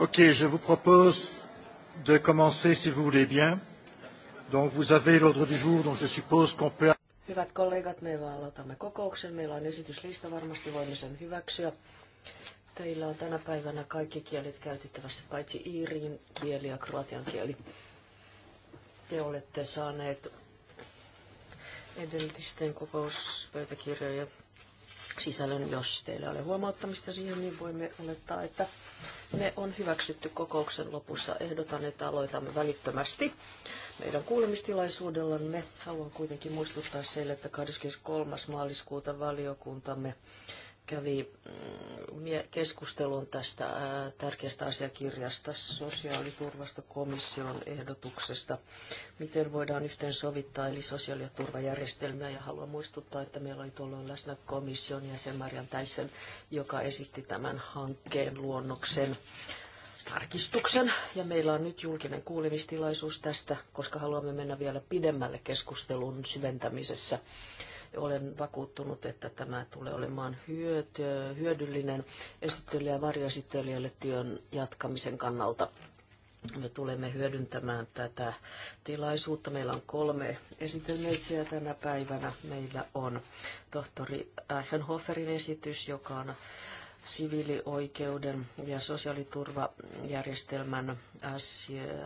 Ok, je vous propose de commencer si vous voulez bien. Donc vous avez l'ordre du jour, donc je suppose qu'on peut... Hyvät kollegat, me aloitamme kokouksen. Meillä on esityslista, varmasti voimme sen hyväksyä. Teillä on tänä päivänä kaikki kielet käytettävässä, paitsi Iirin kieli ja kroatian kieli. Te olette saaneet edellisten kokouspöytäkirjojen sisällön. Jos teillä ei ole huomauttamista siihen, niin voimme olettaa, että ne on hyväksytty kokouksen lopussa. Ehdotan, että aloitamme välittömästi meidän kuulemistilaisuudellamme. Haluan kuitenkin muistuttaa seille, että 23. maaliskuuta valiokuntamme kävi mm, keskustelun tästä tärkeästä asiakirjasta, sosiaaliturvasta, komission ehdotuksesta, miten voidaan yhteensovittaa eli sosiaali- ja turvajärjestelmiä. Ja haluan muistuttaa, että meillä oli tuolloin läsnä komission jäsen Marjan Täisen, joka esitti tämän hankkeen luonnoksen tarkistuksen ja meillä on nyt julkinen kuulemistilaisuus tästä, koska haluamme mennä vielä pidemmälle keskustelun syventämisessä olen vakuuttunut, että tämä tulee olemaan hyöty, hyödyllinen esittelijä ja varjoesittelijälle työn jatkamisen kannalta. Me tulemme hyödyntämään tätä tilaisuutta. Meillä on kolme esitelmöitsijää tänä päivänä. Meillä on tohtori Eichenhoferin esitys, joka on siviilioikeuden ja sosiaaliturvajärjestelmän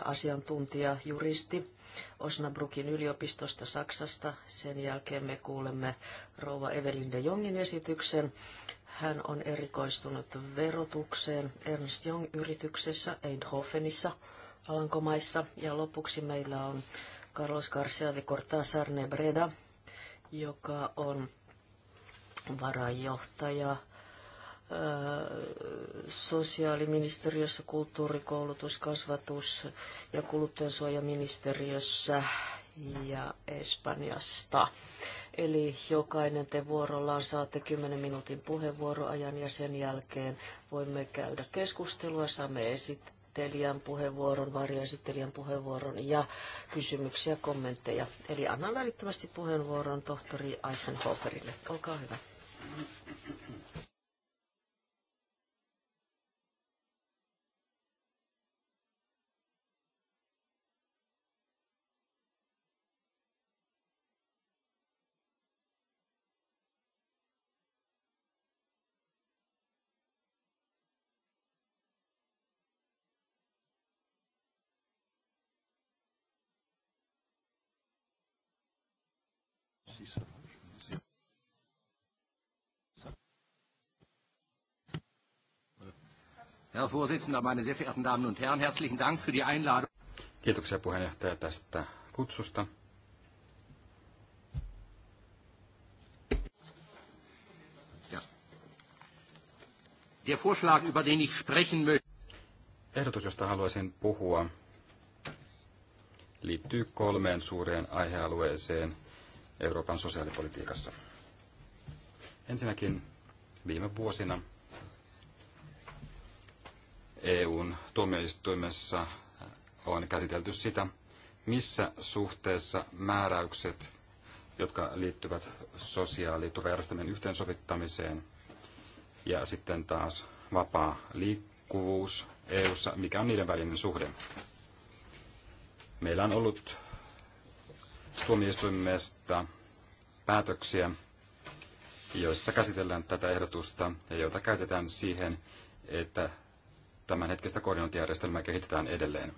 asiantuntija, juristi. Osnabrukin yliopistosta Saksasta. Sen jälkeen me kuulemme rouva Evelinde de Jongin esityksen. Hän on erikoistunut verotukseen Ernst Jong yrityksessä Eindhovenissa Alankomaissa. Ja lopuksi meillä on Carlos Garcia de Cortázar Nebreda, joka on varajohtaja sosiaaliministeriössä, kulttuurikoulutus, kasvatus ja kuluttajansuojaministeriössä ja Espanjasta. Eli jokainen te vuorollaan saatte 10 minuutin puheenvuoroajan ja sen jälkeen voimme käydä keskustelua, saamme esittelijän puheenvuoron, varjoesittelijän puheenvuoron ja kysymyksiä ja kommentteja. Eli annan välittömästi puheenvuoron tohtori Eichenhoferille. Olkaa hyvä. Herr Vorsitzender, meine sehr verehrten Damen und Herren, herzlichen Dank für die Einladung. Kiitoksia puheenjohtaja tästä kutsusta. Ja. Der Vorschlag, über den ich sprechen möchte. Ehdotus, josta haluaisin puhua, liittyy kolmeen suureen aihealueeseen, Euroopan sosiaalipolitiikassa. Ensinnäkin viime vuosina EUn tuomioistuimessa on käsitelty sitä, missä suhteessa määräykset, jotka liittyvät sosiaaliturvajärjestelmien yhteensovittamiseen ja sitten taas vapaa liikkuvuus EUssa, mikä on niiden välinen suhde. Meillä on ollut tuomioistuimesta päätöksiä, joissa käsitellään tätä ehdotusta ja joita käytetään siihen, että tämän hetkistä koordinointijärjestelmää kehitetään edelleen.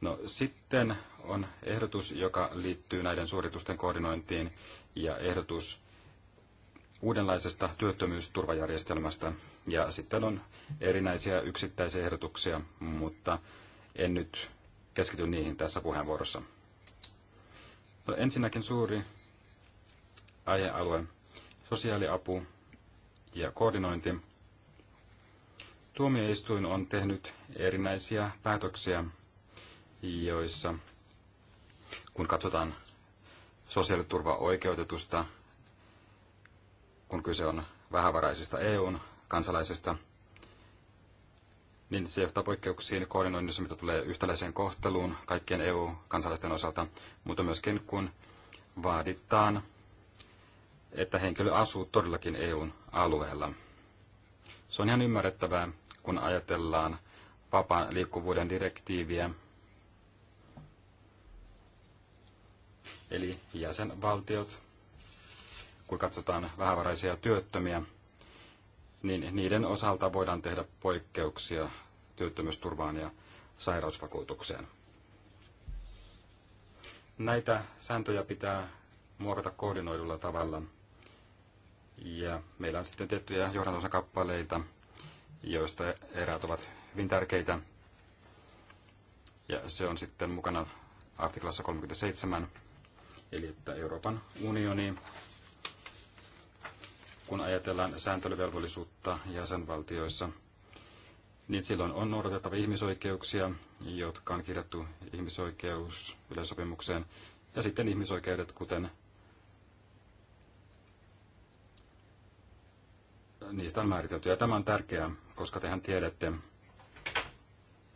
No, sitten on ehdotus, joka liittyy näiden suoritusten koordinointiin ja ehdotus uudenlaisesta työttömyysturvajärjestelmästä. Ja sitten on erinäisiä yksittäisiä ehdotuksia, mutta en nyt keskity niihin tässä puheenvuorossa. No ensinnäkin suuri aihealue, sosiaaliapu ja koordinointi. Tuomioistuin on tehnyt erinäisiä päätöksiä, joissa kun katsotaan sosiaaliturvaa oikeutetusta, kun kyse on vähävaraisista EUn kansalaisista, niin se johtaa poikkeuksiin koordinoinnissa, mitä tulee yhtäläiseen kohteluun kaikkien EU-kansalaisten osalta, mutta myöskin kun vaaditaan, että henkilö asuu todellakin EUn alueella. Se on ihan ymmärrettävää, kun ajatellaan vapaan liikkuvuuden direktiiviä. Eli jäsenvaltiot, kun katsotaan vähävaraisia työttömiä, niin niiden osalta voidaan tehdä poikkeuksia työttömyysturvaan ja sairausvakuutukseen. Näitä sääntöjä pitää muokata koordinoidulla tavalla. Ja meillä on sitten tiettyjä kappaleita, joista eräät ovat hyvin tärkeitä. Ja se on sitten mukana artiklassa 37, eli että Euroopan unioni kun ajatellaan sääntelyvelvollisuutta jäsenvaltioissa, niin silloin on noudatettava ihmisoikeuksia, jotka on kirjattu ihmisoikeus yleisopimukseen, ja sitten ihmisoikeudet, kuten niistä on määritelty. Ja tämä on tärkeää, koska tehän tiedätte,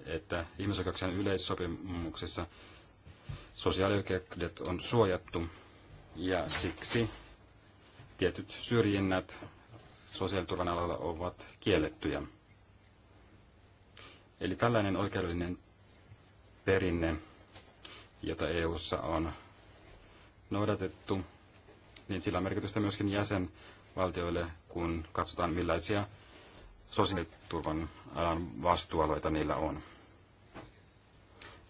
että ihmisoikeuksien yleissopimuksissa sosiaalioikeudet on suojattu, ja siksi tietyt syrjinnät sosiaaliturvan alalla ovat kiellettyjä. Eli tällainen oikeudellinen perinne, jota EU:ssa on noudatettu, niin sillä on merkitystä myöskin jäsenvaltioille, kun katsotaan millaisia sosiaaliturvan alan vastuualoita niillä on.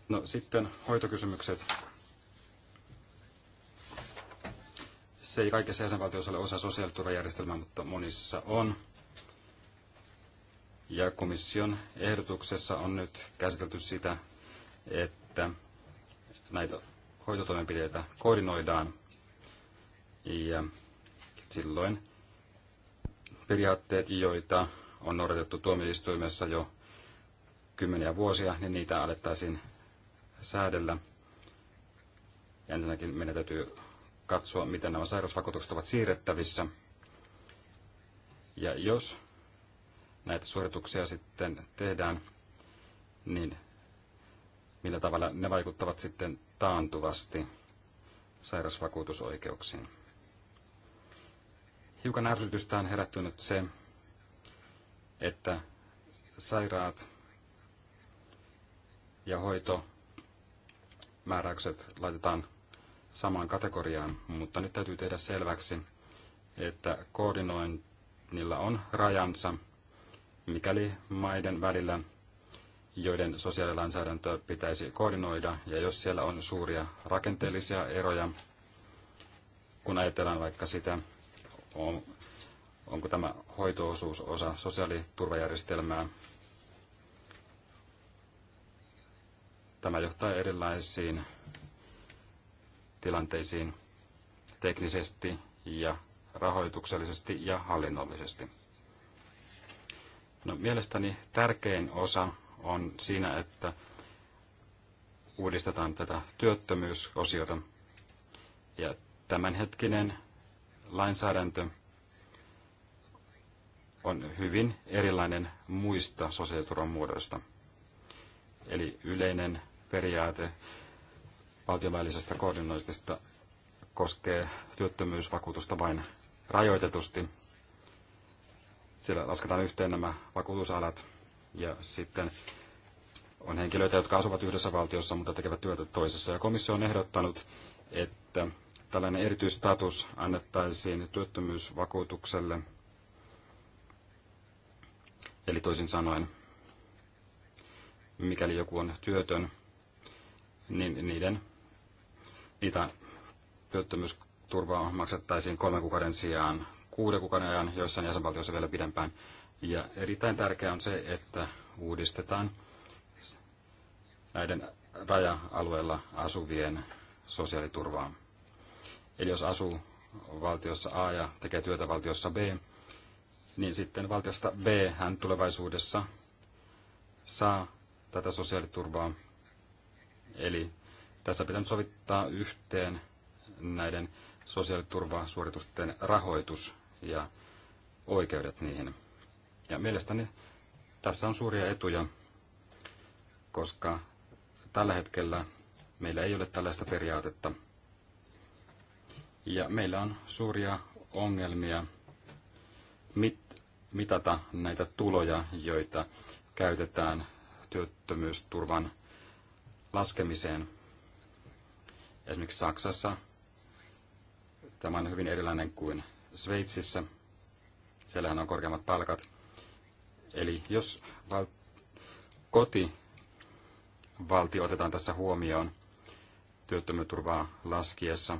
No sitten hoitokysymykset. Se ei kaikissa jäsenvaltioissa ole osa sosiaaliturvajärjestelmää, mutta monissa on. Ja komission ehdotuksessa on nyt käsitelty sitä, että näitä hoitotoimenpiteitä koordinoidaan ja silloin periaatteet, joita on noudatettu tuomioistuimessa jo kymmeniä vuosia, niin niitä alettaisiin säädellä. Ja ensinnäkin meidän täytyy katsoa, miten nämä sairausvakuutukset ovat siirrettävissä. Ja jos näitä suorituksia sitten tehdään, niin millä tavalla ne vaikuttavat sitten taantuvasti sairausvakuutusoikeuksiin. Hiukan ärsytystä on herättynyt se, että sairaat ja hoitomääräykset laitetaan samaan kategoriaan, mutta nyt täytyy tehdä selväksi, että koordinoinnilla on rajansa, mikäli maiden välillä, joiden sosiaalilainsäädäntöä pitäisi koordinoida, ja jos siellä on suuria rakenteellisia eroja, kun ajatellaan vaikka sitä, on, onko tämä hoitoosuus osa sosiaaliturvajärjestelmää, tämä johtaa erilaisiin tilanteisiin teknisesti ja rahoituksellisesti ja hallinnollisesti. No, mielestäni tärkein osa on siinä, että uudistetaan tätä työttömyysosiota. Ja tämänhetkinen lainsäädäntö on hyvin erilainen muista sosiaaliturvan muodoista. Eli yleinen periaate välisestä koordinoinnista koskee työttömyysvakuutusta vain rajoitetusti. Siellä lasketaan yhteen nämä vakuutusalat ja sitten on henkilöitä, jotka asuvat yhdessä valtiossa, mutta tekevät työtä toisessa. Ja komissio on ehdottanut, että tällainen erityistatus annettaisiin työttömyysvakuutukselle, eli toisin sanoen, mikäli joku on työtön, niin niiden niitä työttömyysturvaa maksettaisiin kolmen kuukauden sijaan kuuden kuukauden ajan, joissain jäsenvaltioissa vielä pidempään. Ja erittäin tärkeää on se, että uudistetaan näiden raja-alueella asuvien sosiaaliturvaa. Eli jos asuu valtiossa A ja tekee työtä valtiossa B, niin sitten valtiosta B hän tulevaisuudessa saa tätä sosiaaliturvaa. Eli tässä pitää sovittaa yhteen näiden sosiaaliturvasuoritusten rahoitus ja oikeudet niihin. Ja mielestäni tässä on suuria etuja, koska tällä hetkellä meillä ei ole tällaista periaatetta. Ja meillä on suuria ongelmia mit- mitata näitä tuloja, joita käytetään työttömyysturvan laskemiseen. Esimerkiksi Saksassa tämä on hyvin erilainen kuin Sveitsissä. Siellähän on korkeammat palkat. Eli jos val- kotivaltio otetaan tässä huomioon työttömyysturvaa laskiessa,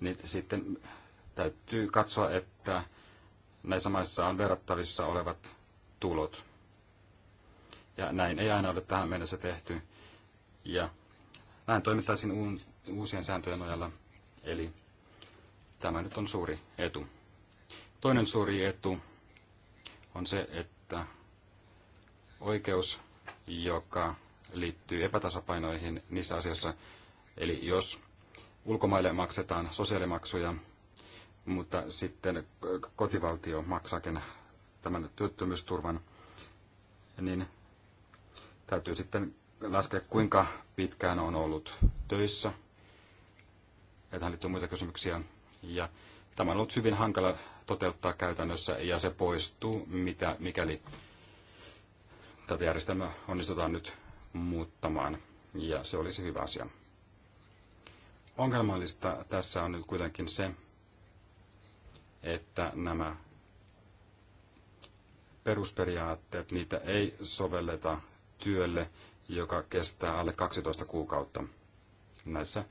niin sitten täytyy katsoa, että näissä maissa on verrattavissa olevat tulot. Ja näin ei aina ole tähän mennessä tehty. Ja näin toimittaisin uusien sääntöjen nojalla. Eli tämä nyt on suuri etu. Toinen suuri etu on se, että oikeus, joka liittyy epätasapainoihin niissä asioissa, eli jos ulkomaille maksetaan sosiaalimaksuja, mutta sitten kotivaltio maksaakin tämän työttömyysturvan, niin täytyy sitten laskea, kuinka pitkään on ollut töissä. Ja tähän liittyy muita kysymyksiä. Ja tämä on ollut hyvin hankala toteuttaa käytännössä ja se poistuu, mitä, mikäli tätä järjestelmää onnistutaan nyt muuttamaan. Ja se olisi hyvä asia. Ongelmallista tässä on nyt kuitenkin se, että nämä perusperiaatteet, niitä ei sovelleta työlle, joka kestää alle 12 kuukautta. Näissä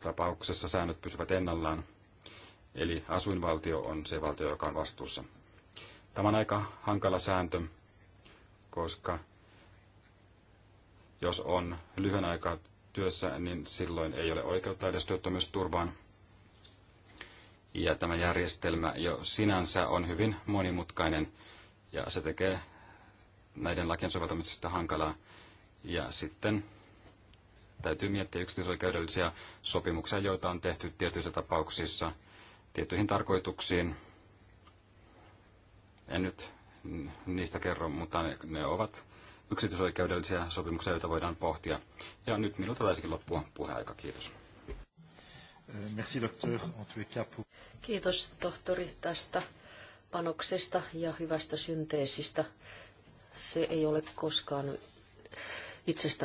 tapauksessa säännöt pysyvät ennallaan, eli asuinvaltio on se valtio, joka on vastuussa. Tämä on aika hankala sääntö, koska jos on lyhyen aikaa työssä, niin silloin ei ole oikeutta edes työttömyysturvaan. Ja tämä järjestelmä jo sinänsä on hyvin monimutkainen ja se tekee näiden lakien soveltamisesta hankalaa. Ja sitten täytyy miettiä yksityisoikeudellisia sopimuksia, joita on tehty tietyissä tapauksissa tiettyihin tarkoituksiin. En nyt niistä kerro, mutta ne, ne ovat yksityisoikeudellisia sopimuksia, joita voidaan pohtia. Ja nyt minulta taisikin loppua puheaika. Kiitos. Eh, Kiitos tohtori tästä panoksesta ja hyvästä synteesistä. Se ei ole koskaan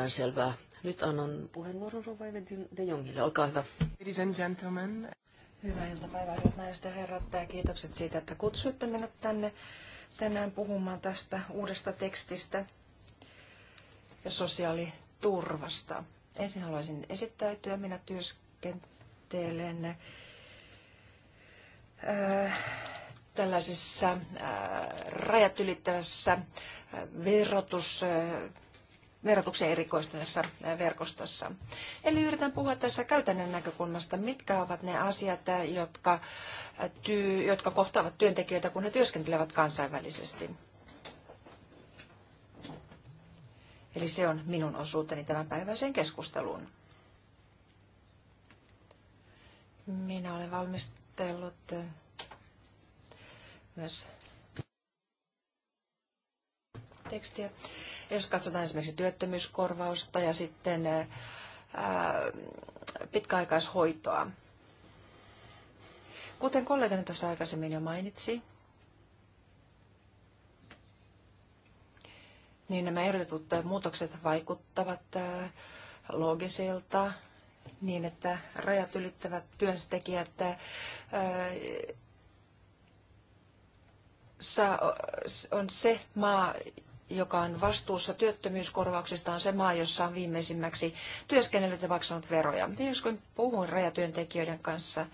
selvää. Nyt annan puheenvuoron Rova De Jongille. Olkaa hyvä. Ladies and gentlemen. Hyvää iltapäivää, hyvät naiset ja herrat. Ja kiitokset siitä, että kutsuitte minut tänne tänään puhumaan tästä uudesta tekstistä ja sosiaaliturvasta. Ensin haluaisin esittäytyä. Minä työskentelen äh, tällaisessa äh, rajat ylittävässä äh, verotus äh, verotukseen erikoistuneessa verkostossa. Eli yritän puhua tässä käytännön näkökulmasta, mitkä ovat ne asiat, jotka, tyy, jotka kohtaavat työntekijöitä, kun he työskentelevät kansainvälisesti. Eli se on minun osuuteni tämän päiväiseen keskusteluun. Minä olen valmistellut myös tekstiä. Jos katsotaan esimerkiksi työttömyyskorvausta ja sitten ää, pitkäaikaishoitoa. Kuten kollegani tässä aikaisemmin jo mainitsi, niin nämä ehdotetut muutokset vaikuttavat loogisilta niin, että rajat ylittävät työntekijät on se maa, joka on vastuussa työttömyyskorvauksista, on se maa, jossa on viimeisimmäksi työskennellyt ja maksanut veroja. jos kun puhun rajatyöntekijöiden kanssa,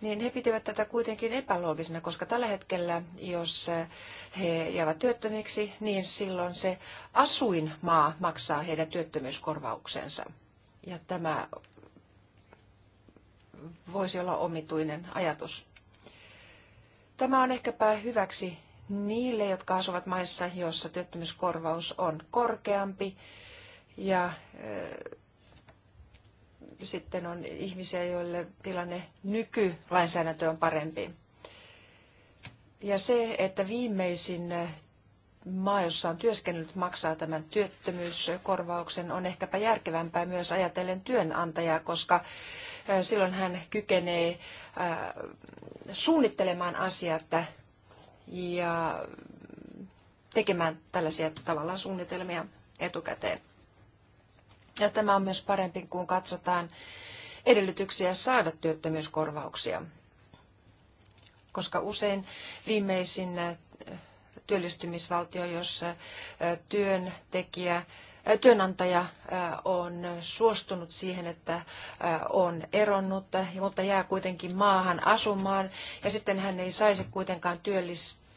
niin he pitivät tätä kuitenkin epäloogisena, koska tällä hetkellä, jos he jäävät työttömiksi, niin silloin se asuinmaa maksaa heidän työttömyyskorvauksensa. Ja tämä voisi olla omituinen ajatus. Tämä on ehkäpä hyväksi niille, jotka asuvat maissa, joissa työttömyyskorvaus on korkeampi ja sitten on ihmisiä, joille tilanne nykylainsäädäntö on parempi. Ja se, että viimeisin maa, jossa on työskennellyt, maksaa tämän työttömyyskorvauksen, on ehkäpä järkevämpää myös ajatellen työnantajaa, koska silloin hän kykenee suunnittelemaan asiat ja tekemään tällaisia tavallaan suunnitelmia etukäteen. Ja tämä on myös parempi, kun katsotaan edellytyksiä saada työttömyyskorvauksia, koska usein viimeisin äh, työllistymisvaltio, jossa äh, työntekijä työnantaja on suostunut siihen, että on eronnut, mutta jää kuitenkin maahan asumaan ja sitten hän ei saisi kuitenkaan työllistää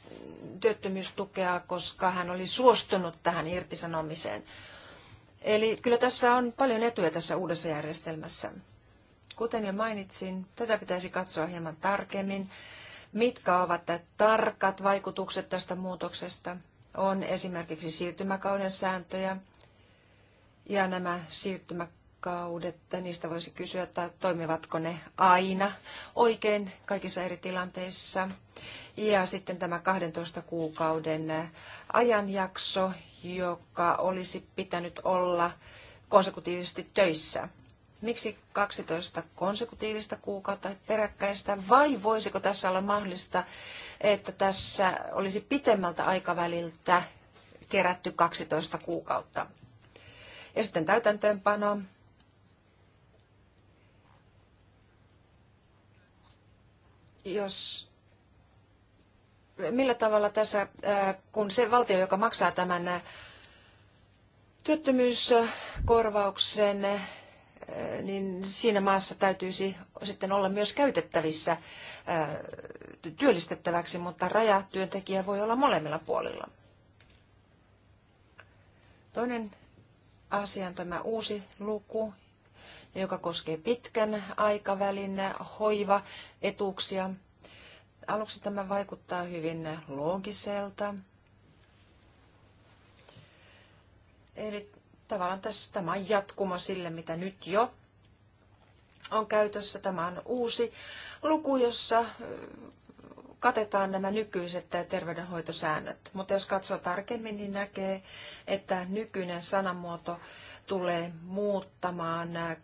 työttömyystukea, koska hän oli suostunut tähän irtisanomiseen. Eli kyllä tässä on paljon etuja tässä uudessa järjestelmässä. Kuten jo mainitsin, tätä pitäisi katsoa hieman tarkemmin. Mitkä ovat tarkat vaikutukset tästä muutoksesta? On esimerkiksi siirtymäkauden sääntöjä, ja nämä siirtymäkaudet, niistä voisi kysyä, että toimivatko ne aina oikein kaikissa eri tilanteissa. Ja sitten tämä 12 kuukauden ajanjakso, joka olisi pitänyt olla konsekutiivisesti töissä. Miksi 12 konsekutiivista kuukautta peräkkäistä vai voisiko tässä olla mahdollista, että tässä olisi pitemmältä aikaväliltä kerätty 12 kuukautta? Ja sitten täytäntöönpano. Jos, millä tavalla tässä, kun se valtio, joka maksaa tämän työttömyyskorvauksen, niin siinä maassa täytyisi sitten olla myös käytettävissä työllistettäväksi, mutta rajatyöntekijä voi olla molemmilla puolilla. Toinen asian tämä uusi luku, joka koskee pitkän aikavälin hoivaetuuksia. Aluksi tämä vaikuttaa hyvin loogiselta. Eli tavallaan tässä tämä on jatkuma sille, mitä nyt jo on käytössä. Tämä on uusi luku, jossa katetaan nämä nykyiset terveydenhoitosäännöt. Mutta jos katsoo tarkemmin, niin näkee, että nykyinen sanamuoto tulee muuttamaan äh,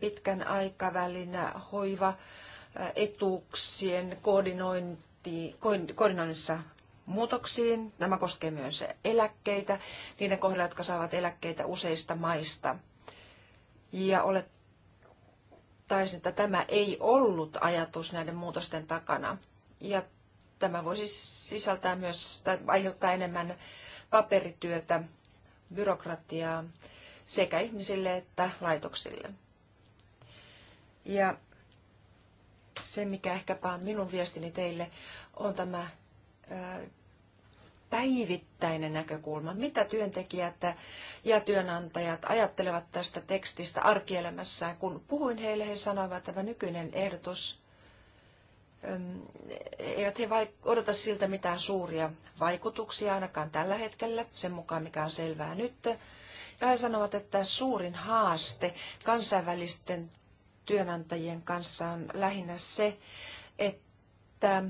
pitkän aikavälin äh, hoivaetuuksien äh, koordinointi, koordinoinnissa muutoksiin. Nämä koskee myös eläkkeitä, niiden kohdalla, jotka saavat eläkkeitä useista maista. Ja olet Taisin, että tämä ei ollut ajatus näiden muutosten takana. Ja tämä voisi sisältää myös tai aiheuttaa enemmän paperityötä, byrokratiaa sekä ihmisille että laitoksille. Ja se, mikä ehkäpä on minun viestini teille, on tämä päivittäinen näkökulma. Mitä työntekijät ja työnantajat ajattelevat tästä tekstistä arkielämässään? Kun puhuin heille, he sanoivat, että tämä nykyinen ehdotus eivät he odota siltä mitään suuria vaikutuksia ainakaan tällä hetkellä, sen mukaan mikä on selvää nyt. Ja he sanovat, että suurin haaste kansainvälisten työnantajien kanssa on lähinnä se, että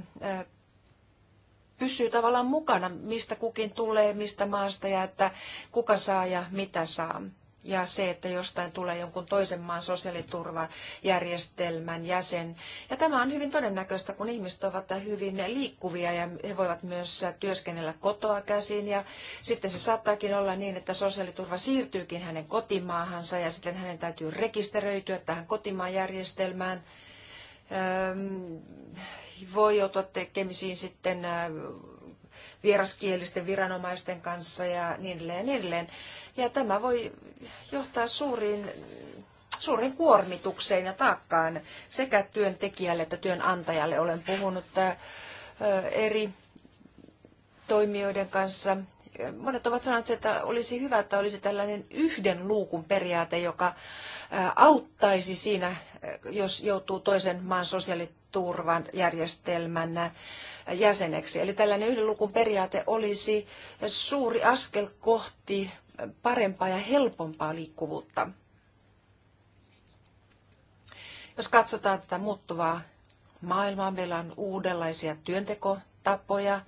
pysyy tavallaan mukana, mistä kukin tulee, mistä maasta ja että kuka saa ja mitä saa ja se, että jostain tulee jonkun toisen maan sosiaaliturvajärjestelmän jäsen. Ja tämä on hyvin todennäköistä, kun ihmiset ovat hyvin liikkuvia ja he voivat myös työskennellä kotoa käsin. Ja sitten se saattaakin olla niin, että sosiaaliturva siirtyykin hänen kotimaahansa ja sitten hänen täytyy rekisteröityä tähän kotimaan järjestelmään. voi joutua tekemisiin sitten vieraskielisten viranomaisten kanssa ja niin edelleen. Ja niin edelleen. Ja tämä voi johtaa suuriin, suuren kuormitukseen ja taakkaan sekä työntekijälle että työnantajalle. Olen puhunut äh, äh, eri toimijoiden kanssa. Monet ovat sanoneet, että olisi hyvä, että olisi tällainen yhden luukun periaate, joka äh, auttaisi siinä, jos joutuu toisen maan sosiaaliturvan järjestelmän jäseneksi. Eli tällainen yhden luukun periaate olisi suuri askel kohti parempaa ja helpompaa liikkuvuutta. Jos katsotaan tätä muuttuvaa maailmaa, meillä on uudenlaisia työntekotapoja.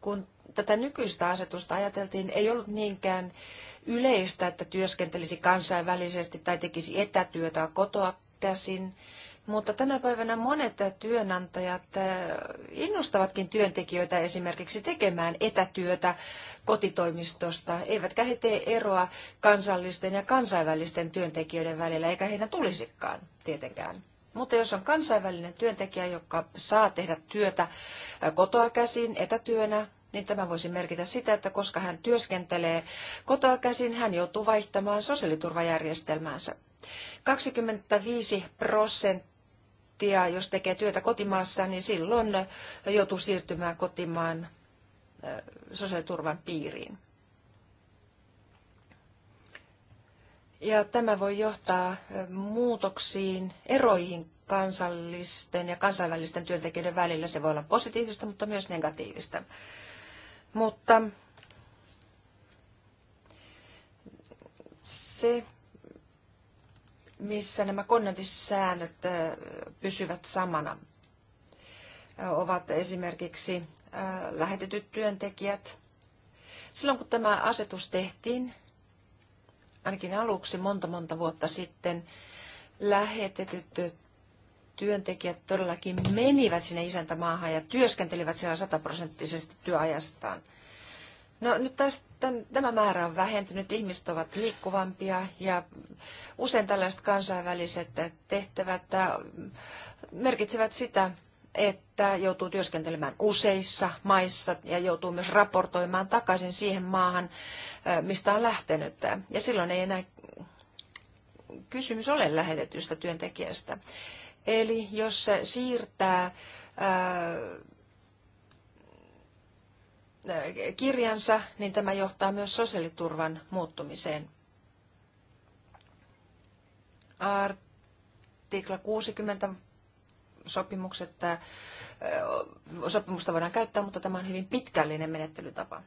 Kun tätä nykyistä asetusta ajateltiin, ei ollut niinkään yleistä, että työskentelisi kansainvälisesti tai tekisi etätyötä kotoa käsin, mutta tänä päivänä monet työnantajat eh, innostavatkin työntekijöitä esimerkiksi tekemään etätyötä kotitoimistosta, eivätkä he tee eroa kansallisten ja kansainvälisten työntekijöiden välillä, eikä heidän tulisikaan tietenkään. Mutta jos on kansainvälinen työntekijä, joka saa tehdä työtä eh, kotoa käsin etätyönä, niin tämä voisi merkitä sitä, että koska hän työskentelee kotoa käsin, hän joutuu vaihtamaan sosiaaliturvajärjestelmäänsä. 25 prosenttia prosenttia, jos tekee työtä kotimaassa, niin silloin joutuu siirtymään kotimaan sosiaaliturvan piiriin. Ja tämä voi johtaa muutoksiin, eroihin kansallisten ja kansainvälisten työntekijöiden välillä. Se voi olla positiivista, mutta myös negatiivista. Mutta se, missä nämä konnoitissäännöt pysyvät samana, ovat esimerkiksi lähetetyt työntekijät. Silloin kun tämä asetus tehtiin, ainakin aluksi monta monta vuotta sitten, lähetetyt työntekijät todellakin menivät sinne isäntämaahan ja työskentelivät siellä sataprosenttisesti työajastaan – No nyt tästä, tämä määrä on vähentynyt, ihmiset ovat liikkuvampia ja usein tällaiset kansainväliset tehtävät äh, merkitsevät sitä, että joutuu työskentelemään useissa maissa ja joutuu myös raportoimaan takaisin siihen maahan, äh, mistä on lähtenyt. Ja silloin ei enää kysymys ole lähetetystä työntekijästä. Eli jos siirtää äh, kirjansa, niin tämä johtaa myös sosiaaliturvan muuttumiseen. Artikla 60 sopimukset, sopimusta voidaan käyttää, mutta tämä on hyvin pitkällinen menettelytapa.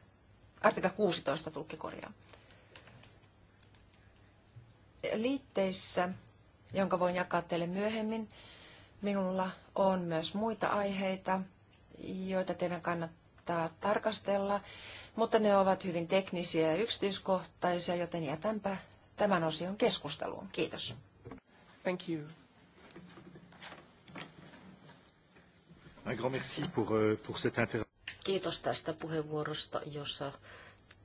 Artikla 16 tulkki korjaa. Liitteissä, jonka voin jakaa teille myöhemmin, minulla on myös muita aiheita, joita teidän kannattaa kannattaa tarkastella, mutta ne ovat hyvin teknisiä ja yksityiskohtaisia, joten jätänpä tämän osion keskusteluun. Kiitos. Thank you. Euh, Kiitos tästä puheenvuorosta, jossa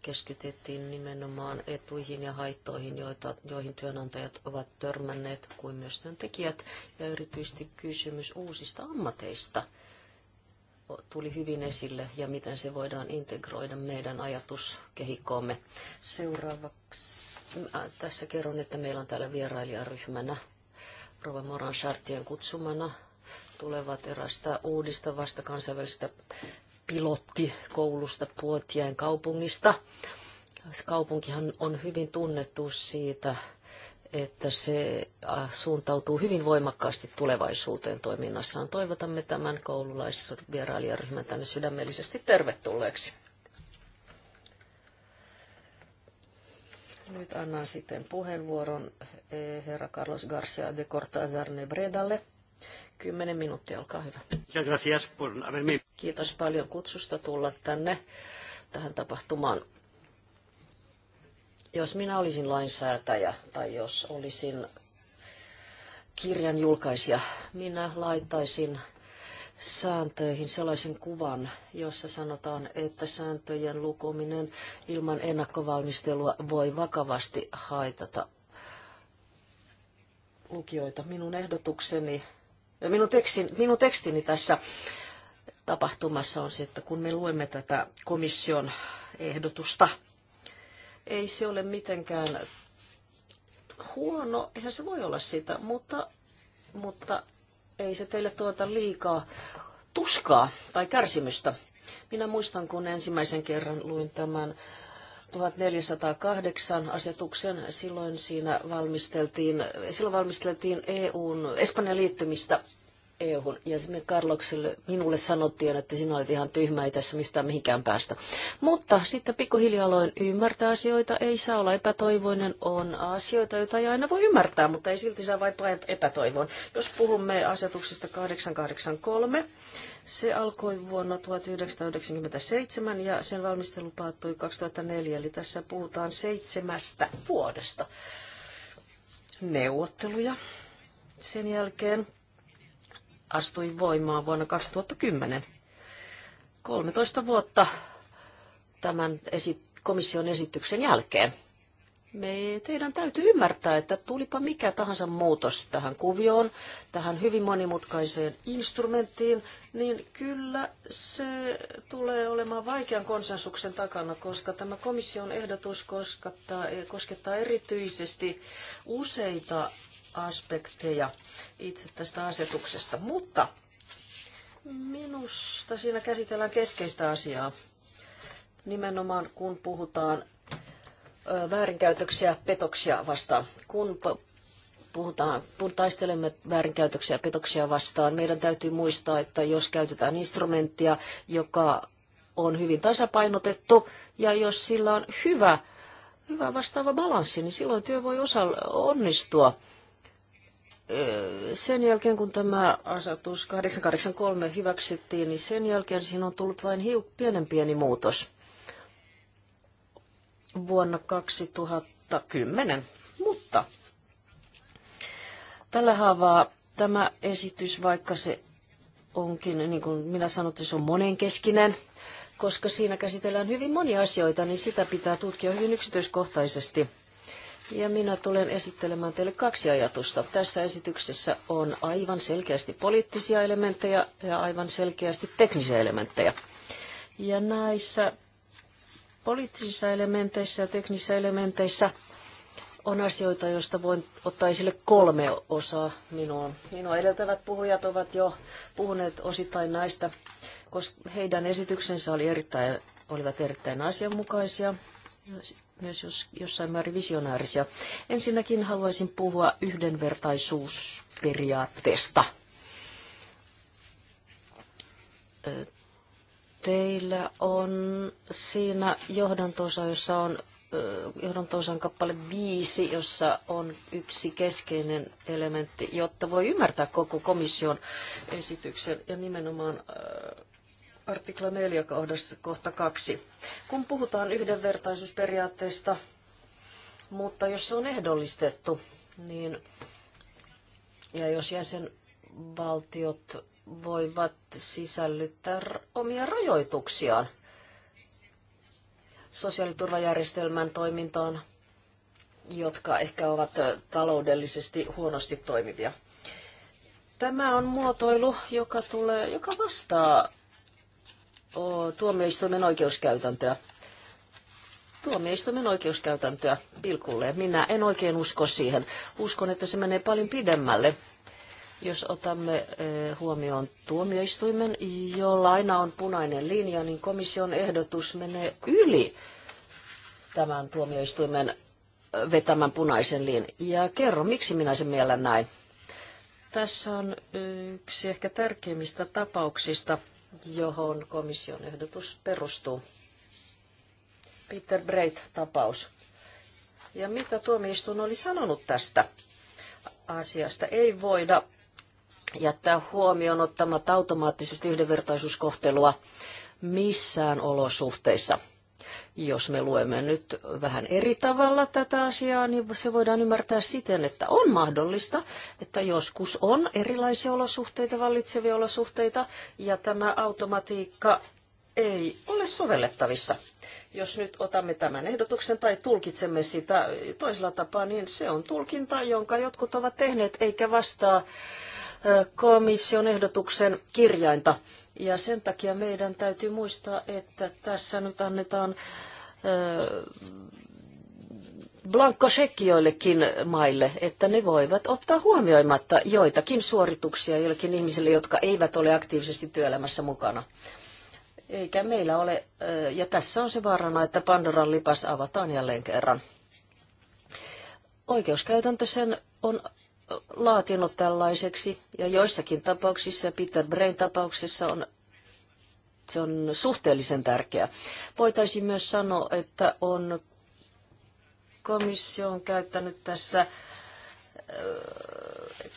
keskityttiin nimenomaan etuihin ja haittoihin, joita, joihin työnantajat ovat törmänneet, kuin myös työntekijät, ja erityisesti kysymys uusista ammateista – tuli hyvin esille ja miten se voidaan integroida meidän ajatuskehikkoomme. Seuraavaksi äh, tässä kerron, että meillä on täällä vierailijaryhmänä Rova Moran Chartien kutsumana tulevat erästä vasta kansainvälistä pilottikoulusta Puotien kaupungista. Kaupunkihan on hyvin tunnettu siitä, että se äh, suuntautuu hyvin voimakkaasti tulevaisuuteen toiminnassaan. Toivotamme tämän koululaisvierailijaryhmän tänne sydämellisesti tervetulleeksi. Nyt annan sitten puheenvuoron eh, herra Carlos Garcia de Cortázar Nebredalle. Kymmenen minuuttia, olkaa hyvä. Kiitos paljon kutsusta tulla tänne tähän tapahtumaan. Jos minä olisin lainsäätäjä tai jos olisin kirjan julkaisija, minä laittaisin sääntöihin sellaisen kuvan, jossa sanotaan, että sääntöjen lukuminen ilman ennakkovalmistelua voi vakavasti haitata lukijoita. Minun ehdotukseni, minun, tekstin, minun tekstini tässä tapahtumassa on se, että kun me luemme tätä komission ehdotusta, ei se ole mitenkään huono, eihän se voi olla sitä, mutta, mutta ei se teille tuota liikaa tuskaa tai kärsimystä. Minä muistan, kun ensimmäisen kerran luin tämän 1408 asetuksen. Silloin siinä valmisteltiin, silloin valmisteltiin EUn, Espanjan liittymistä EU-hun. Ja me Karlokselle, minulle sanottiin, että sinä olet ihan tyhmä, ei tässä mistään mihinkään päästä. Mutta sitten pikkuhiljaa aloin ymmärtää asioita, ei saa olla epätoivoinen, on asioita, joita ei aina voi ymmärtää, mutta ei silti saa vaipua epätoivoon. Jos puhumme asetuksesta 883, se alkoi vuonna 1997 ja sen valmistelu päättyi 2004, eli tässä puhutaan seitsemästä vuodesta neuvotteluja. Sen jälkeen astui voimaan vuonna 2010. 13 vuotta tämän esi- komission esityksen jälkeen. Me, teidän täytyy ymmärtää, että tulipa mikä tahansa muutos tähän kuvioon, tähän hyvin monimutkaiseen instrumenttiin, niin kyllä se tulee olemaan vaikean konsensuksen takana, koska tämä komission ehdotus koskettaa, koskettaa erityisesti useita aspekteja itse tästä asetuksesta, mutta minusta siinä käsitellään keskeistä asiaa. Nimenomaan kun puhutaan väärinkäytöksiä petoksia vastaan. Kun puhutaan, kun taistelemme väärinkäytöksiä petoksia vastaan, meidän täytyy muistaa, että jos käytetään instrumenttia, joka on hyvin tasapainotettu ja jos sillä on hyvä, hyvä vastaava balanssi, niin silloin työ voi osa, onnistua sen jälkeen, kun tämä asetus 883 hyväksyttiin, niin sen jälkeen siinä on tullut vain hiuk, pienen pieni muutos vuonna 2010. Mutta tällä haavaa tämä esitys, vaikka se onkin, niin kuin minä sanoin, se on monenkeskinen, koska siinä käsitellään hyvin monia asioita, niin sitä pitää tutkia hyvin yksityiskohtaisesti – ja minä tulen esittelemään teille kaksi ajatusta. Tässä esityksessä on aivan selkeästi poliittisia elementtejä ja aivan selkeästi teknisiä elementtejä. Ja näissä poliittisissa elementeissä ja teknisissä elementeissä on asioita, joista voin ottaa esille kolme osaa minua. Minua edeltävät puhujat ovat jo puhuneet osittain näistä, koska heidän esityksensä oli erittäin, olivat erittäin asianmukaisia myös jos, jossain määrin visionaarisia. Ensinnäkin haluaisin puhua yhdenvertaisuusperiaatteesta. Teillä on siinä johdantosa, jossa on johdantosan kappale viisi, jossa on yksi keskeinen elementti, jotta voi ymmärtää koko komission esityksen ja nimenomaan artikla 4 kohdassa kohta 2. Kun puhutaan yhdenvertaisuusperiaatteesta, mutta jos se on ehdollistettu, niin ja jos jäsenvaltiot voivat sisällyttää omia rajoituksiaan sosiaaliturvajärjestelmän toimintaan, jotka ehkä ovat taloudellisesti huonosti toimivia. Tämä on muotoilu, joka, tulee, joka vastaa tuomioistuimen oikeuskäytäntöä. Tuomioistuimen oikeuskäytäntöä pilkulle. Minä en oikein usko siihen. Uskon, että se menee paljon pidemmälle. Jos otamme eh, huomioon tuomioistuimen, jolla aina on punainen linja, niin komission ehdotus menee yli tämän tuomioistuimen eh, vetämän punaisen linjan. Ja kerro, miksi minä sen mielen näin. Tässä on eh, yksi ehkä tärkeimmistä tapauksista – johon komission ehdotus perustuu. Peter Breit-tapaus. Ja mitä tuomioistuin oli sanonut tästä asiasta? Ei voida jättää huomioon ottamatta automaattisesti yhdenvertaisuuskohtelua missään olosuhteissa – jos me luemme nyt vähän eri tavalla tätä asiaa, niin se voidaan ymmärtää siten, että on mahdollista, että joskus on erilaisia olosuhteita, vallitsevia olosuhteita, ja tämä automatiikka ei ole sovellettavissa. Jos nyt otamme tämän ehdotuksen tai tulkitsemme sitä toisella tapaa, niin se on tulkinta, jonka jotkut ovat tehneet, eikä vastaa komission ehdotuksen kirjainta. Ja sen takia meidän täytyy muistaa, että tässä nyt annetaan öö, blankkosekioillekin maille, että ne voivat ottaa huomioimatta joitakin suorituksia joillekin ihmisille, jotka eivät ole aktiivisesti työelämässä mukana. Eikä meillä ole, ja tässä on se vaarana, että Pandoran lipas avataan jälleen kerran. Oikeuskäytäntö sen on laatinut tällaiseksi, ja joissakin tapauksissa, Peter Brain tapauksessa on se on suhteellisen tärkeä. Voitaisiin myös sanoa, että on komissio on käyttänyt tässä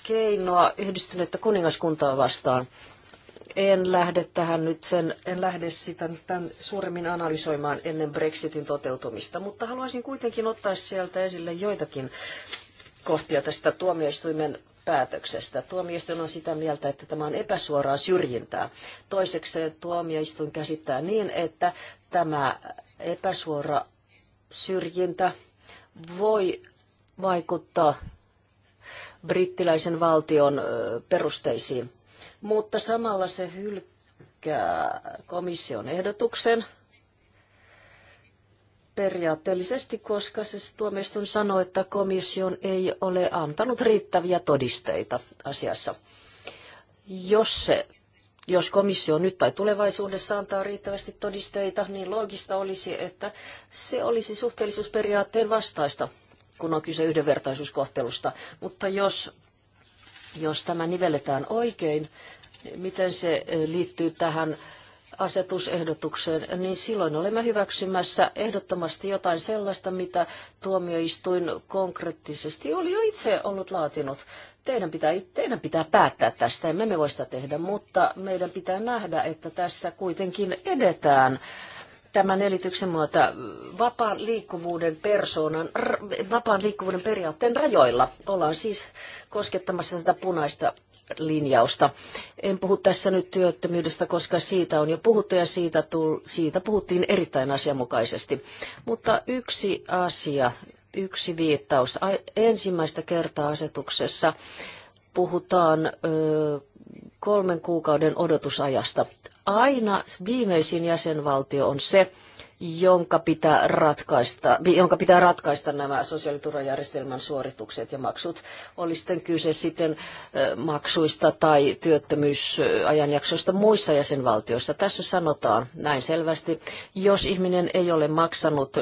keinoa yhdistynyttä kuningaskuntaa vastaan. En lähde tähän nyt sen, en lähde sitä tämän suuremmin analysoimaan ennen Brexitin toteutumista, mutta haluaisin kuitenkin ottaa sieltä esille joitakin kohtia tästä tuomioistuimen päätöksestä. Tuomioistuin on sitä mieltä, että tämä on epäsuoraa syrjintää. Toiseksi tuomioistuin käsittää niin, että tämä epäsuora syrjintä voi vaikuttaa brittiläisen valtion perusteisiin, mutta samalla se hylkää komission ehdotuksen periaatteellisesti, koska se tuomioistuin sanoi, että komission ei ole antanut riittäviä todisteita asiassa. Jos se jos komissio nyt tai tulevaisuudessa antaa riittävästi todisteita, niin loogista olisi, että se olisi suhteellisuusperiaatteen vastaista, kun on kyse yhdenvertaisuuskohtelusta. Mutta jos, jos tämä nivelletään oikein, niin miten se eh, liittyy tähän asetusehdotukseen, niin silloin olemme hyväksymässä ehdottomasti jotain sellaista, mitä tuomioistuin konkreettisesti oli jo itse ollut laatinut. Teidän pitää, teidän pitää päättää tästä, emme me voi sitä tehdä, mutta meidän pitää nähdä, että tässä kuitenkin edetään tämän elityksen muuta vapaan liikkuvuuden persoonan, vapaan liikkuvuuden periaatteen rajoilla. Ollaan siis koskettamassa tätä punaista linjausta. En puhu tässä nyt työttömyydestä, koska siitä on jo puhuttu ja siitä, tull, siitä puhuttiin erittäin asianmukaisesti. Mutta yksi asia, yksi viittaus. Ensimmäistä kertaa asetuksessa puhutaan ö, kolmen kuukauden odotusajasta aina viimeisin jäsenvaltio on se, jonka pitää ratkaista, jonka pitää ratkaista nämä sosiaaliturvajärjestelmän suoritukset ja maksut. Oli sitten kyse sitten maksuista tai työttömyysajanjaksoista muissa jäsenvaltioissa. Tässä sanotaan näin selvästi, jos ihminen ei ole maksanut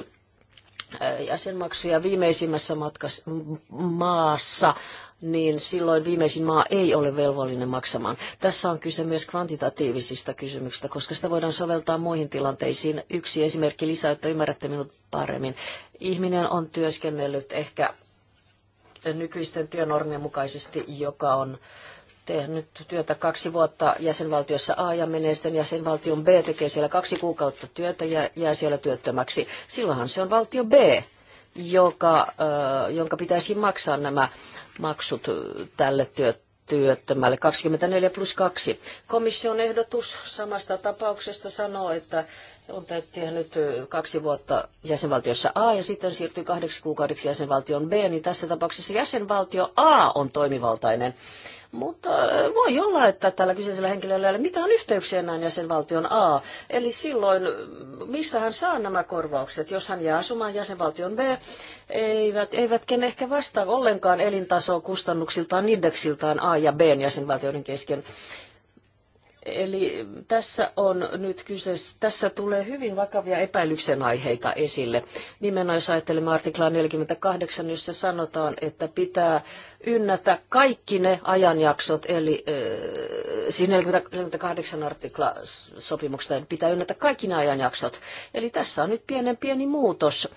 jäsenmaksuja viimeisimmässä matkassa, maassa niin silloin viimeisin maa ei ole velvollinen maksamaan. Tässä on kyse myös kvantitatiivisista kysymyksistä, koska sitä voidaan soveltaa muihin tilanteisiin. Yksi esimerkki lisää, että ymmärrätte minut paremmin. Ihminen on työskennellyt ehkä nykyisten työnormien mukaisesti, joka on tehnyt työtä kaksi vuotta jäsenvaltiossa A ja menee sitten jäsenvaltion B, tekee siellä kaksi kuukautta työtä ja jää siellä työttömäksi. Silloinhan se on valtio B joka, jonka pitäisi maksaa nämä maksut tälle työt, työttömälle 24 plus 2. Komission ehdotus samasta tapauksesta sanoo, että on nyt kaksi vuotta jäsenvaltiossa A ja sitten siirtyy kahdeksi kuukaudeksi jäsenvaltioon B, niin tässä tapauksessa jäsenvaltio A on toimivaltainen mutta äh, voi olla, että tällä kyseisellä henkilöllä ei ole mitään yhteyksiä näin jäsenvaltion A. Eli silloin, äh, missä hän saa nämä korvaukset, jos hän jää asumaan jäsenvaltion B, eivät, eivätkin ehkä vastaa ollenkaan elintasoa kustannuksiltaan indeksiltaan A ja B jäsenvaltioiden kesken. Eli tässä on nyt kyse, tässä tulee hyvin vakavia epäilyksen aiheita esille. Nimenomaan jos ajattelemme artiklaa 48, jossa sanotaan, että pitää ynnätä kaikki ne ajanjaksot, eli äh, siis 48 artikla sopimuksesta pitää ynnätä kaikki ne ajanjaksot. Eli tässä on nyt pienen pieni muutos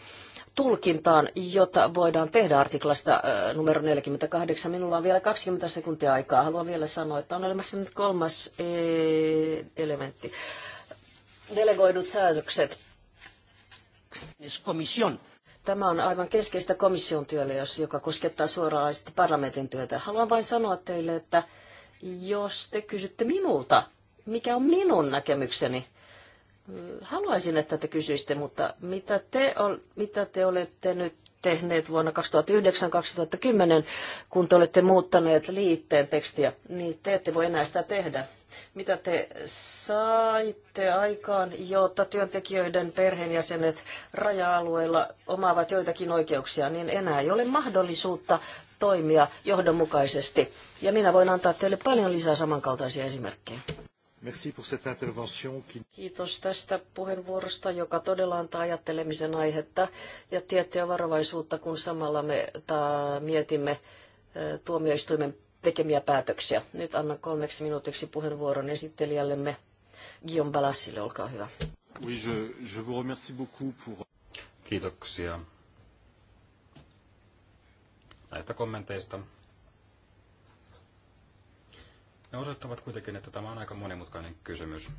tulkintaan, jota voidaan tehdä artiklasta numero 48. Minulla on vielä 20 sekuntia aikaa. Haluan vielä sanoa, että on olemassa nyt kolmas e, elementti. Delegoidut säädökset. Komission. Tämä on aivan keskeistä komission työlle, joka koskettaa suoraan parlamentin työtä. Haluan vain sanoa teille, että jos te kysytte minulta, mikä on minun näkemykseni Haluaisin, että te kysyisitte, mutta mitä te, mitä te olette nyt tehneet vuonna 2009-2010, kun te olette muuttaneet liitteen tekstiä, niin te ette voi enää sitä tehdä. Mitä te saitte aikaan, jotta työntekijöiden perheenjäsenet raja-alueilla omaavat joitakin oikeuksia, niin enää ei ole mahdollisuutta toimia johdonmukaisesti. Ja minä voin antaa teille paljon lisää samankaltaisia esimerkkejä. Merci pour cette intervention. Kiitos tästä puheenvuorosta, joka todella antaa ajattelemisen aihetta ja tiettyä varovaisuutta, kun samalla me mietimme tuomioistuimen tekemiä päätöksiä. Nyt annan kolmeksi minuutiksi puheenvuoron esittelijällemme Guillaume Balassille, olkaa hyvä. Oui, je, je vous remercie beaucoup pour... Kiitoksia näistä kommenteista. Ne osoittavat kuitenkin, että tämä on aika monimutkainen kysymys.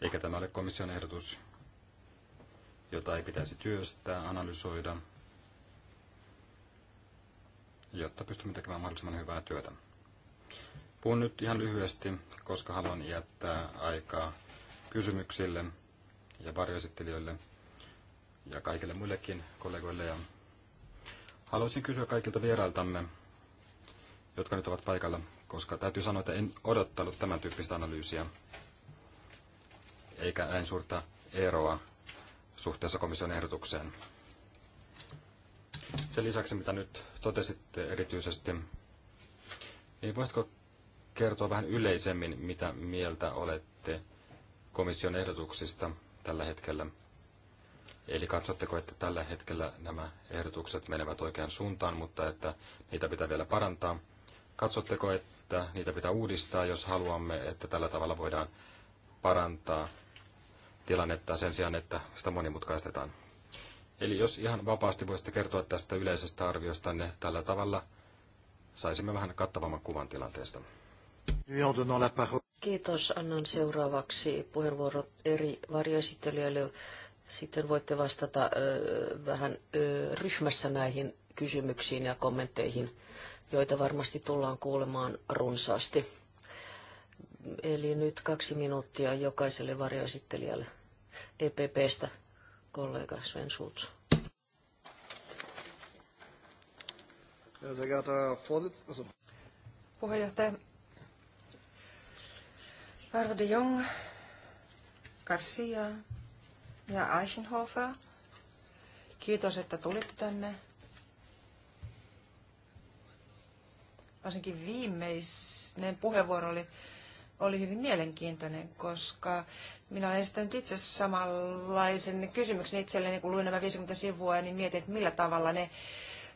Eikä tämä ole komission ehdotus, jota ei pitäisi työstää, analysoida, jotta pystymme tekemään mahdollisimman hyvää työtä. Puhun nyt ihan lyhyesti, koska haluan jättää aikaa kysymyksille ja varjoesittelijöille ja kaikille muillekin kollegoille. Ja haluaisin kysyä kaikilta vierailtamme, jotka nyt ovat paikalla, koska täytyy sanoa, että en odottanut tämän tyyppistä analyysiä, eikä näin suurta eroa suhteessa komission ehdotukseen. Sen lisäksi, mitä nyt totesitte erityisesti, niin voisitko kertoa vähän yleisemmin, mitä mieltä olette komission ehdotuksista tällä hetkellä? Eli katsotteko, että tällä hetkellä nämä ehdotukset menevät oikeaan suuntaan, mutta että niitä pitää vielä parantaa? Katsotteko, että niitä pitää uudistaa, jos haluamme, että tällä tavalla voidaan parantaa tilannetta sen sijaan, että sitä monimutkaistetaan? Eli jos ihan vapaasti voisitte kertoa tästä yleisestä arviosta, niin tällä tavalla, saisimme vähän kattavamman kuvan tilanteesta. Kiitos. Annan seuraavaksi puheenvuorot eri varjoesittelijöille. Sitten voitte vastata ö, vähän ö, ryhmässä näihin kysymyksiin ja kommentteihin joita varmasti tullaan kuulemaan runsaasti. Eli nyt kaksi minuuttia jokaiselle varjoesittelijälle EPPstä kollega Sven Schulz. Puheenjohtaja Varvo de Jong, Garcia ja Eichenhofer. Kiitos, että tulitte tänne varsinkin viimeinen puheenvuoro oli, oli hyvin mielenkiintoinen, koska minä olen esittänyt itse samanlaisen kysymyksen itselleni, kun luin nämä 50 sivua, niin mietin, että millä tavalla ne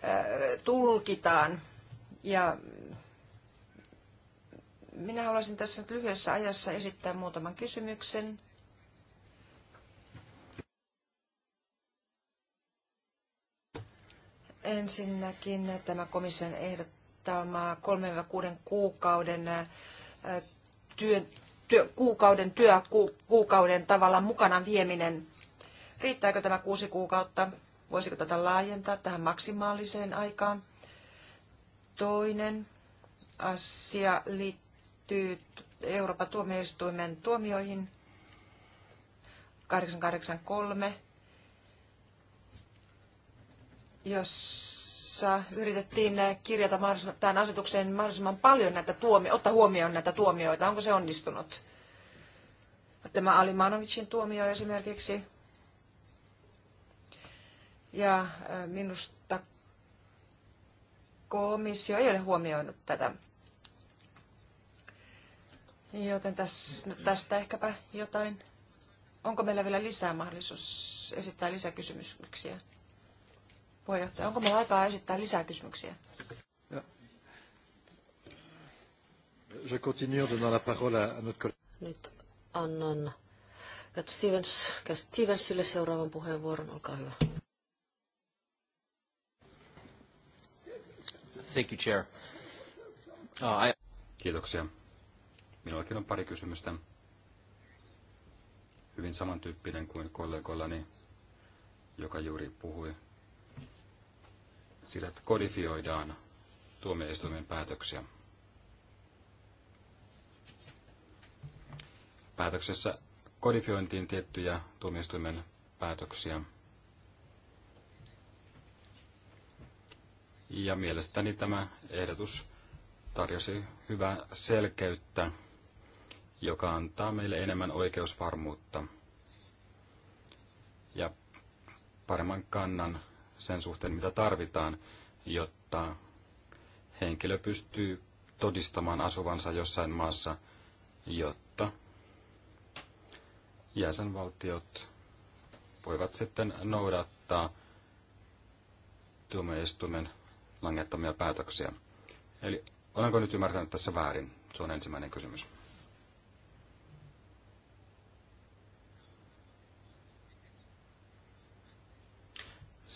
äh, tulkitaan. Ja minä haluaisin tässä nyt lyhyessä ajassa esittää muutaman kysymyksen. Ensinnäkin tämä komission ehdot, odottamaa 3-6 kuukauden työ, työ, kuukauden työ, ku, kuukauden tavalla mukana vieminen. Riittääkö tämä kuusi kuukautta? Voisiko tätä laajentaa tähän maksimaaliseen aikaan? Toinen asia liittyy Euroopan tuomioistuimen tuomioihin 883, jos jossa yritettiin kirjata tähän asetukseen mahdollisimman paljon näitä tuomioita, ottaa huomioon näitä tuomioita. Onko se onnistunut? Tämä Alimanovicin tuomio esimerkiksi. Ja minusta komissio ei ole huomioinut tätä. Joten tästä ehkäpä jotain. Onko meillä vielä lisää mahdollisuus esittää lisäkysymyksiä? puheenjohtaja. Onko meillä aikaa esittää lisää kysymyksiä? Je continue en donnant la parole à notre collègue. Nyt annan Kat Stevens, Kat Stevensille seuraavan puheenvuoron. Olkaa hyvä. Thank you, Chair. Uh, I... Kiitoksia. Minullakin on pari kysymystä. Hyvin samantyyppinen kuin kollegallani, joka juuri puhui sillä, kodifioidaan tuomioistuimen päätöksiä. Päätöksessä kodifiointiin tiettyjä tuomioistuimen päätöksiä. Ja mielestäni tämä ehdotus tarjosi hyvää selkeyttä, joka antaa meille enemmän oikeusvarmuutta ja paremman kannan sen suhteen, mitä tarvitaan, jotta henkilö pystyy todistamaan asuvansa jossain maassa, jotta jäsenvaltiot voivat sitten noudattaa tuomioistuimen langettamia päätöksiä. Eli olenko nyt ymmärtänyt tässä väärin? Se on ensimmäinen kysymys.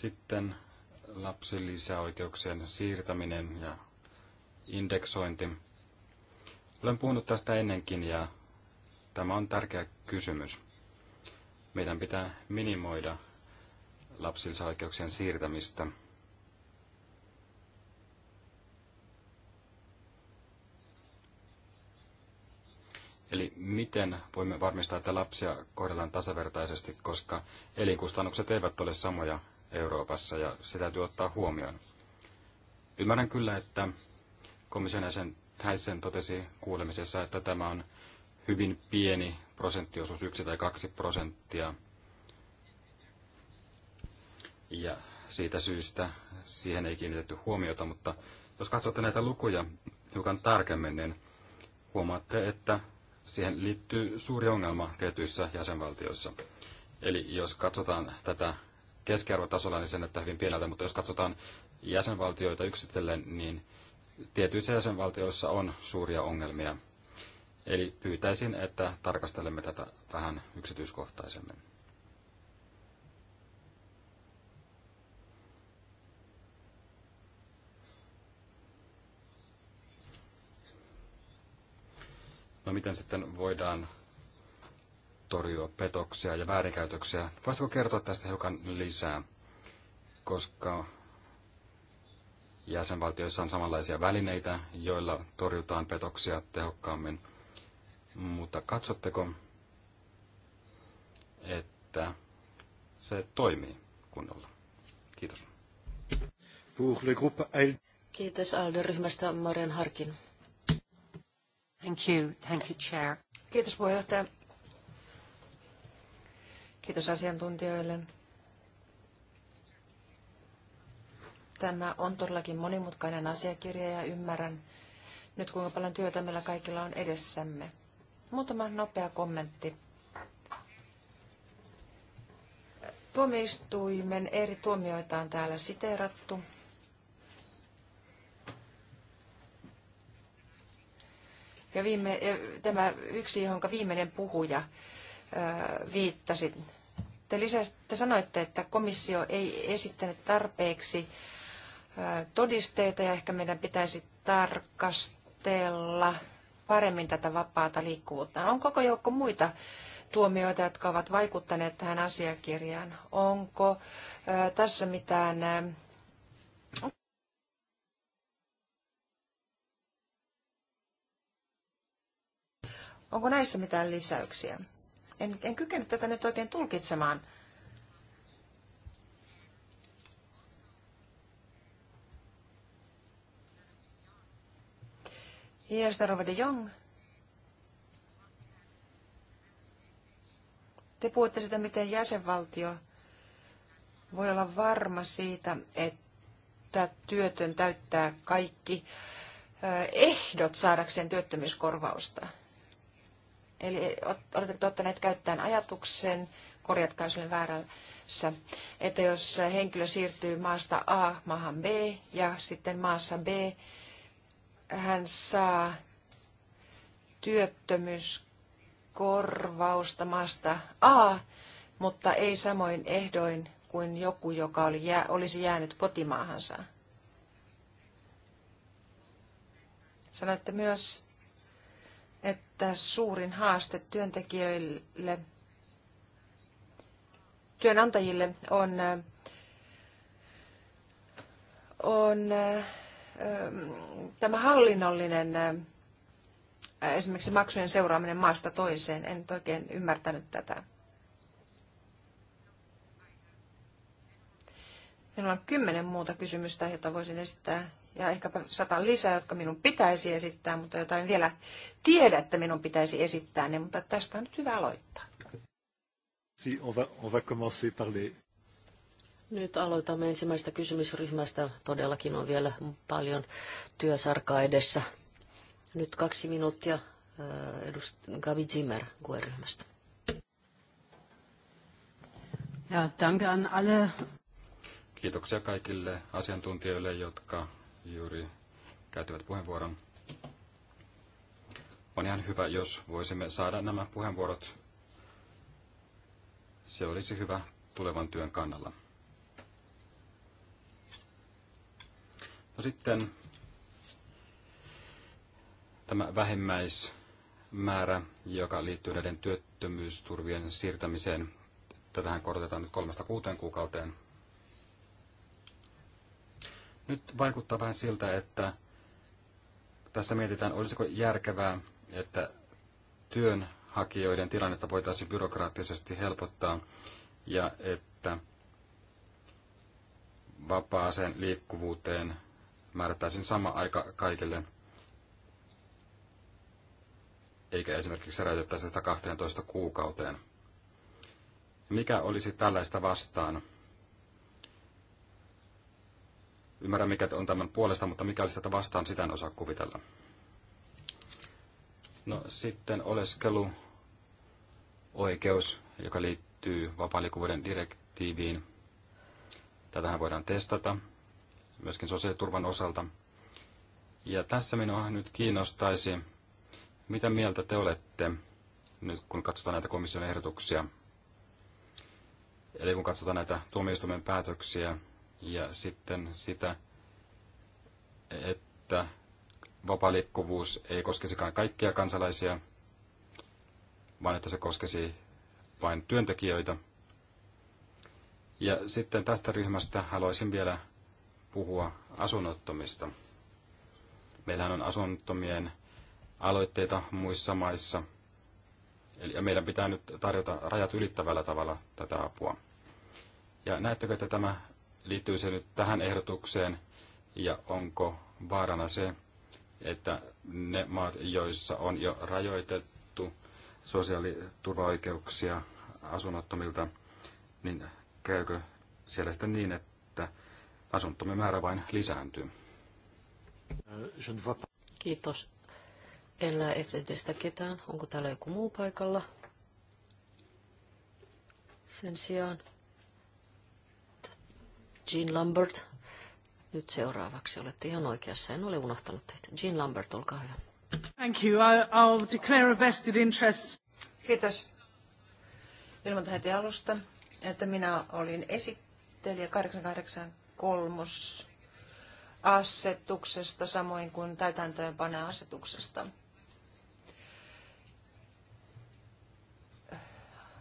Sitten lapsilisäoikeuksien siirtäminen ja indeksointi. Olen puhunut tästä ennenkin ja tämä on tärkeä kysymys. Meidän pitää minimoida lapsilisäoikeuksien siirtämistä. Eli miten voimme varmistaa, että lapsia kohdellaan tasavertaisesti, koska elinkustannukset eivät ole samoja Euroopassa ja se täytyy ottaa huomioon. Ymmärrän kyllä, että komission jäsen Thyssen totesi kuulemisessa, että tämä on hyvin pieni prosenttiosuus, yksi tai kaksi prosenttia. Ja siitä syystä siihen ei kiinnitetty huomiota, mutta jos katsotte näitä lukuja hiukan tarkemmin, niin huomaatte, että siihen liittyy suuri ongelma tietyissä jäsenvaltioissa. Eli jos katsotaan tätä keskiarvotasolla, niin se näyttää hyvin pieneltä, mutta jos katsotaan jäsenvaltioita yksitellen, niin tietyissä jäsenvaltioissa on suuria ongelmia. Eli pyytäisin, että tarkastelemme tätä vähän yksityiskohtaisemmin. No miten sitten voidaan torjua petoksia ja väärinkäytöksiä. Voisitko kertoa tästä hiukan lisää, koska jäsenvaltioissa on samanlaisia välineitä, joilla torjutaan petoksia tehokkaammin. Mutta katsotteko, että se toimii kunnolla? Kiitos. Kiitos Alder ryhmästä Marian Harkin. Thank you. Thank you, Chair. Kiitos puheenjohtaja. Kiitos asiantuntijoille. Tämä on todellakin monimutkainen asiakirja ja ymmärrän nyt kuinka paljon työtä meillä kaikilla on edessämme. Muutama nopea kommentti. Tuomioistuimen eri tuomioita on täällä siteerattu. Ja, viime, tämä yksi, jonka viimeinen puhuja viittasi. Te, lisäsi, te sanoitte, että komissio ei esittänyt tarpeeksi todisteita ja ehkä meidän pitäisi tarkastella paremmin tätä vapaata liikkuvuutta. On koko joukko muita tuomioita, jotka ovat vaikuttaneet tähän asiakirjaan. Onko tässä mitään Onko näissä mitään lisäyksiä? en, en kykene tätä nyt oikein tulkitsemaan. Hier staat de Jong. Te puhutte sitä, miten jäsenvaltio voi olla varma siitä, että työtön täyttää kaikki ehdot saadakseen työttömyyskorvausta. Eli oletteko ottaneet käyttäen ajatuksen, korjatkaa jos väärässä, että jos henkilö siirtyy maasta A maahan B ja sitten maassa B hän saa työttömyyskorvausta maasta A, mutta ei samoin ehdoin kuin joku, joka oli, jää, olisi jäänyt kotimaahansa. Sanoitte myös, suurin haaste työntekijöille, työnantajille on, on ähm, tämä hallinnollinen äh, esimerkiksi maksujen seuraaminen maasta toiseen. En nyt oikein ymmärtänyt tätä. Minulla on kymmenen muuta kysymystä, joita voisin esittää ja ehkäpä sata lisää, jotka minun pitäisi esittää, mutta jotain vielä tiedä, että minun pitäisi esittää ne, mutta tästä on nyt hyvä aloittaa. Si, on va, on va commencer par les... Nyt aloitamme ensimmäistä kysymysryhmästä. Todellakin on vielä paljon työsarkaa edessä. Nyt kaksi minuuttia äh, edust- Gavi Zimmer ryhmästä Ja, danke an alle. Kiitoksia kaikille asiantuntijoille, jotka juuri käyttivät puheenvuoron. On ihan hyvä, jos voisimme saada nämä puheenvuorot. Se olisi hyvä tulevan työn kannalla. No sitten tämä vähimmäismäärä, joka liittyy näiden työttömyysturvien siirtämiseen. Tätähän korotetaan nyt kolmesta kuuteen kuukauteen. Nyt vaikuttaa vähän siltä, että tässä mietitään, olisiko järkevää, että työnhakijoiden tilannetta voitaisiin byrokraattisesti helpottaa ja että vapaaseen liikkuvuuteen määrättäisiin sama aika kaikille, eikä esimerkiksi rajoitettaisi sitä 12 kuukauteen. Mikä olisi tällaista vastaan? Ymmärrän, mikä on tämän puolesta, mutta mikä olisi tätä vastaan, sitä en osaa kuvitella. No sitten oleskelu, oikeus, joka liittyy vapaalikuvuuden direktiiviin. Tätähän voidaan testata myöskin sosiaaliturvan osalta. Ja tässä minua nyt kiinnostaisi, mitä mieltä te olette, nyt kun katsotaan näitä komission ehdotuksia, eli kun katsotaan näitä tuomioistuimen päätöksiä ja sitten sitä, että vapaaliikkuvuus ei koskisikaan kaikkia kansalaisia, vaan että se koskisi vain työntekijöitä. Ja sitten tästä ryhmästä haluaisin vielä puhua asunnottomista. Meillähän on asunnottomien aloitteita muissa maissa, eli meidän pitää nyt tarjota rajat ylittävällä tavalla tätä apua. Ja näettekö, että tämä liittyy se nyt tähän ehdotukseen ja onko vaarana se, että ne maat, joissa on jo rajoitettu sosiaaliturvaoikeuksia asunnottomilta, niin käykö siellä sitten niin, että asuntomme määrä vain lisääntyy? Kiitos. En näe etletestä ketään. Onko täällä joku muu paikalla? Sen sijaan Jean Lambert. Nyt seuraavaksi olette ihan oikeassa. En ole unohtanut teitä. Jean Lambert, olkaa hyvä. Thank you. I'll declare a vested interest. Kiitos. Ilmoitan heti alusta, että minä olin esittelijä 883 asetuksesta, samoin kuin asetuksesta.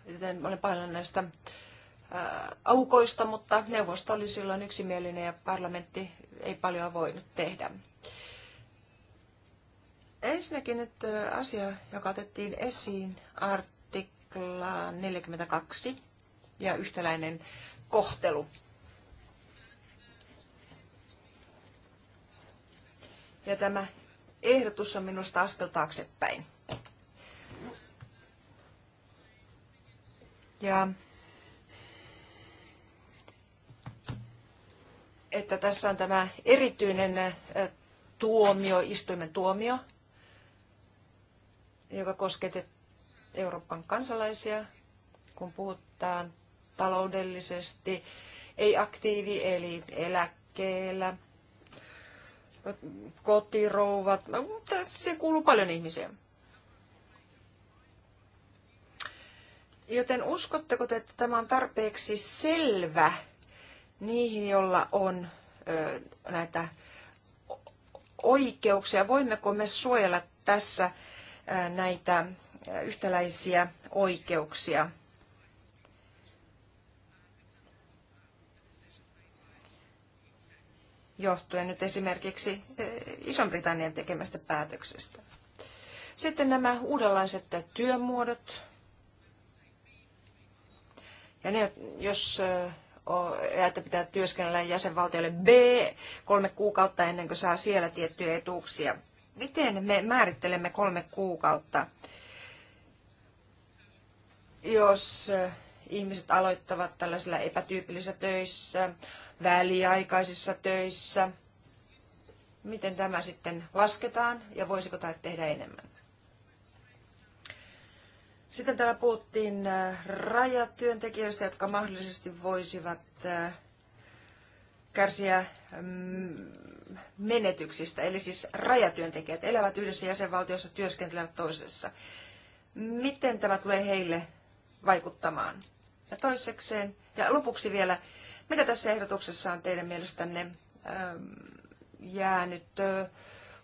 Joten olen paljon näistä Äh, aukoista, mutta neuvosto oli silloin yksimielinen ja parlamentti ei paljon voinut tehdä. Ensinnäkin nyt äh, asia, joka otettiin esiin artikla 42 ja yhtäläinen kohtelu. Ja tämä ehdotus on minusta askel taaksepäin. Ja että tässä on tämä erityinen tuomio, istuimen tuomio, joka koskee Euroopan kansalaisia, kun puhutaan taloudellisesti, ei aktiivi eli eläkkeellä, kotirouvat, se kuuluu paljon ihmisiä. Joten uskotteko te, että tämä on tarpeeksi selvä niihin, joilla on näitä oikeuksia. Voimmeko me suojella tässä näitä yhtäläisiä oikeuksia? johtuen nyt esimerkiksi iso britannian tekemästä päätöksestä. Sitten nämä uudenlaiset työmuodot. Ja ne, jos että pitää työskennellä jäsenvaltiolle B kolme kuukautta ennen kuin saa siellä tiettyjä etuuksia. Miten me määrittelemme kolme kuukautta, jos eh, ihmiset aloittavat tällaisilla epätyypillisissä töissä, väliaikaisissa töissä? Miten tämä sitten lasketaan ja voisiko tai tehdä enemmän? Sitten täällä puhuttiin äh, rajatyöntekijöistä, jotka mahdollisesti voisivat äh, kärsiä mm, menetyksistä. Eli siis rajatyöntekijät elävät yhdessä jäsenvaltiossa, työskentelevät toisessa. Miten tämä tulee heille vaikuttamaan? Ja toisekseen, ja lopuksi vielä, mitä tässä ehdotuksessa on teidän mielestänne ähm, jäänyt äh,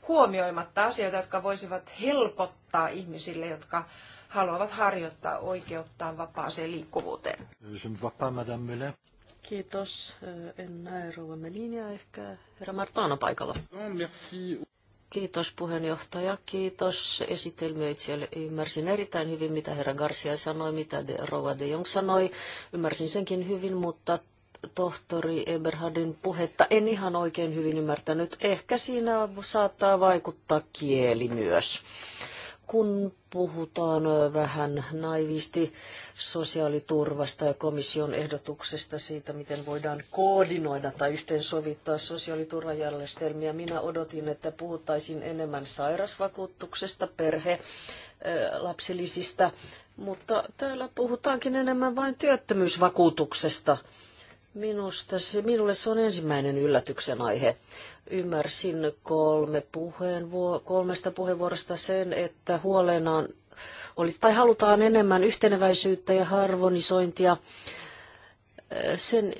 huomioimatta asioita, jotka voisivat helpottaa ihmisille, jotka haluavat harjoittaa oikeuttaan vapaaseen liikkuvuuteen. Kiitos. En näe Rouva linjaa ehkä herra on paikalla. Kiitos puheenjohtaja, kiitos esitelmöitsijälle. Ymmärsin erittäin hyvin, mitä herra Garcia sanoi, mitä de, Rouva de Jong sanoi. Ymmärsin senkin hyvin, mutta tohtori Eberhardin puhetta en ihan oikein hyvin ymmärtänyt. Ehkä siinä saattaa vaikuttaa kieli myös kun puhutaan vähän naivisti sosiaaliturvasta ja komission ehdotuksesta siitä, miten voidaan koordinoida tai yhteensovittaa sosiaaliturvajärjestelmiä, minä odotin, että puhuttaisiin enemmän sairasvakuutuksesta, perhe, lapsilisistä, mutta täällä puhutaankin enemmän vain työttömyysvakuutuksesta. Minusta se, minulle se on ensimmäinen yllätyksen aihe. Ymmärsin kolme puheenvuor- kolmesta puheenvuorosta sen, että huolena on, oli tai halutaan enemmän yhteneväisyyttä ja harmonisointia sen,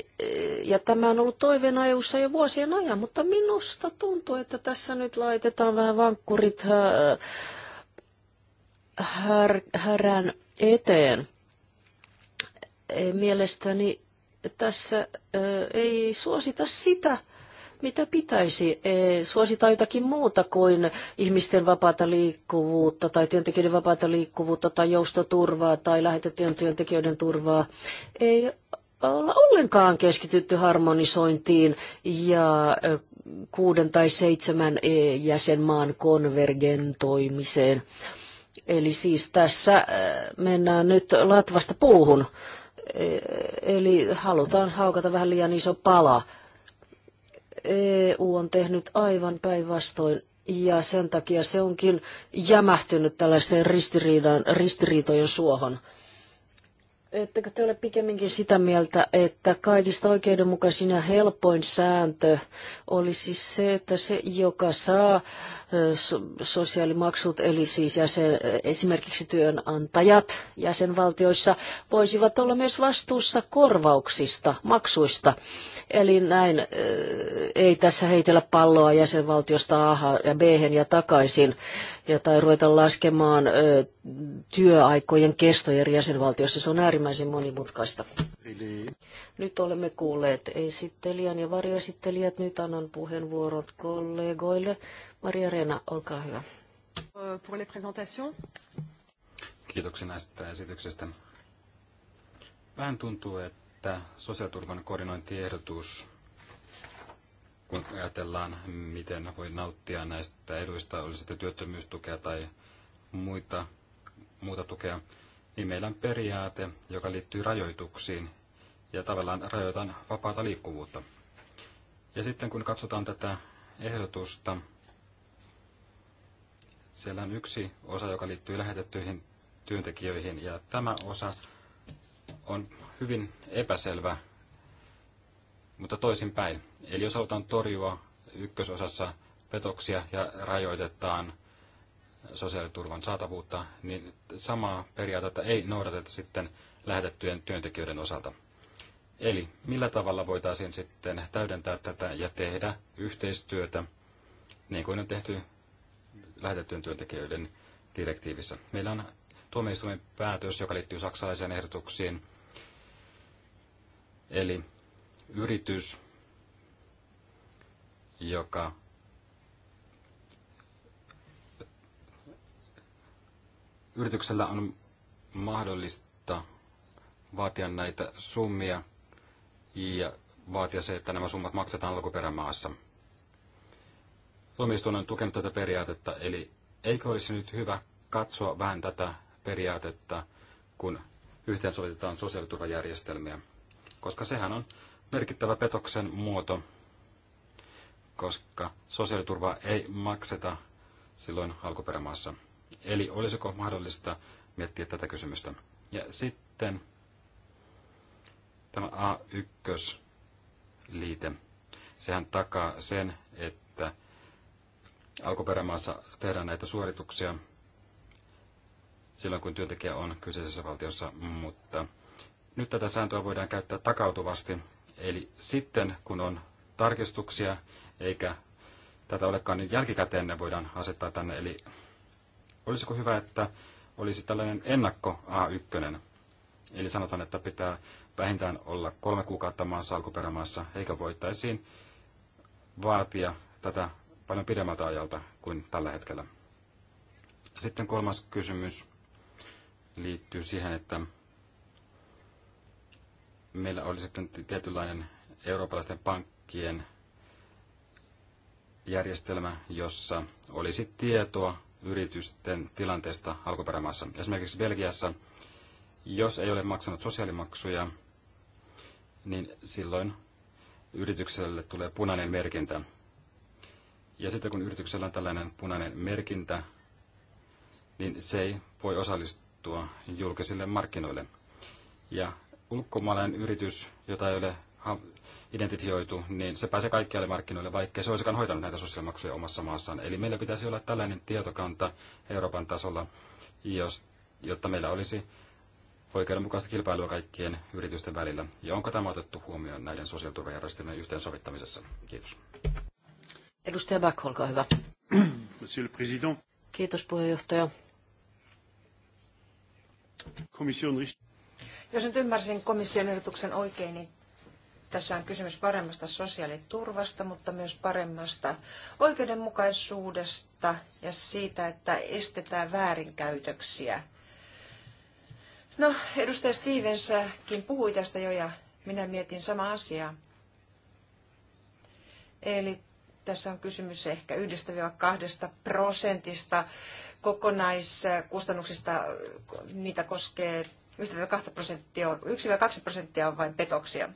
ja tämä on ollut toiveena eu jo vuosien ajan, mutta minusta tuntuu, että tässä nyt laitetaan vähän vankkurit hä, äh, här, härän eteen. Mielestäni tässä äh, ei suosita sitä, mitä pitäisi e, suosittaa jotakin muuta kuin ihmisten vapaata liikkuvuutta tai työntekijöiden vapaata liikkuvuutta tai joustoturvaa tai lähetettyjen työntekijöiden turvaa. Ei olla ollenkaan keskitytty harmonisointiin ja e, kuuden tai seitsemän e jäsenmaan konvergentoimiseen. Eli siis tässä mennään nyt latvasta puuhun. Eli halutaan haukata vähän liian iso pala EU on tehnyt aivan päinvastoin ja sen takia se onkin jämähtynyt tällaiseen ristiriidan, ristiriitojen suohon ettekö te ole pikemminkin sitä mieltä, että kaikista oikeudenmukaisin ja helpoin sääntö olisi se, että se, joka saa sosiaalimaksut, eli siis jäsen, esimerkiksi työnantajat jäsenvaltioissa, voisivat olla myös vastuussa korvauksista, maksuista. Eli näin ei tässä heitellä palloa jäsenvaltiosta A ja B ja takaisin, ja tai ruveta laskemaan työaikojen kestoja eri jäsenvaltioissa. Se on äärimmäisen äärimmäisen monimutkaista. Nyt olemme kuulleet esittelijän ja varjoesittelijät. Nyt annan puheenvuorot kollegoille. Maria Reena, olkaa hyvä. Kiitoksia näistä esityksestä. Vähän tuntuu, että sosiaaliturvan koordinointiehdotus, kun ajatellaan, miten voi nauttia näistä eduista, oli sitten työttömyystukea tai muita, muuta tukea, niin meillä on periaate, joka liittyy rajoituksiin ja tavallaan rajoitan vapaata liikkuvuutta. Ja sitten kun katsotaan tätä ehdotusta, siellä on yksi osa, joka liittyy lähetettyihin työntekijöihin, ja tämä osa on hyvin epäselvä, mutta toisinpäin. Eli jos halutaan torjua ykkösosassa petoksia ja rajoitetaan – sosiaaliturvan saatavuutta, niin samaa periaatetta ei noudateta sitten lähetettyjen työntekijöiden osalta. Eli millä tavalla voitaisiin sitten täydentää tätä ja tehdä yhteistyötä, niin kuin on tehty lähetettyjen työntekijöiden direktiivissä. Meillä on tuomioistuimen päätös, joka liittyy saksalaisiin ehdotuksiin. Eli yritys, joka yrityksellä on mahdollista vaatia näitä summia ja vaatia se, että nämä summat maksetaan alkuperämaassa. Tuomioistuin on tukenut tätä periaatetta, eli eikö olisi nyt hyvä katsoa vähän tätä periaatetta, kun yhteensovitetaan sosiaaliturvajärjestelmiä, koska sehän on merkittävä petoksen muoto, koska sosiaaliturvaa ei makseta silloin alkuperämaassa. Eli olisiko mahdollista miettiä tätä kysymystä. Ja sitten tämä A1-liite, sehän takaa sen, että alkuperämaassa tehdään näitä suorituksia silloin, kun työntekijä on kyseisessä valtiossa, mutta nyt tätä sääntöä voidaan käyttää takautuvasti, eli sitten kun on tarkistuksia, eikä tätä olekaan, niin jälkikäteen ne voidaan asettaa tänne, eli Olisiko hyvä, että olisi tällainen ennakko A1? Eli sanotaan, että pitää vähintään olla kolme kuukautta maassa alkuperämaassa, eikä voitaisiin vaatia tätä paljon pidemmältä ajalta kuin tällä hetkellä. Sitten kolmas kysymys liittyy siihen, että meillä oli sitten tietynlainen eurooppalaisten pankkien järjestelmä, jossa olisi tietoa yritysten tilanteesta alkuperämaassa. Esimerkiksi Belgiassa, jos ei ole maksanut sosiaalimaksuja, niin silloin yritykselle tulee punainen merkintä. Ja sitten kun yrityksellä on tällainen punainen merkintä, niin se ei voi osallistua julkisille markkinoille. Ja ulkomaalainen yritys, jota ei ole identifioitu, niin se pääsee kaikkialle markkinoille, vaikkei se olisikaan hoitanut näitä sosiaalimaksuja omassa maassaan. Eli meillä pitäisi olla tällainen tietokanta Euroopan tasolla, jos, jotta meillä olisi oikeudenmukaista kilpailua kaikkien yritysten välillä. Ja onko tämä otettu huomioon näiden sosiaaliturvajärjestelmien yhteensovittamisessa? Kiitos. Edustaja Back, olkaa hyvä. Monsieur le Président. Kiitos puheenjohtaja. Komission... Jos nyt ymmärsin komission ehdotuksen oikein, niin tässä on kysymys paremmasta sosiaaliturvasta, mutta myös paremmasta oikeudenmukaisuudesta ja siitä, että estetään väärinkäytöksiä. No, edustaja Stevenskin puhui tästä jo ja minä mietin sama asiaa. Eli tässä on kysymys ehkä 1-2 prosentista kokonaiskustannuksista, niitä koskee 1-2 prosenttia, 1-2 prosenttia on vain petoksia.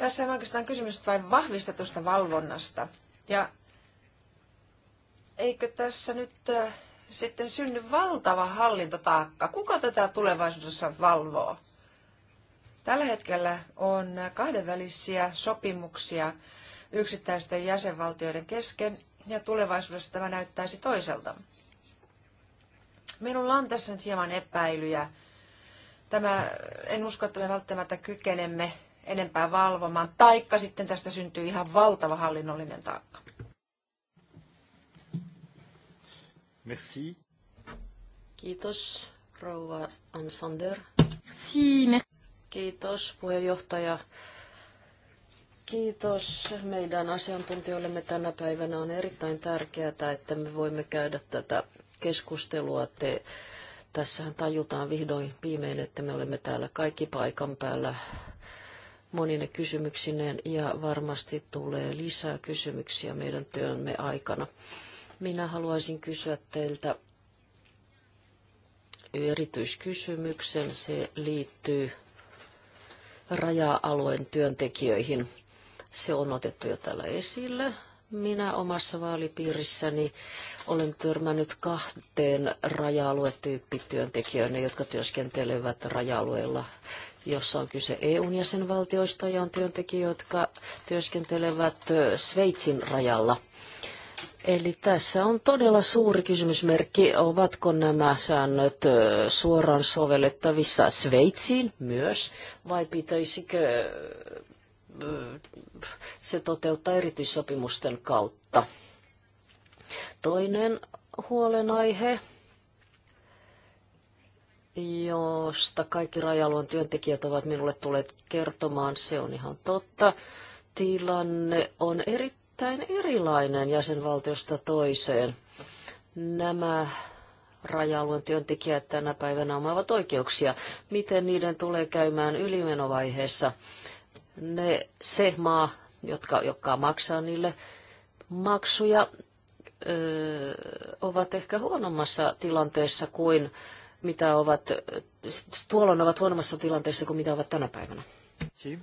Tässä on oikeastaan kysymys vain vahvistetusta valvonnasta. Ja eikö tässä nyt sitten synny valtava hallintotaakka? Kuka tätä tulevaisuudessa valvoo? Tällä hetkellä on kahdenvälisiä sopimuksia yksittäisten jäsenvaltioiden kesken, ja tulevaisuudessa tämä näyttäisi toiselta. Minulla on tässä nyt hieman epäilyjä. Tämä, en usko, että me välttämättä kykenemme enempää valvomaan, taikka sitten tästä syntyy ihan valtava hallinnollinen taakka. Merci. Kiitos, rouva Ansander. Merci. Kiitos, puheenjohtaja. Kiitos meidän asiantuntijoillemme tänä päivänä. On erittäin tärkeää, että me voimme käydä tätä keskustelua. Te, tässähän tajutaan vihdoin viimein, että me olemme täällä kaikki paikan päällä monine kysymyksineen ja varmasti tulee lisää kysymyksiä meidän työmme aikana. Minä haluaisin kysyä teiltä erityiskysymyksen. Se liittyy raja-alueen työntekijöihin. Se on otettu jo täällä esille. Minä omassa vaalipiirissäni olen törmännyt kahteen raja aluetyyppityöntekijöiden jotka työskentelevät raja-alueella jossa on kyse EUn jäsenvaltioista ja on työntekijöitä, jotka työskentelevät Sveitsin rajalla. Eli tässä on todella suuri kysymysmerkki, ovatko nämä säännöt suoraan sovellettavissa Sveitsiin myös, vai pitäisikö se toteuttaa erityissopimusten kautta? Toinen huolenaihe josta kaikki rajaluon työntekijät ovat minulle tulleet kertomaan. Se on ihan totta. Tilanne on erittäin erilainen jäsenvaltiosta toiseen. Nämä rajaluon työntekijät tänä päivänä omaavat oikeuksia. Miten niiden tulee käymään ylimenovaiheessa? Ne, se maa, jotka, joka maksaa niille maksuja, ö, ovat ehkä huonommassa tilanteessa kuin mitä ovat, tuolloin ovat huonommassa tilanteessa kuin mitä ovat tänä päivänä. Si.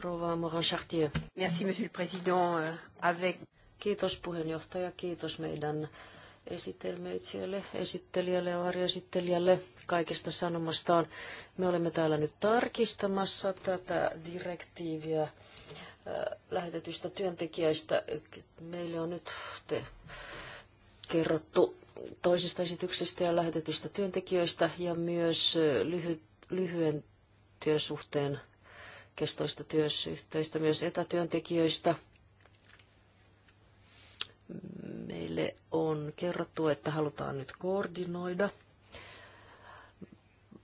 Rouva Chartier. Merci, monsieur le président. Euh, avec... Kiitos puheenjohtaja, kiitos meidän esitelmöitsijälle, esittelijälle ja varjoesittelijälle kaikesta sanomastaan. Me olemme täällä nyt tarkistamassa tätä direktiiviä äh, lähetetystä työntekijästä. Meille on nyt te kerrottu toisesta esityksestä ja lähetetystä työntekijöistä ja myös lyhy, lyhyen työsuhteen kestoista työsuhteista, myös etätyöntekijöistä. Meille on kerrottu, että halutaan nyt koordinoida –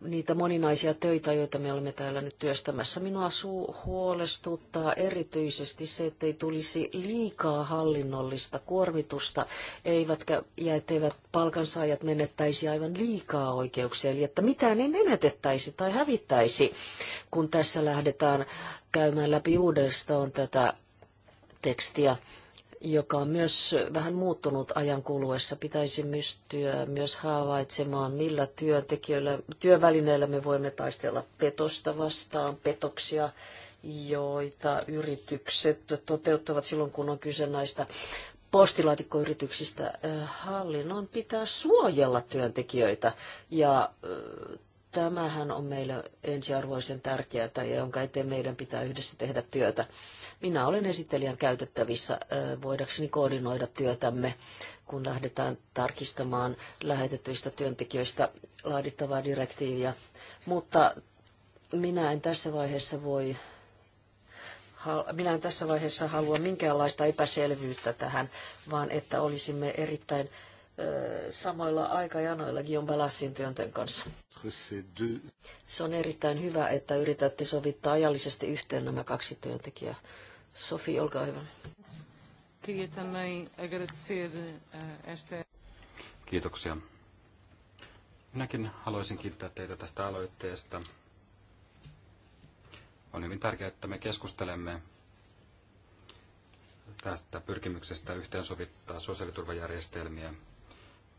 niitä moninaisia töitä, joita me olemme täällä nyt työstämässä. Minua suu huolestuttaa erityisesti se, ettei tulisi liikaa hallinnollista kuormitusta, eivätkä, ja etteivät palkansaajat menettäisi aivan liikaa oikeuksia, eli että mitään ei menetettäisi tai hävittäisi, kun tässä lähdetään käymään läpi uudestaan tätä tekstiä joka on myös vähän muuttunut ajan kuluessa. Pitäisi mystyä myös havaitsemaan, millä työntekijöillä, työvälineillä me voimme taistella petosta vastaan, petoksia, joita yritykset toteuttavat silloin, kun on kyse näistä postilaatikkoyrityksistä. Äh, hallinnon pitää suojella työntekijöitä ja äh, Tämähän on meille ensiarvoisen tärkeää ja jonka eteen meidän pitää yhdessä tehdä työtä. Minä olen esittelijän käytettävissä voidakseni koordinoida työtämme, kun lähdetään tarkistamaan lähetetyistä työntekijöistä laadittavaa direktiiviä. Mutta minä en tässä vaiheessa voi minä en tässä vaiheessa halua minkäänlaista epäselvyyttä tähän, vaan että olisimme erittäin samoilla aikajanoilla Guillaume Balassin työnten kanssa. Se on erittäin hyvä, että yritätte sovittaa ajallisesti yhteen nämä kaksi työntekijää. Sofi, olkaa hyvä. Eh, Kiitoksia. Minäkin haluaisin kiittää teitä tästä aloitteesta. On hyvin tärkeää, että me keskustelemme tästä pyrkimyksestä yhteensovittaa sosiaaliturvajärjestelmiä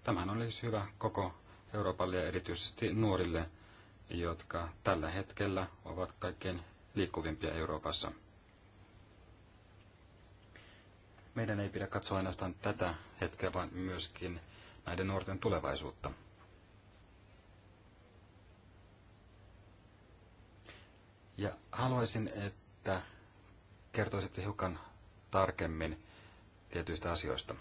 Tämähän on siis hyvä koko Euroopalle ja erityisesti nuorille, jotka tällä hetkellä ovat kaikkein liikkuvimpia Euroopassa. Meidän ei pidä katsoa ainoastaan tätä hetkeä, vaan myöskin näiden nuorten tulevaisuutta. Ja haluaisin, että kertoisitte hiukan tarkemmin tietyistä asioista.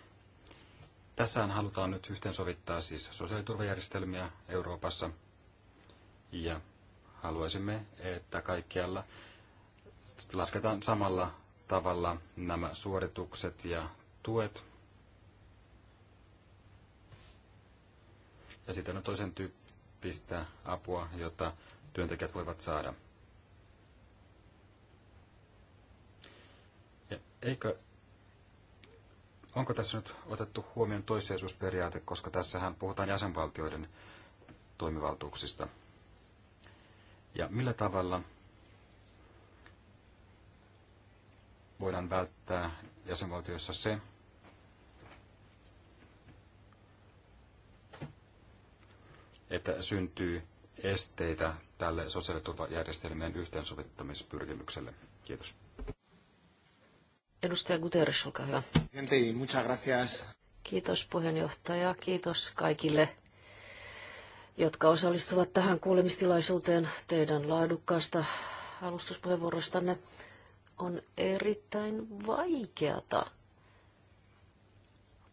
Tässähän halutaan nyt yhteensovittaa siis sosiaaliturvajärjestelmiä Euroopassa ja haluaisimme, että kaikkialla lasketaan samalla tavalla nämä suoritukset ja tuet. Ja sitten on toisen tyyppistä apua, jota työntekijät voivat saada. Ja eikö onko tässä nyt otettu huomioon toissijaisuusperiaate, koska tässähän puhutaan jäsenvaltioiden toimivaltuuksista? Ja millä tavalla voidaan välttää jäsenvaltioissa se, että syntyy esteitä tälle sosiaaliturvajärjestelmien yhteensovittamispyrkimykselle. Kiitos. Edustaja Guterres, olkaa hyvä. Kiitos puheenjohtaja, kiitos kaikille, jotka osallistuvat tähän kuulemistilaisuuteen teidän laadukkaasta alustuspuheenvuorostanne. On erittäin vaikeata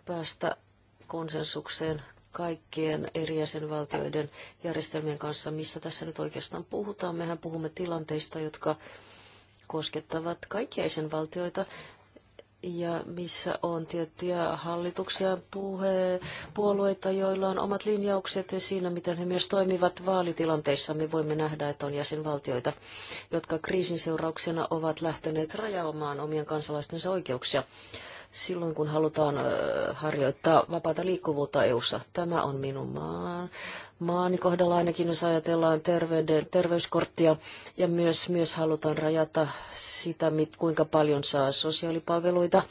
päästä konsensukseen kaikkien eri jäsenvaltioiden järjestelmien kanssa, missä tässä nyt oikeastaan puhutaan. Mehän puhumme tilanteista, jotka koskettavat kaikkia jäsenvaltioita ja missä on tiettyjä hallituksia puhe, puolueita, joilla on omat linjaukset ja siinä, miten he myös toimivat vaalitilanteissa. Me voimme nähdä, että on jäsenvaltioita, jotka kriisin seurauksena ovat lähteneet rajaamaan omien kansalaistensa oikeuksia silloin, kun halutaan harjoittaa vapaata liikkuvuutta EU:ssa. Tämä on minun maan, maani kohdalla ainakin, jos ajatellaan terveyden, terveyskorttia ja myös, myös halutaan rajata sitä, mit, kuinka paljon saa sosiaalipalveluita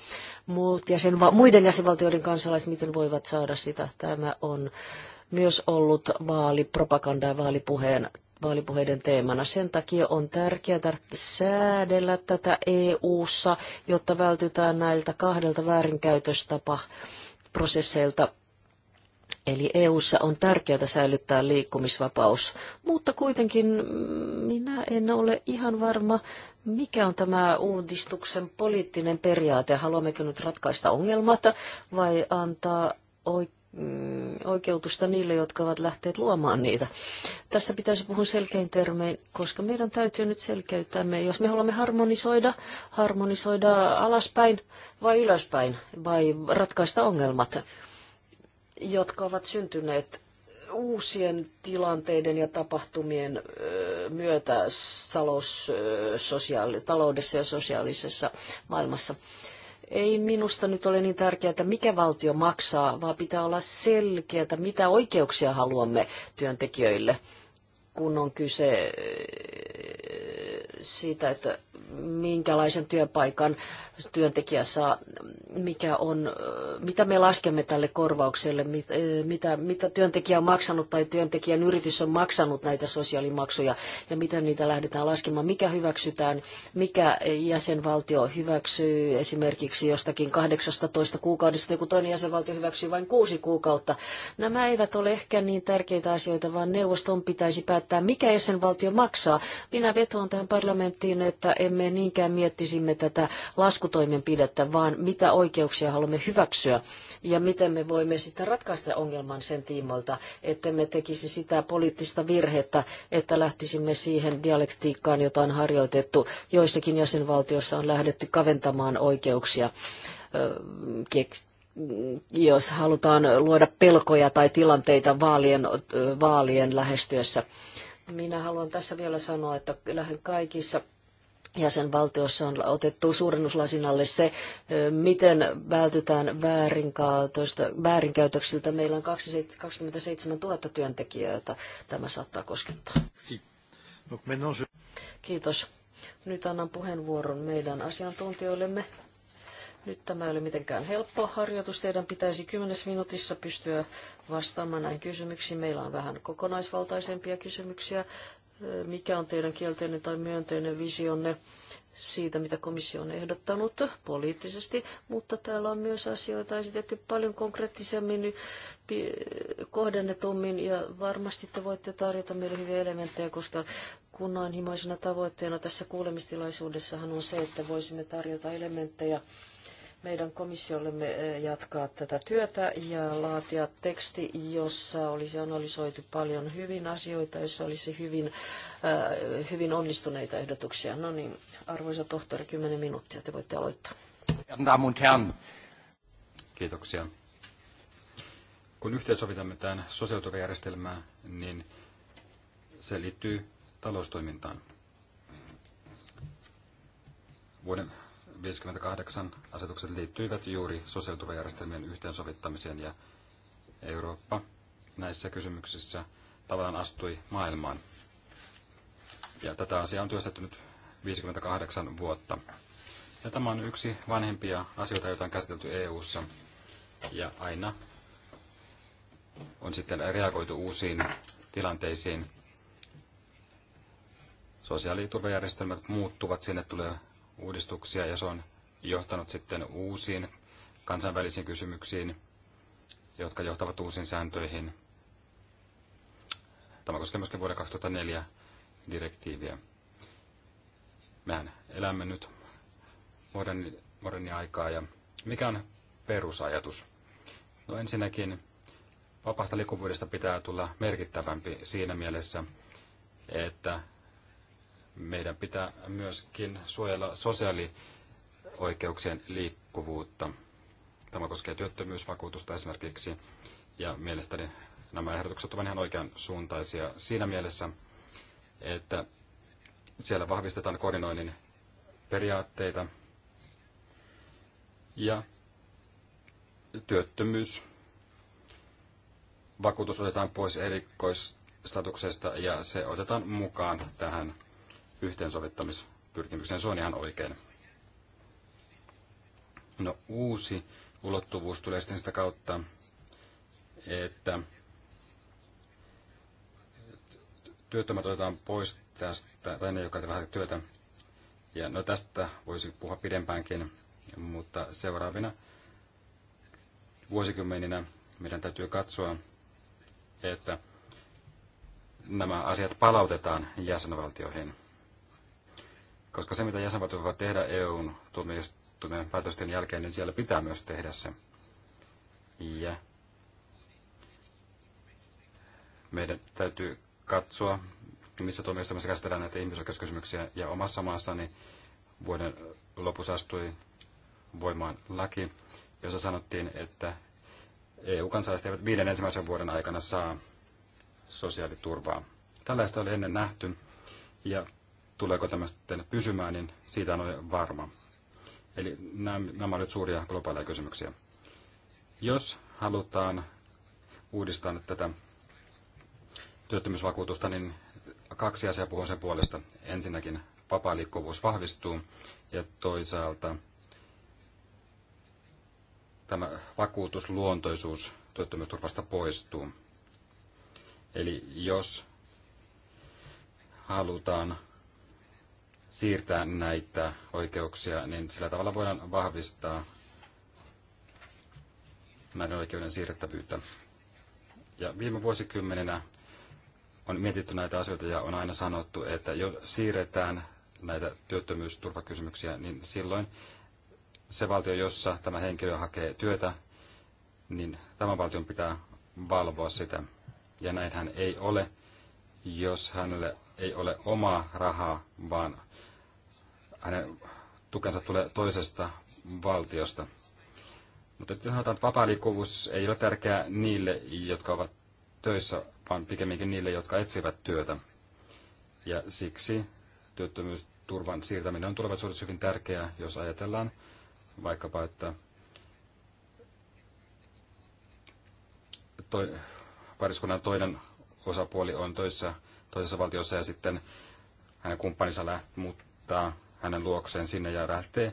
muut jäsen, muiden jäsenvaltioiden kansalaiset, miten voivat saada sitä. Tämä on myös ollut vaalipropagandaa ja vaalipuheen vaalipuheiden teemana. Sen takia on tärkeää säädellä tätä EU-ssa, jotta vältytään näiltä kahdelta väärinkäytöstapa prosesseilta. Eli EU:ssa on tärkeää säilyttää liikkumisvapaus, mutta kuitenkin mm, minä en ole ihan varma, mikä on tämä uudistuksen poliittinen periaate. Haluammeko nyt ratkaista ongelmat vai antaa oikein? Mm, oikeutusta niille, jotka ovat lähteet luomaan niitä. Tässä pitäisi puhua selkein termein, koska meidän täytyy nyt selkeyttää, me, jos me haluamme harmonisoida, harmonisoida alaspäin vai ylöspäin, vai ratkaista ongelmat, jotka ovat syntyneet uusien tilanteiden ja tapahtumien myötä talous, sosiaali, taloudessa ja sosiaalisessa maailmassa ei minusta nyt ole niin tärkeää, että mikä valtio maksaa, vaan pitää olla selkeää, mitä oikeuksia haluamme työntekijöille – kun on kyse äh, siitä, että minkälaisen työpaikan työntekijä saa, mikä on, äh, mitä me laskemme tälle korvaukselle, äh, mitä, mitä työntekijä on maksanut tai työntekijän yritys on maksanut näitä sosiaalimaksuja ja miten niitä lähdetään laskemaan, mikä hyväksytään, mikä jäsenvaltio hyväksyy esimerkiksi jostakin 18 kuukaudesta, joku toinen jäsenvaltio hyväksyy vain kuusi kuukautta. Nämä eivät ole ehkä niin tärkeitä asioita, vaan neuvoston pitäisi päättää päättää, mikä jäsenvaltio maksaa. Minä vetoan tähän parlamenttiin, että emme niinkään miettisimme tätä laskutoimenpidettä, vaan mitä oikeuksia haluamme hyväksyä ja miten me voimme sitten ratkaista ongelman sen tiimoilta, että me tekisi sitä poliittista virhettä, että lähtisimme siihen dialektiikkaan, jota on harjoitettu. Joissakin jäsenvaltioissa on lähdetty kaventamaan oikeuksia jos halutaan luoda pelkoja tai tilanteita vaalien, vaalien lähestyessä. Minä haluan tässä vielä sanoa, että kyllähän kaikissa jäsenvaltiossa on otettu suurennuslasin alle se, miten vältytään väärinkäytöksiltä. Meillä on 27 000 työntekijää, joita tämä saattaa koskettaa. Kiitos. Nyt annan puheenvuoron meidän asiantuntijoillemme. Nyt tämä ei ole mitenkään helppo harjoitus. Teidän pitäisi 10 minuutissa pystyä vastaamaan näihin kysymyksiin. Meillä on vähän kokonaisvaltaisempia kysymyksiä. Mikä on teidän kielteinen tai myönteinen visionne siitä, mitä komissio on ehdottanut poliittisesti, mutta täällä on myös asioita esitetty paljon konkreettisemmin, kohdennetummin ja varmasti te voitte tarjota meille hyviä elementtejä, koska kunnanhimoisena tavoitteena tässä kuulemistilaisuudessahan on se, että voisimme tarjota elementtejä meidän komissiollemme eh, jatkaa tätä työtä ja laatia teksti, jossa olisi analysoitu paljon hyvin asioita, jossa olisi hyvin, eh, hyvin onnistuneita ehdotuksia. No niin, arvoisa tohtori, 10 minuuttia, te voitte aloittaa. Kiitoksia. Kun yhteensovitamme tämän sosiaaliturvajärjestelmää, niin se liittyy taloustoimintaan. Vuoden 58 asetukset liittyivät juuri sosiaaliturvajärjestelmien yhteensovittamiseen ja Eurooppa näissä kysymyksissä tavallaan astui maailmaan. Ja tätä asiaa on työstetty nyt 58 vuotta. Ja tämä on yksi vanhempia asioita, joita on käsitelty EU:ssa. Ja aina on sitten reagoitu uusiin tilanteisiin. Sosiaaliturvajärjestelmät muuttuvat, sinne tulee uudistuksia ja se on johtanut sitten uusiin kansainvälisiin kysymyksiin, jotka johtavat uusiin sääntöihin. Tämä koskee myöskin vuoden 2004 direktiiviä. Mehän elämme nyt moderni, modernia aikaa ja mikä on perusajatus? No ensinnäkin vapaasta liikkuvuudesta pitää tulla merkittävämpi siinä mielessä, että meidän pitää myöskin suojella sosiaalioikeuksien liikkuvuutta. Tämä koskee työttömyysvakuutusta esimerkiksi, ja mielestäni nämä ehdotukset ovat ihan oikean suuntaisia siinä mielessä, että siellä vahvistetaan koordinoinnin periaatteita ja työttömyys vakuutus otetaan pois erikoistatuksesta ja se otetaan mukaan tähän yhteensovittamispyrkimykseen. Se on ihan oikein. No uusi ulottuvuus tulee sitten sitä kautta, että työttömät otetaan pois tästä, tai ne, jotka eivät työtä. Ja no tästä voisi puhua pidempäänkin, mutta seuraavina vuosikymmeninä meidän täytyy katsoa, että nämä asiat palautetaan jäsenvaltioihin. Koska se, mitä jäsenvaltiot voivat tehdä EUn tuomioistuimen päätösten jälkeen, niin siellä pitää myös tehdä se. Ja meidän täytyy katsoa, missä tuomioistuimessa käsitellään näitä ihmisoikeuskysymyksiä. Ja omassa maassani vuoden lopussa astui voimaan laki, jossa sanottiin, että EU-kansalaiset eivät viiden ensimmäisen vuoden aikana saa sosiaaliturvaa. Tällaista oli ennen nähty ja tuleeko tämä sitten pysymään, niin siitä on varma. Eli nämä, nämä olivat suuria globaaleja kysymyksiä. Jos halutaan uudistaa nyt tätä työttömyysvakuutusta, niin kaksi asiaa puhun sen puolesta. Ensinnäkin vapaa liikkuvuus vahvistuu ja toisaalta tämä vakuutusluontoisuus työttömyysturvasta poistuu. Eli jos halutaan siirtää näitä oikeuksia, niin sillä tavalla voidaan vahvistaa näiden oikeuden siirrettävyyttä. Ja viime vuosikymmeninä on mietitty näitä asioita ja on aina sanottu, että jos siirretään näitä työttömyysturvakysymyksiä, niin silloin se valtio, jossa tämä henkilö hakee työtä, niin tämän valtion pitää valvoa sitä. Ja näinhän ei ole, jos hänelle ei ole omaa rahaa, vaan hänen tukensa tulee toisesta valtiosta. Mutta sitten sanotaan, että vapaa liikkuvuus ei ole tärkeää niille, jotka ovat töissä, vaan pikemminkin niille, jotka etsivät työtä. Ja siksi työttömyysturvan siirtäminen on tulevaisuudessa hyvin tärkeää, jos ajatellaan vaikkapa, että toi, pariskunnan toinen osapuoli on töissä toisessa valtiossa ja sitten hänen kumppaninsa lähtee muuttaa hänen luokseen sinne ja lähtee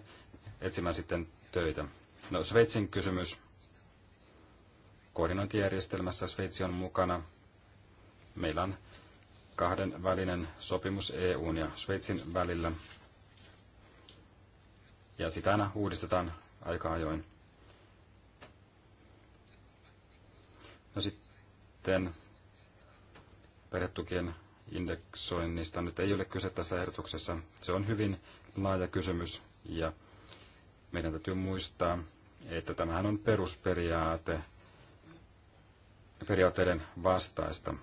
etsimään sitten töitä. No Sveitsin kysymys. Koordinointijärjestelmässä Sveitsi on mukana. Meillä on kahden välinen sopimus EUn ja Sveitsin välillä. Ja sitä aina uudistetaan aika ajoin. No sitten perhetukien indeksoinnista nyt ei ole kyse tässä ehdotuksessa. Se on hyvin laaja kysymys ja meidän täytyy muistaa, että tämähän on perusperiaate periaatteiden vastaista.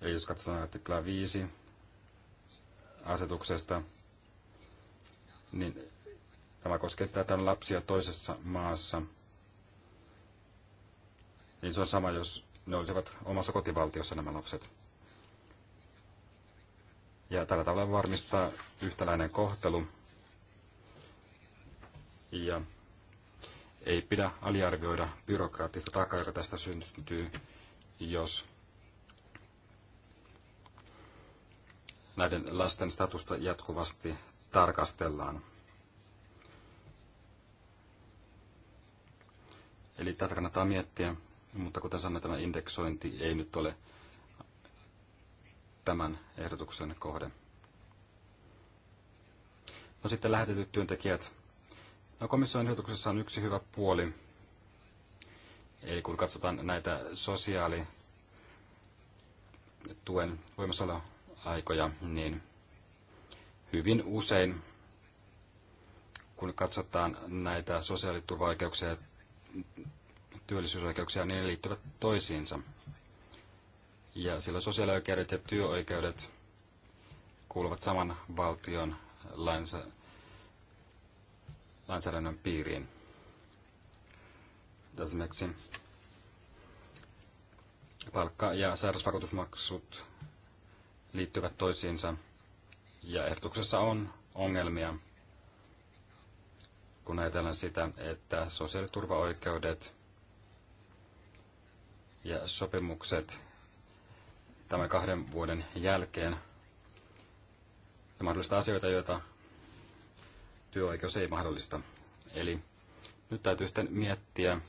Eli jos katsotaan artiklaa 5 asetuksesta, niin tämä koskee sitä, että on lapsia toisessa maassa. Niin se on sama, jos ne olisivat omassa kotivaltiossa nämä lapset. Ja tällä tavalla varmistaa yhtäläinen kohtelu. Ja ei pidä aliarvioida byrokraattista takaa, joka tästä syntyy, jos näiden lasten statusta jatkuvasti tarkastellaan. Eli tätä kannattaa miettiä. Mutta kuten sanoin, tämä indeksointi ei nyt ole tämän ehdotuksen kohde. No sitten lähetetyt työntekijät. No komission ehdotuksessa on yksi hyvä puoli. Eli kun katsotaan näitä sosiaalituen voimassaoloaikoja, niin hyvin usein, kun katsotaan näitä sosiaaliturvaoikeuksia työllisyysoikeuksia, niin ne liittyvät toisiinsa. Ja sillä sosiaalioikeudet ja työoikeudet kuuluvat saman valtion lainsä, lainsäädännön piiriin. Esimerkiksi palkka- ja sairausvakuutusmaksut liittyvät toisiinsa ja ehdotuksessa on ongelmia, kun ajatellaan sitä, että sosiaaliturvaoikeudet ja sopimukset tämän kahden vuoden jälkeen ja mahdollista asioita, joita työoikeus ei mahdollista. Eli nyt täytyy sitten miettiä,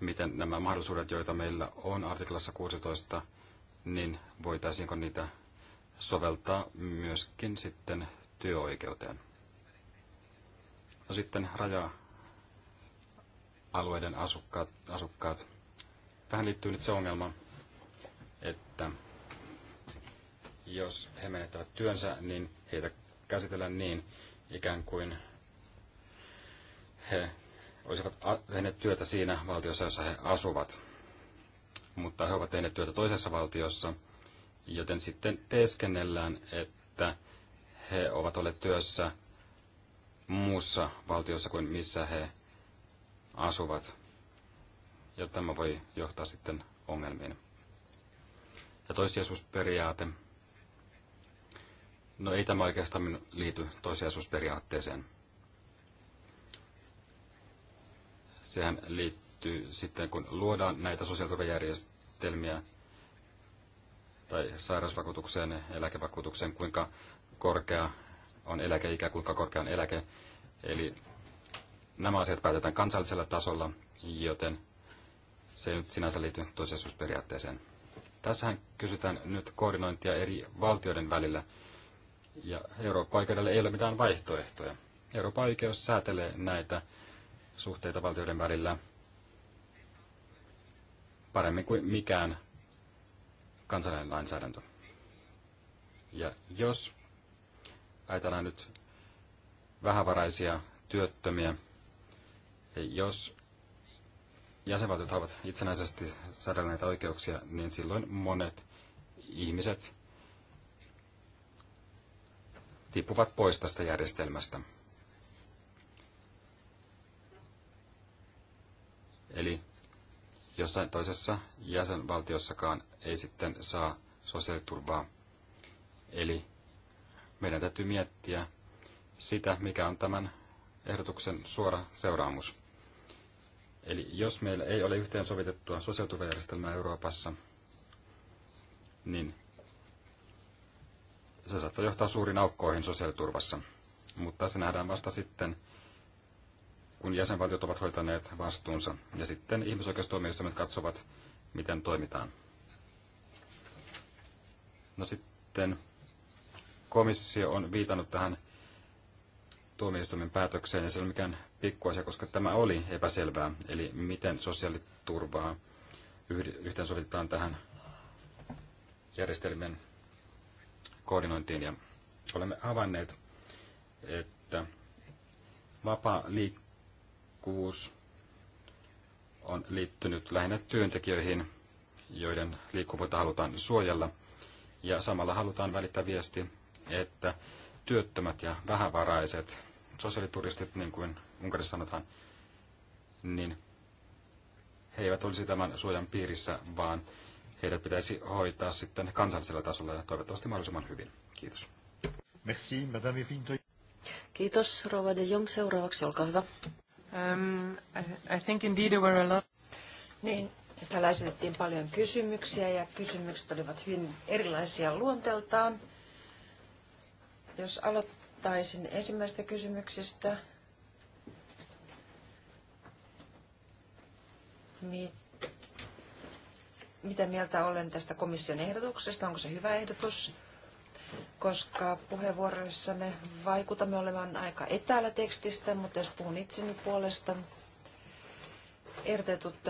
miten nämä mahdollisuudet, joita meillä on artiklassa 16, niin voitaisiinko niitä soveltaa myöskin sitten työoikeuteen. No sitten raja-alueiden asukkaat, asukkaat tähän liittyy nyt se ongelma, että jos he menettävät työnsä, niin heitä käsitellään niin ikään kuin he olisivat tehneet työtä siinä valtiossa, jossa he asuvat. Mutta he ovat tehneet työtä toisessa valtiossa, joten sitten teeskennellään, että he ovat olleet työssä muussa valtiossa kuin missä he asuvat ja tämä voi johtaa sitten ongelmiin. Ja toissijaisuusperiaate. No ei tämä oikeastaan liity toissijaisuusperiaatteeseen. Sehän liittyy sitten, kun luodaan näitä sosiaaliturvajärjestelmiä tai sairausvakuutukseen, eläkevakuutukseen, kuinka korkea on eläkeikä, kuinka korkea on eläke. Eli nämä asiat päätetään kansallisella tasolla, joten se ei nyt sinänsä liity toisiasuusperiaatteeseen. Tässähän kysytään nyt koordinointia eri valtioiden välillä, ja Eurooppa-oikeudelle ei ole mitään vaihtoehtoja. Euroopan oikeus säätelee näitä suhteita valtioiden välillä paremmin kuin mikään kansallinen lainsäädäntö. Ja jos ajatellaan nyt vähävaraisia työttömiä, ja jos jäsenvaltiot ovat itsenäisesti säädelleet oikeuksia, niin silloin monet ihmiset tippuvat pois tästä järjestelmästä. Eli jossain toisessa jäsenvaltiossakaan ei sitten saa sosiaaliturvaa. Eli meidän täytyy miettiä sitä, mikä on tämän ehdotuksen suora seuraamus. Eli jos meillä ei ole yhteensovitettua sosiaaliturvajärjestelmää Euroopassa, niin se saattaa johtaa suuriin aukkoihin sosiaaliturvassa. Mutta se nähdään vasta sitten, kun jäsenvaltiot ovat hoitaneet vastuunsa, ja sitten ihmisoikeustuomioistuimet katsovat, miten toimitaan. No sitten komissio on viitannut tähän tuomioistuimen päätökseen, ja se ei ole mikään pikkuasia, koska tämä oli epäselvää, eli miten sosiaaliturvaa yhteensovitetaan tähän järjestelmien koordinointiin. Ja olemme havainneet, että vapaa liikkuvuus on liittynyt lähinnä työntekijöihin, joiden liikkuvuutta halutaan suojella. Ja samalla halutaan välittää viesti, että työttömät ja vähävaraiset sosiaalituristit, niin kuin Unkarissa sanotaan, niin he eivät olisi tämän suojan piirissä, vaan heidät pitäisi hoitaa sitten kansallisella tasolla ja toivottavasti mahdollisimman hyvin. Kiitos. Merci, Madame Kiitos, Rova de Jong. Seuraavaksi, olkaa hyvä. Um, I, I think indeed there were a lot. Niin, täällä esitettiin paljon kysymyksiä ja kysymykset olivat hyvin erilaisia luonteeltaan. Jos aloittaisin ensimmäistä kysymyksestä, mitä mieltä olen tästä komission ehdotuksesta, onko se hyvä ehdotus, koska puheenvuoroissamme vaikutamme olevan aika etäällä tekstistä, mutta jos puhun itseni puolesta, ehdotetut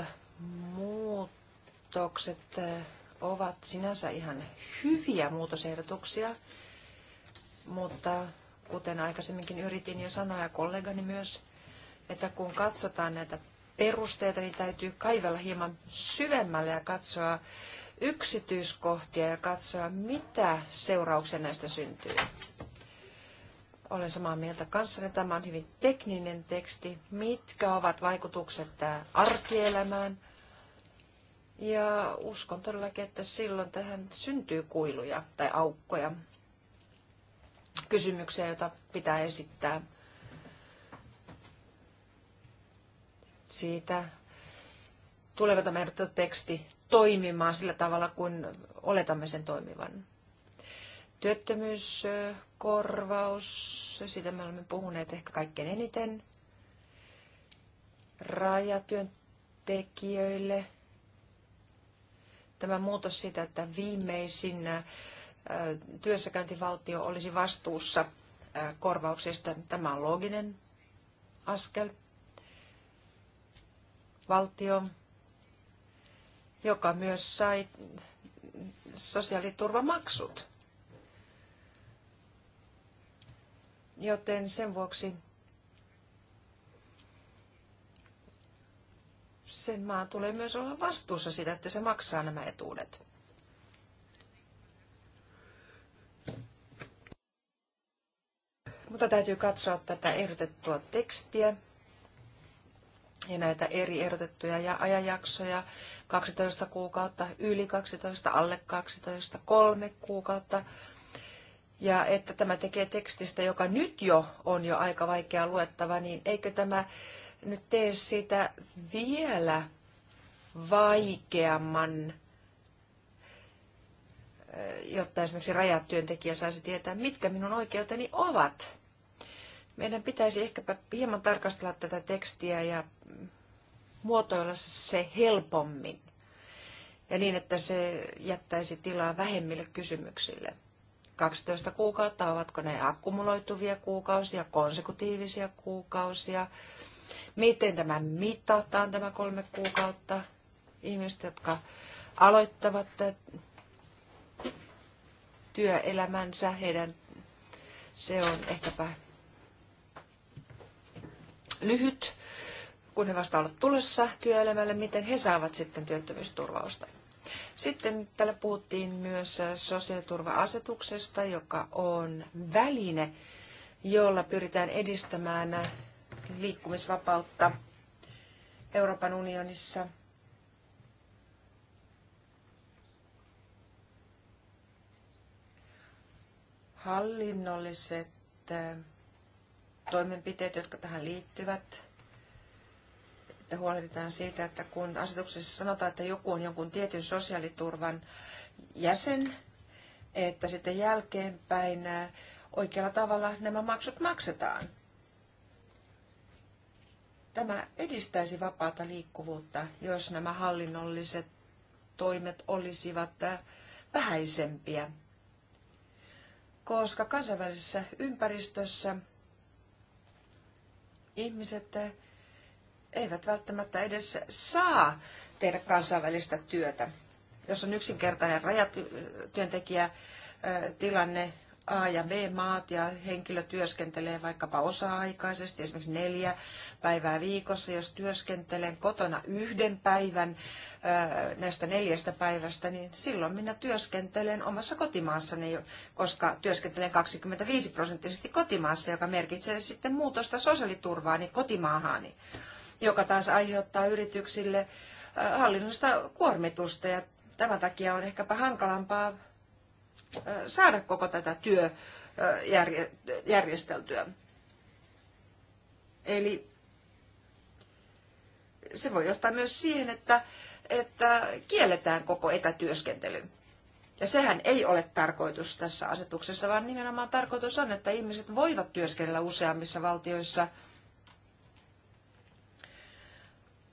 muutokset eh, ovat sinänsä ihan hyviä muutosehdotuksia, mutta kuten aikaisemminkin yritin jo sanoa ja kollegani myös, että kun katsotaan näitä perusteita, niin täytyy kaivella hieman syvemmälle ja katsoa yksityiskohtia ja katsoa, mitä seurauksia näistä syntyy. Olen samaa mieltä kanssanne. Tämä on hyvin tekninen teksti. Mitkä ovat vaikutukset äh, arkielämään? Ja uskon todellakin, että silloin tähän syntyy kuiluja tai aukkoja, kysymyksiä, joita pitää esittää siitä, tuleeko tämä ehdotettu teksti toimimaan sillä tavalla, kun oletamme sen toimivan. Työttömyyskorvaus, sitä me olemme puhuneet ehkä kaikkein eniten. Rajatyöntekijöille. Tämä muutos siitä, että viimeisin äh, työssäkäyntivaltio olisi vastuussa äh, korvauksesta. Tämä on looginen askel valtio, joka myös sai sosiaaliturvamaksut. Joten sen vuoksi sen maan tulee myös olla vastuussa siitä, että se maksaa nämä etuudet. Mutta täytyy katsoa tätä ehdotettua tekstiä ja näitä eri erotettuja ja ajanjaksoja, 12 kuukautta, yli 12, alle 12, kolme kuukautta. Ja että tämä tekee tekstistä, joka nyt jo on jo aika vaikea luettava, niin eikö tämä nyt tee sitä vielä vaikeamman, eh, jotta esimerkiksi rajatyöntekijä saisi tietää, mitkä minun oikeuteni ovat. Meidän pitäisi ehkäpä hieman tarkastella tätä tekstiä ja muotoilla se helpommin ja niin, että se jättäisi tilaa vähemmille kysymyksille. 12 kuukautta, ovatko ne akkumuloituvia kuukausia, konsekutiivisia kuukausia, miten tämä mitataan tämä kolme kuukautta, ihmiset, jotka aloittavat työelämänsä, heidän, se on ehkäpä lyhyt, kun he vasta ovat tulossa työelämälle, miten he saavat sitten työttömyysturvausta. Sitten täällä puhuttiin myös sosiaaliturva-asetuksesta, joka on väline, jolla pyritään edistämään liikkumisvapautta Euroopan unionissa. Hallinnolliset toimenpiteet, jotka tähän liittyvät, että huolehditaan siitä, että kun asetuksessa sanotaan, että joku on jonkun tietyn sosiaaliturvan jäsen, että sitten jälkeenpäin äh, oikealla tavalla nämä maksut maksetaan. Tämä edistäisi vapaata liikkuvuutta, jos nämä hallinnolliset toimet olisivat äh, vähäisempiä, koska kansainvälisessä ympäristössä ihmiset eh, eivät välttämättä edes saa tehdä kansainvälistä työtä. Jos on yksinkertainen rajatyöntekijätilanne, A- ja B-maat ja henkilö työskentelee vaikkapa osa-aikaisesti, esimerkiksi neljä päivää viikossa. Jos työskentelen kotona yhden päivän näistä neljästä päivästä, niin silloin minä työskentelen omassa kotimaassani, koska työskentelen 25 prosenttisesti kotimaassa, joka merkitsee sitten muutosta sosiaaliturvaani kotimaahani, joka taas aiheuttaa yrityksille hallinnollista kuormitusta ja tämän takia on ehkäpä hankalampaa saada koko tätä järjesteltyä. Eli se voi johtaa myös siihen, että, että kielletään koko etätyöskentely. Ja sehän ei ole tarkoitus tässä asetuksessa, vaan nimenomaan tarkoitus on, että ihmiset voivat työskennellä useammissa valtioissa.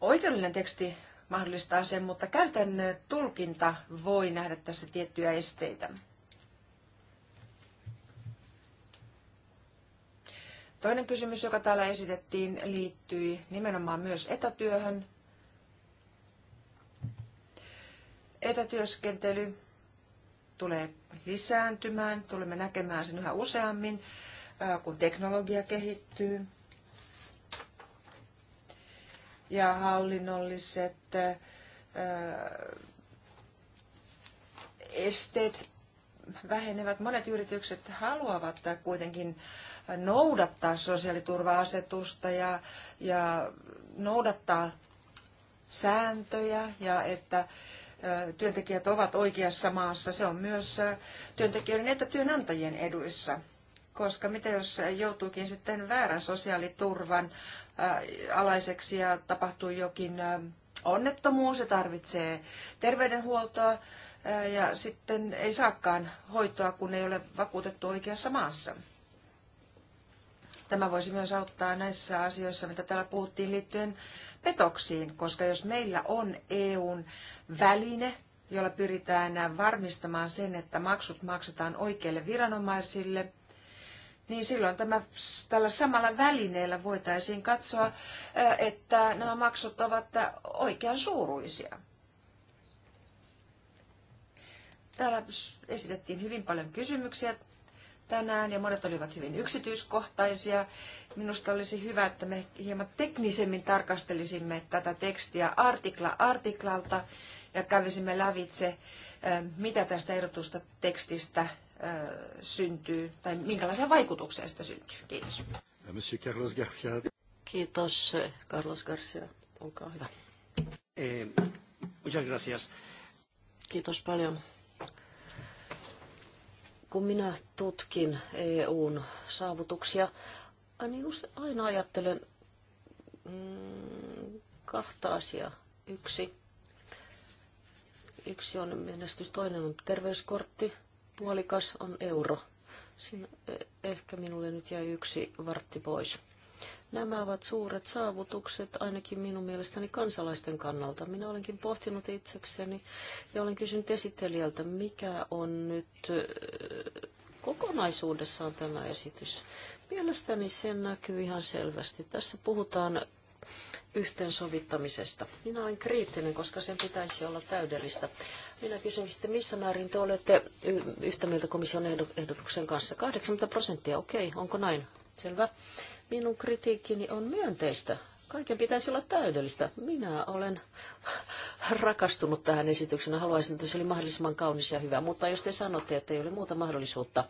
Oikeudellinen teksti mahdollistaa sen, mutta käytännön tulkinta voi nähdä tässä tiettyjä esteitä. Toinen kysymys, joka täällä esitettiin, liittyi nimenomaan myös etätyöhön. Etätyöskentely tulee lisääntymään, tulemme näkemään sen yhä useammin, kun teknologia kehittyy. Ja hallinnolliset esteet vähenevät. Monet yritykset haluavat kuitenkin noudattaa sosiaaliturva-asetusta ja, ja noudattaa sääntöjä ja että työntekijät ovat oikeassa maassa. Se on myös työntekijöiden että työnantajien eduissa. Koska mitä jos joutuukin sitten väärän sosiaaliturvan alaiseksi ja tapahtuu jokin onnettomuus ja tarvitsee terveydenhuoltoa, ja sitten ei saakaan hoitoa, kun ei ole vakuutettu oikeassa maassa. Tämä voisi myös auttaa näissä asioissa, mitä täällä puhuttiin liittyen petoksiin, koska jos meillä on EUn väline, jolla pyritään varmistamaan sen, että maksut maksetaan oikeille viranomaisille, niin silloin tämä, tällä samalla välineellä voitaisiin katsoa, että nämä maksut ovat oikean suuruisia. Täällä esitettiin hyvin paljon kysymyksiä tänään ja monet olivat hyvin yksityiskohtaisia. Minusta olisi hyvä, että me hieman teknisemmin tarkastelisimme tätä tekstiä artikla artiklalta ja kävisimme lävitse, mitä tästä erotusta tekstistä syntyy tai minkälaisia vaikutuksia sitä syntyy. Kiitos. Monsieur Carlos Garcia. Kiitos, Carlos Garcia. Olkaa hyvä. Eh, muchas gracias. Kiitos paljon kun minä tutkin EUn saavutuksia, niin aina ajattelen mm, kahta asiaa. Yksi, yksi on menestys, toinen on terveyskortti, puolikas on euro. Siinä e, ehkä minulle nyt jäi yksi vartti pois. Nämä ovat suuret saavutukset ainakin minun mielestäni kansalaisten kannalta. Minä olenkin pohtinut itsekseni ja olen kysynyt esittelijältä, mikä on nyt kokonaisuudessaan tämä esitys. Mielestäni se näkyy ihan selvästi. Tässä puhutaan yhteensovittamisesta. Minä olen kriittinen, koska sen pitäisi olla täydellistä. Minä kysyn sitten, missä määrin te olette yhtä mieltä komission ehdotuksen kanssa? 80 prosenttia, okei, onko näin? Selvä. Minun kritiikkini on myönteistä. Kaiken pitäisi olla täydellistä. Minä olen rakastunut tähän esitykseen. Haluaisin, että se oli mahdollisimman kaunis ja hyvä. Mutta jos te sanotte, että ei ole muuta mahdollisuutta,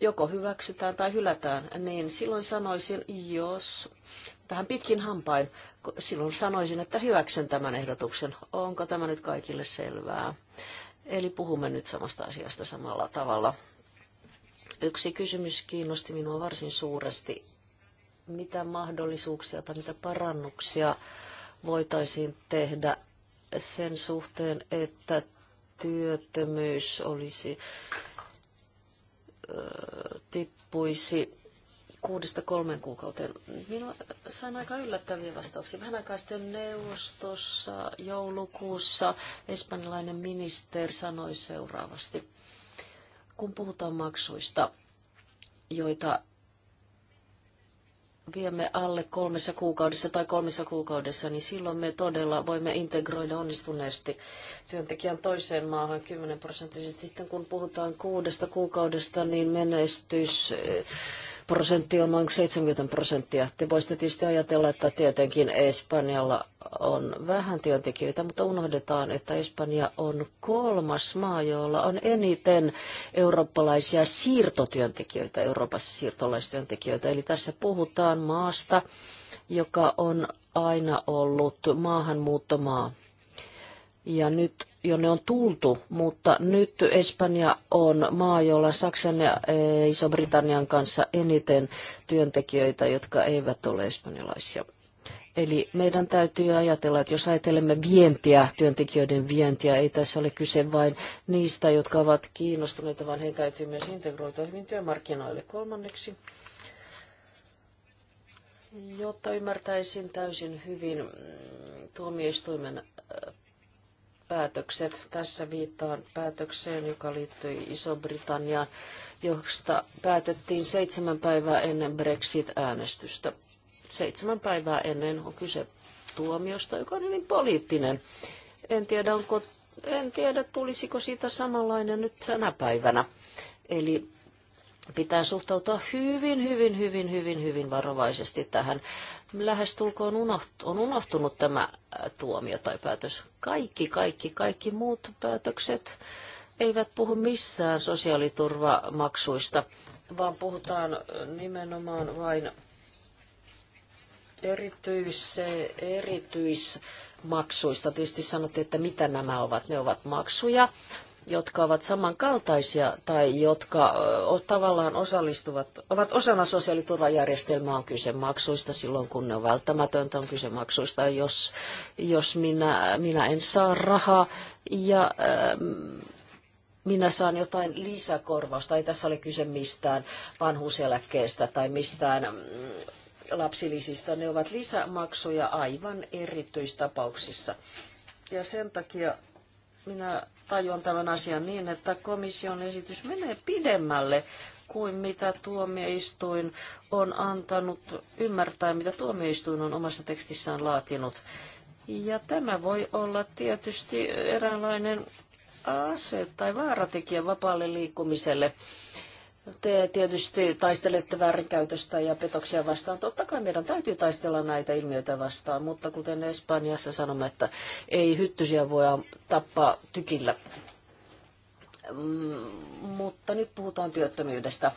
joko hyväksytään tai hylätään, niin silloin sanoisin, jos vähän pitkin hampain, silloin sanoisin, että hyväksyn tämän ehdotuksen. Onko tämä nyt kaikille selvää? Eli puhumme nyt samasta asiasta samalla tavalla. Yksi kysymys kiinnosti minua varsin suuresti mitä mahdollisuuksia tai mitä parannuksia voitaisiin tehdä sen suhteen, että työttömyys olisi, tippuisi kuudesta kolmen kuukauteen. Minä sain aika yllättäviä vastauksia. Vähän aikaa sitten neuvostossa joulukuussa espanjalainen minister sanoi seuraavasti, kun puhutaan maksuista, joita viemme alle kolmessa kuukaudessa tai kolmessa kuukaudessa, niin silloin me todella voimme integroida onnistuneesti työntekijän toiseen maahan 10 prosenttisesti. Sitten kun puhutaan kuudesta kuukaudesta, niin menestys eh, prosentti on noin 70 prosenttia. Te voisitte tietysti ajatella, että tietenkin Espanjalla on vähän työntekijöitä, mutta unohdetaan, että Espanja on kolmas maa, jolla on eniten eurooppalaisia siirtotyöntekijöitä, Euroopassa siirtolaistyöntekijöitä. Eli tässä puhutaan maasta, joka on aina ollut maahanmuuttomaa ja nyt jonne on tultu, mutta nyt Espanja on maa, jolla Saksan ja eh, Iso-Britannian kanssa eniten työntekijöitä, jotka eivät ole espanjalaisia. Eli meidän täytyy ajatella, että jos ajattelemme vientiä, työntekijöiden vientiä, ei tässä ole kyse vain niistä, jotka ovat kiinnostuneita, vaan heidän täytyy myös integroitua hyvin työmarkkinoille. Kolmanneksi, jotta ymmärtäisin täysin hyvin tuomioistuimen päätökset. Tässä viittaan päätökseen, joka liittyi Iso-Britanniaan, josta päätettiin seitsemän päivää ennen Brexit-äänestystä. Seitsemän päivää ennen on kyse tuomiosta, joka on hyvin poliittinen. En tiedä, onko, en tiedä tulisiko siitä samanlainen nyt tänä päivänä. Eli pitää suhtautua hyvin, hyvin, hyvin, hyvin, hyvin varovaisesti tähän. Lähestulkoon on unohtunut tämä tuomio tai päätös. Kaikki, kaikki, kaikki muut päätökset eivät puhu missään sosiaaliturvamaksuista, vaan puhutaan nimenomaan vain erityis, erityismaksuista. Tietysti sanottiin, että mitä nämä ovat. Ne ovat maksuja, jotka ovat samankaltaisia tai jotka tavallaan osallistuvat, ovat osana sosiaaliturvajärjestelmää, on kyse maksuista silloin, kun ne on välttämätöntä, on kyse maksuista, jos, jos minä, minä en saa rahaa ja ähm, minä saan jotain lisäkorvausta. Ei tässä ole kyse mistään vanhuuseläkkeestä tai mistään mm, lapsilisistä. Ne ovat lisämaksuja aivan erityistapauksissa. Ja sen takia minä tajuan tämän asian niin, että komission esitys menee pidemmälle kuin mitä tuomioistuin on antanut ymmärtää, mitä tuomioistuin on omassa tekstissään laatinut. Ja tämä voi olla tietysti eräänlainen ase tai vaaratekijä vapaalle liikkumiselle. Te tietysti taistelette väärinkäytöstä ja petoksia vastaan. Totta kai meidän täytyy taistella näitä ilmiöitä vastaan, mutta kuten Espanjassa sanomme, että ei hyttysiä voi tappaa tykillä. Mm, mutta nyt puhutaan työttömyydestä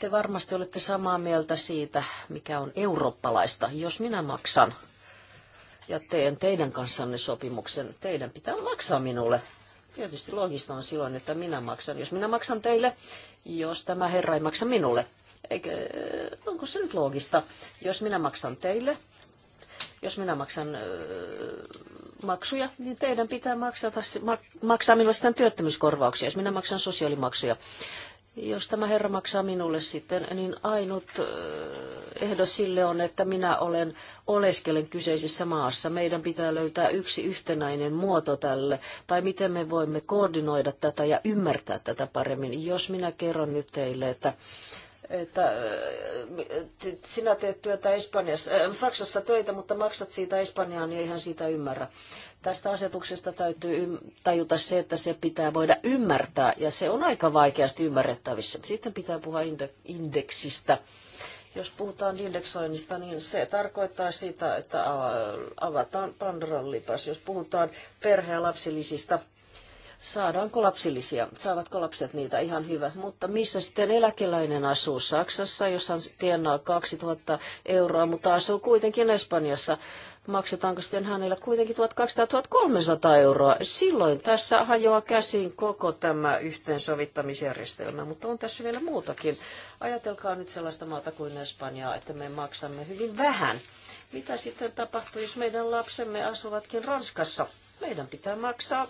te varmasti olette samaa mieltä siitä, mikä on eurooppalaista. Jos minä maksan ja teen teidän kanssanne sopimuksen, teidän pitää maksaa minulle. Tietysti logista on silloin, että minä maksan. Jos minä maksan teille, jos tämä herra ei maksa minulle. Eikö, onko se nyt loogista? Jos minä maksan teille, jos minä maksan öö, maksuja, niin teidän pitää maksata, maksaa minulle sitten työttömyyskorvauksia, jos minä maksan sosiaalimaksuja. Jos tämä herra maksaa minulle sitten, niin ainut ehdo sille on, että minä olen oleskelen kyseisessä maassa. Meidän pitää löytää yksi yhtenäinen muoto tälle, tai miten me voimme koordinoida tätä ja ymmärtää tätä paremmin. Jos minä kerron nyt teille, että että sinä teet työtä Espanjassa, äh, Saksassa töitä, mutta maksat siitä Espanjaa, niin eihän siitä ymmärrä. Tästä asetuksesta täytyy tajuta se, että se pitää voida ymmärtää, ja se on aika vaikeasti ymmärrettävissä. Sitten pitää puhua indeksistä. Jos puhutaan indeksoinnista, niin se tarkoittaa sitä, että avataan Pandoran lipas. Jos puhutaan perhe- ja lapsilisistä, saadaanko lapsilisiä, saavatko lapset niitä, ihan hyvä. Mutta missä sitten eläkeläinen asuu Saksassa, jos hän tienaa 2000 euroa, mutta asuu kuitenkin Espanjassa, maksetaanko sitten hänellä kuitenkin 1200-1300 euroa. Silloin tässä hajoaa käsin koko tämä yhteensovittamisjärjestelmä, mutta on tässä vielä muutakin. Ajatelkaa nyt sellaista maata kuin Espanjaa, että me maksamme hyvin vähän. Mitä sitten tapahtuu, jos meidän lapsemme asuvatkin Ranskassa? Meidän pitää maksaa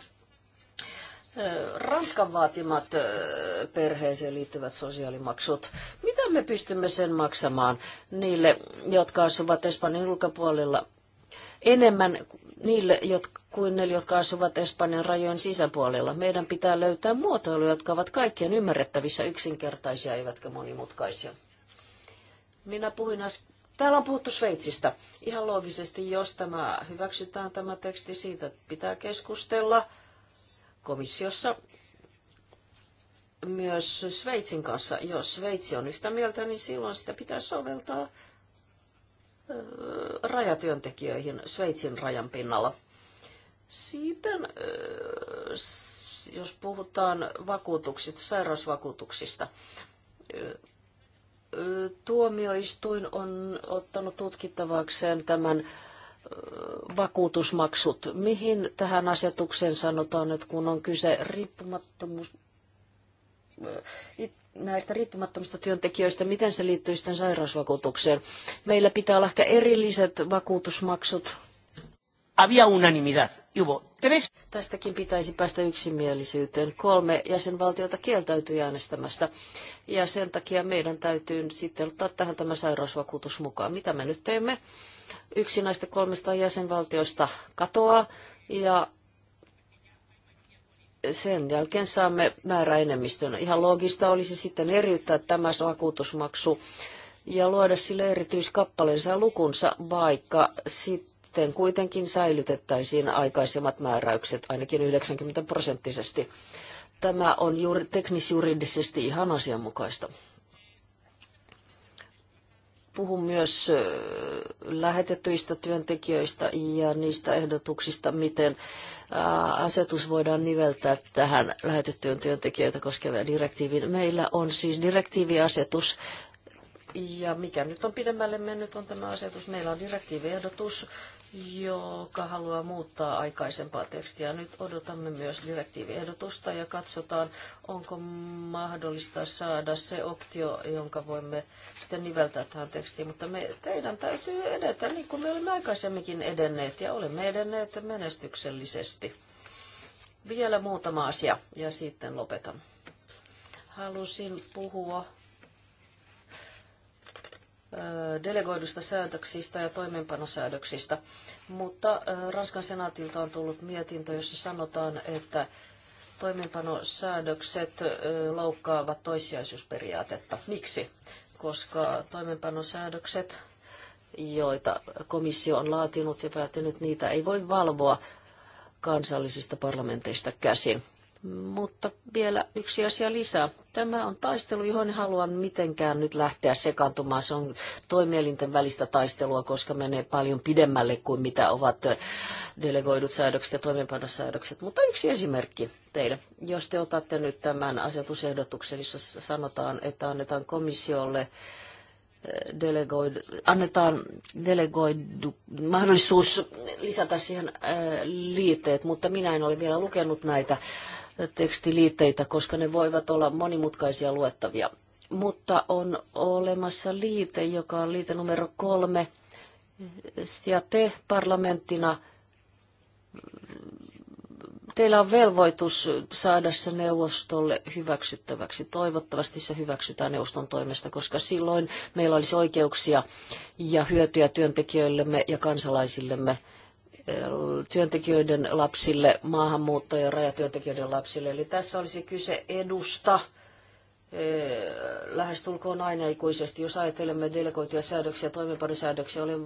Ranskan vaatimat perheeseen liittyvät sosiaalimaksut, mitä me pystymme sen maksamaan niille, jotka asuvat Espanjan ulkopuolella? enemmän niille, jotka, kuin ne, jotka asuvat Espanjan rajojen sisäpuolella. Meidän pitää löytää muotoiluja, jotka ovat kaikkien ymmärrettävissä, yksinkertaisia eivätkä monimutkaisia. Minä puhuin äsken. Täällä on puhuttu Sveitsistä. Ihan loogisesti, jos tämä hyväksytään tämä teksti, siitä pitää keskustella komissiossa myös Sveitsin kanssa. Jos Sveitsi on yhtä mieltä, niin silloin sitä pitää soveltaa rajatyöntekijöihin Sveitsin rajan pinnalla. Siitä, jos puhutaan vakuutuksista, sairausvakuutuksista, tuomioistuin on ottanut tutkittavakseen tämän vakuutusmaksut. Mihin tähän asetukseen sanotaan, että kun on kyse riippumattomuus, näistä riippumattomista työntekijöistä, miten se liittyy sitten sairausvakuutukseen. Meillä pitää olla ehkä erilliset vakuutusmaksut. Había unanimidad. Hubo tres. Tästäkin pitäisi päästä yksimielisyyteen. Kolme jäsenvaltiota kieltäytyi äänestämästä. Ja sen takia meidän täytyy sitten ottaa tähän tämä sairausvakuutus mukaan. Mitä me nyt teemme? Yksi näistä kolmesta jäsenvaltiosta katoaa ja sen jälkeen saamme määräenemmistön. Ihan loogista olisi sitten eriyttää tämä vakuutusmaksu ja luoda sille erityiskappaleensa ja lukunsa, vaikka sitten kuitenkin säilytettäisiin aikaisemmat määräykset ainakin 90 prosenttisesti. Tämä on juuri, teknisjuridisesti ihan asianmukaista puhun myös lähetettyistä työntekijöistä ja niistä ehdotuksista, miten asetus voidaan niveltää tähän lähetettyjen työntekijöitä koskevaan direktiiviin. Meillä on siis direktiiviasetus, ja mikä nyt on pidemmälle mennyt on tämä asetus. Meillä on direktiiviehdotus, joka haluaa muuttaa aikaisempaa tekstiä. Nyt odotamme myös direktiiviehdotusta ja katsotaan, onko mahdollista saada se optio, jonka voimme sitten niveltää tähän tekstiin. Mutta me, teidän täytyy edetä niin kuin me olemme aikaisemminkin edenneet ja olemme edenneet menestyksellisesti. Vielä muutama asia ja sitten lopetan. Halusin puhua delegoidusta säädöksistä ja toimeenpanosäädöksistä. Mutta Ranskan senaatilta on tullut mietintö, jossa sanotaan, että toimeenpanosäädökset loukkaavat toissijaisuusperiaatetta. Miksi? Koska toimeenpanosäädökset, joita komissio on laatinut ja päätynyt, niitä ei voi valvoa kansallisista parlamenteista käsin. Mutta vielä yksi asia lisää. Tämä on taistelu, johon en halua mitenkään nyt lähteä sekaantumaan. Se on toimielinten välistä taistelua, koska menee paljon pidemmälle kuin mitä ovat delegoidut säädökset ja toimeenpanosäädökset. Mutta yksi esimerkki teille. Jos te otatte nyt tämän asetusehdotuksen, jossa sanotaan, että annetaan komissiolle delegoid, annetaan delegoidu, mahdollisuus lisätä siihen liitteet, mutta minä en ole vielä lukenut näitä tekstiliitteitä, koska ne voivat olla monimutkaisia luettavia. Mutta on olemassa liite, joka on liite numero kolme, ja te parlamenttina, teillä on velvoitus saada se neuvostolle hyväksyttäväksi. Toivottavasti se hyväksytään neuvoston toimesta, koska silloin meillä olisi oikeuksia ja hyötyjä työntekijöillemme ja kansalaisillemme – työntekijöiden lapsille, maahanmuuttajien rajatyöntekijöiden lapsille. Eli tässä olisi kyse edusta lähestulkoon aina ikuisesti, jos ajattelemme delegoituja säädöksiä ja toimeenpanosäädöksiä, olen,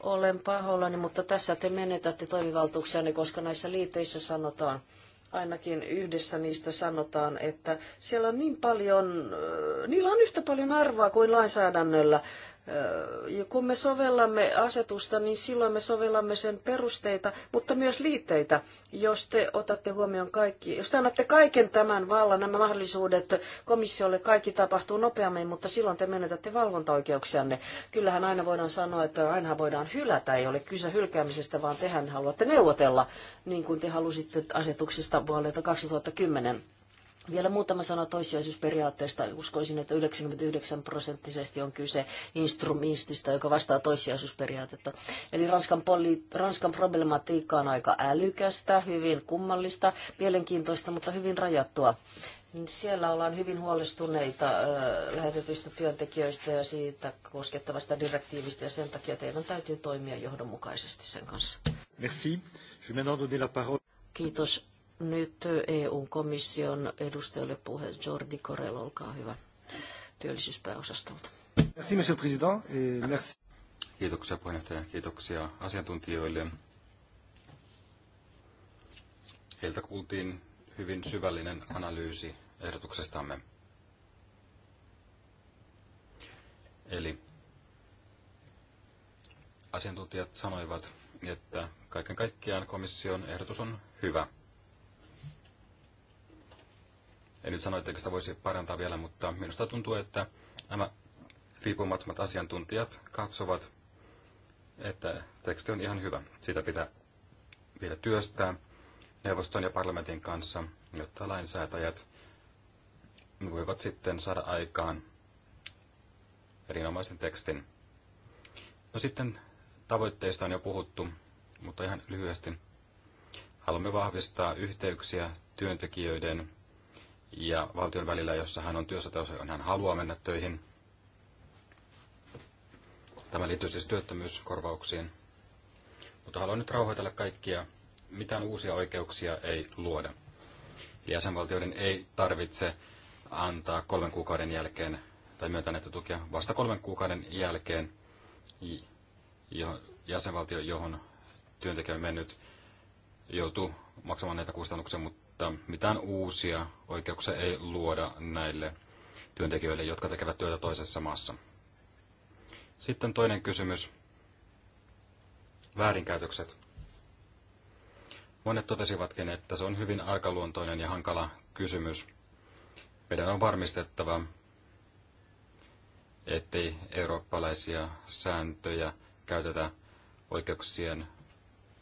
olen pahoillani, mutta tässä te menetätte toimivaltuuksianne, koska näissä liiteissä sanotaan, ainakin yhdessä niistä sanotaan, että siellä on niin paljon, niillä on yhtä paljon arvoa kuin lainsäädännöllä ja kun me sovellamme asetusta, niin silloin me sovellamme sen perusteita, mutta myös liitteitä, jos te otatte huomioon kaikki. Jos te annatte kaiken tämän vallan, nämä mahdollisuudet komissiolle, kaikki tapahtuu nopeammin, mutta silloin te menetätte valvontaoikeuksianne. Kyllähän aina voidaan sanoa, että aina voidaan hylätä, ei ole kyse hylkäämisestä, vaan tehän haluatte neuvotella, niin kuin te halusitte asetuksesta vuodelta 2010. Vielä muutama sana toissijaisuusperiaatteesta. Uskoisin, että 99 prosenttisesti on kyse instrumentista, joka vastaa toissijaisuusperiaatetta. Eli Ranskan, poli, Ranskan problematiikka on aika älykästä, hyvin kummallista, mielenkiintoista, mutta hyvin rajattua. Siellä ollaan hyvin huolestuneita lähetetyistä työntekijöistä ja siitä koskettavasta direktiivistä, ja sen takia teidän täytyy toimia johdonmukaisesti sen kanssa. Merci. Je la parole. Kiitos nyt EU-komission edustajalle puhe Jordi Corell, olkaa hyvä, työllisyyspääosastolta. Merci, monsieur président, merci. Kiitoksia puheenjohtaja, kiitoksia asiantuntijoille. Heiltä kuultiin hyvin syvällinen analyysi ehdotuksestamme. Eli asiantuntijat sanoivat, että kaiken kaikkiaan komission ehdotus on hyvä – en nyt sano, että sitä voisi parantaa vielä, mutta minusta tuntuu, että nämä riippumattomat asiantuntijat katsovat, että teksti on ihan hyvä. Sitä pitää vielä työstää neuvoston ja parlamentin kanssa, jotta lainsäätäjät voivat sitten saada aikaan erinomaisen tekstin. No sitten tavoitteista on jo puhuttu, mutta ihan lyhyesti. Haluamme vahvistaa yhteyksiä työntekijöiden ja valtion välillä, jossa hän on työssä tai jos hän haluaa mennä töihin. Tämä liittyy siis työttömyyskorvauksiin. Mutta haluan nyt rauhoitella kaikkia. Mitään uusia oikeuksia ei luoda. Eli jäsenvaltioiden ei tarvitse antaa kolmen kuukauden jälkeen tai myöntää näitä tukia vasta kolmen kuukauden jälkeen johon, jäsenvaltio, johon työntekijä on mennyt, joutuu maksamaan näitä kustannuksia, mutta mutta mitään uusia oikeuksia ei luoda näille työntekijöille, jotka tekevät työtä toisessa maassa. Sitten toinen kysymys. Väärinkäytökset. Monet totesivatkin, että se on hyvin arkaluontoinen ja hankala kysymys. Meidän on varmistettava, ettei eurooppalaisia sääntöjä käytetä oikeuksien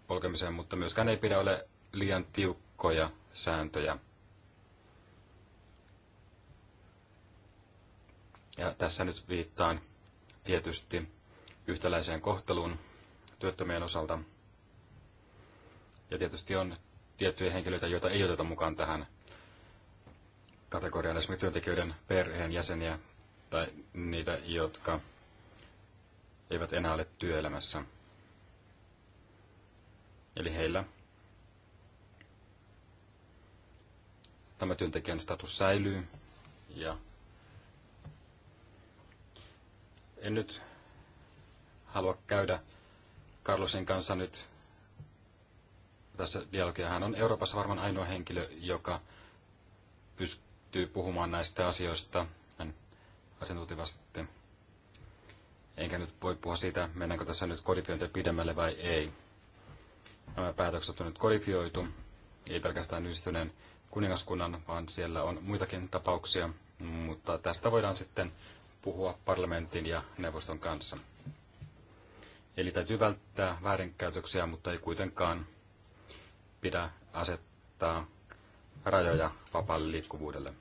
polkemiseen, mutta myöskään ei pidä ole liian tiukkoja sääntöjä. Ja tässä nyt viittaan tietysti yhtäläiseen kohteluun työttömien osalta. Ja tietysti on tiettyjä henkilöitä, joita ei oteta mukaan tähän kategoriaan, esimerkiksi työntekijöiden jäseniä tai niitä, jotka eivät enää ole työelämässä. Eli heillä tämä työntekijän status säilyy. Ja en nyt halua käydä Carlosin kanssa nyt tässä dialogia. Hän on Euroopassa varmaan ainoa henkilö, joka pystyy puhumaan näistä asioista hän asiantuntivasti. Enkä nyt voi puhua siitä, mennäänkö tässä nyt kodifiointia pidemmälle vai ei. Nämä päätökset on nyt kodifioitu, ei pelkästään yhdistyneen kuningaskunnan, vaan siellä on muitakin tapauksia, mutta tästä voidaan sitten puhua parlamentin ja neuvoston kanssa. Eli täytyy välttää väärinkäytöksiä, mutta ei kuitenkaan pidä asettaa rajoja vapaalle liikkuvuudelle.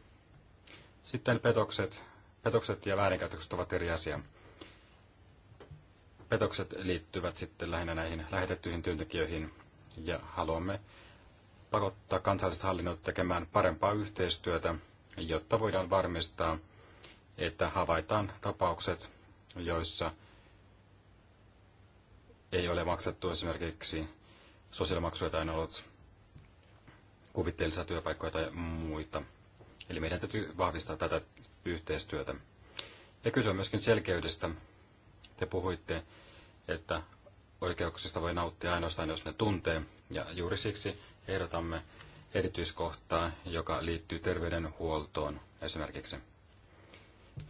Sitten petokset. Petokset ja väärinkäytökset ovat eri asia. Petokset liittyvät sitten lähinnä näihin lähetettyihin työntekijöihin ja haluamme pakottaa kansalliset hallinnot tekemään parempaa yhteistyötä, jotta voidaan varmistaa, että havaitaan tapaukset, joissa ei ole maksettu esimerkiksi sosiaalimaksuja tai ollut kuvitteellisia työpaikkoja tai muita. Eli meidän täytyy vahvistaa tätä yhteistyötä. Ja kysyä myöskin selkeydestä. Te puhuitte, että oikeuksista voi nauttia ainoastaan, jos ne tuntee. Ja juuri siksi ehdotamme erityiskohtaa, joka liittyy terveydenhuoltoon esimerkiksi.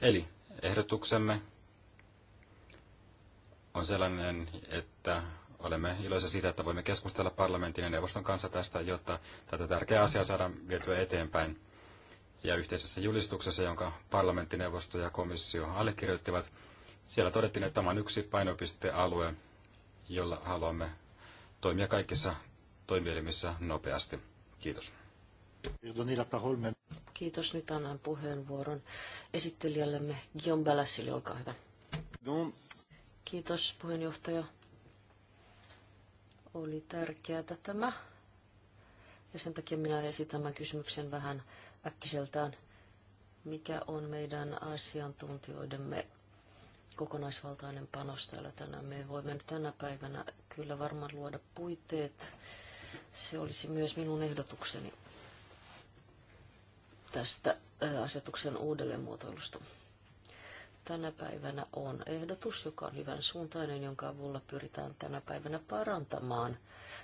Eli ehdotuksemme on sellainen, että olemme iloisia siitä, että voimme keskustella parlamentin ja neuvoston kanssa tästä, jotta tätä tärkeää asiaa saadaan vietyä eteenpäin. Ja yhteisessä julistuksessa, jonka parlamenttineuvosto ja komissio allekirjoittivat, siellä todettiin, että tämä on yksi painopistealue, jolla haluamme toimia kaikissa toimielimissä nopeasti. Kiitos. Kiitos. Nyt annan puheenvuoron esittelijällemme Guillaume Balassille. Olkaa hyvä. Kiitos puheenjohtaja. Oli tärkeää tämä. Ja sen takia minä esitän kysymyksen vähän äkkiseltään. Mikä on meidän asiantuntijoidemme kokonaisvaltainen panos täällä tänään? Me voimme nyt tänä päivänä kyllä varmaan luoda puitteet se olisi myös minun ehdotukseni tästä asetuksen uudelleenmuotoilusta tänä päivänä on ehdotus, joka on hyvän suuntainen, jonka avulla pyritään tänä päivänä parantamaan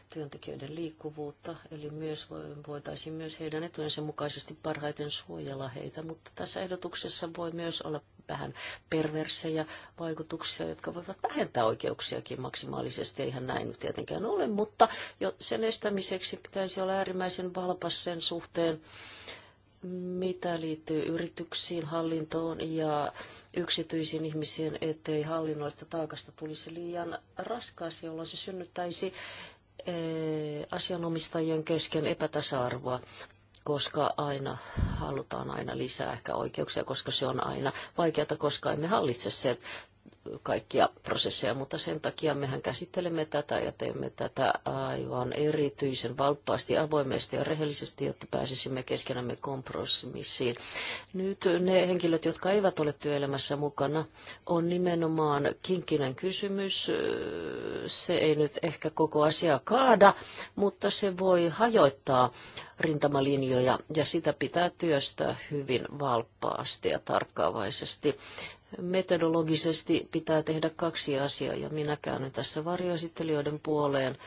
työntekijöiden liikkuvuutta, eli myös voitaisiin myös heidän etujensa mukaisesti parhaiten suojella heitä, mutta tässä ehdotuksessa voi myös olla vähän perversejä vaikutuksia, jotka voivat vähentää oikeuksiakin maksimaalisesti, eihän näin tietenkään ole, mutta jo sen estämiseksi pitäisi olla äärimmäisen valpas sen suhteen, mitä liittyy yrityksiin, hallintoon ja yksityisiin ihmisiin, ettei hallinnollista taakasta tulisi liian raskaas, jolloin se synnyttäisi eh, asianomistajien kesken epätasa-arvoa koska aina halutaan aina lisää ehkä oikeuksia, koska se on aina vaikeata, koska emme hallitse se kaikkia prosesseja, mutta sen takia mehän käsittelemme tätä ja teemme tätä aivan erityisen valppaasti, avoimesti ja rehellisesti, jotta pääsisimme keskenämme kompromissiin. Nyt ne henkilöt, jotka eivät ole työelämässä mukana, on nimenomaan kinkkinen kysymys. Se ei nyt ehkä koko asiaa kaada, mutta se voi hajoittaa rintamalinjoja ja sitä pitää työstää hyvin valppaasti ja tarkkaavaisesti. Metodologisesti pitää tehdä kaksi asiaa ja minä käännyn tässä varjoesittelijöiden puoleen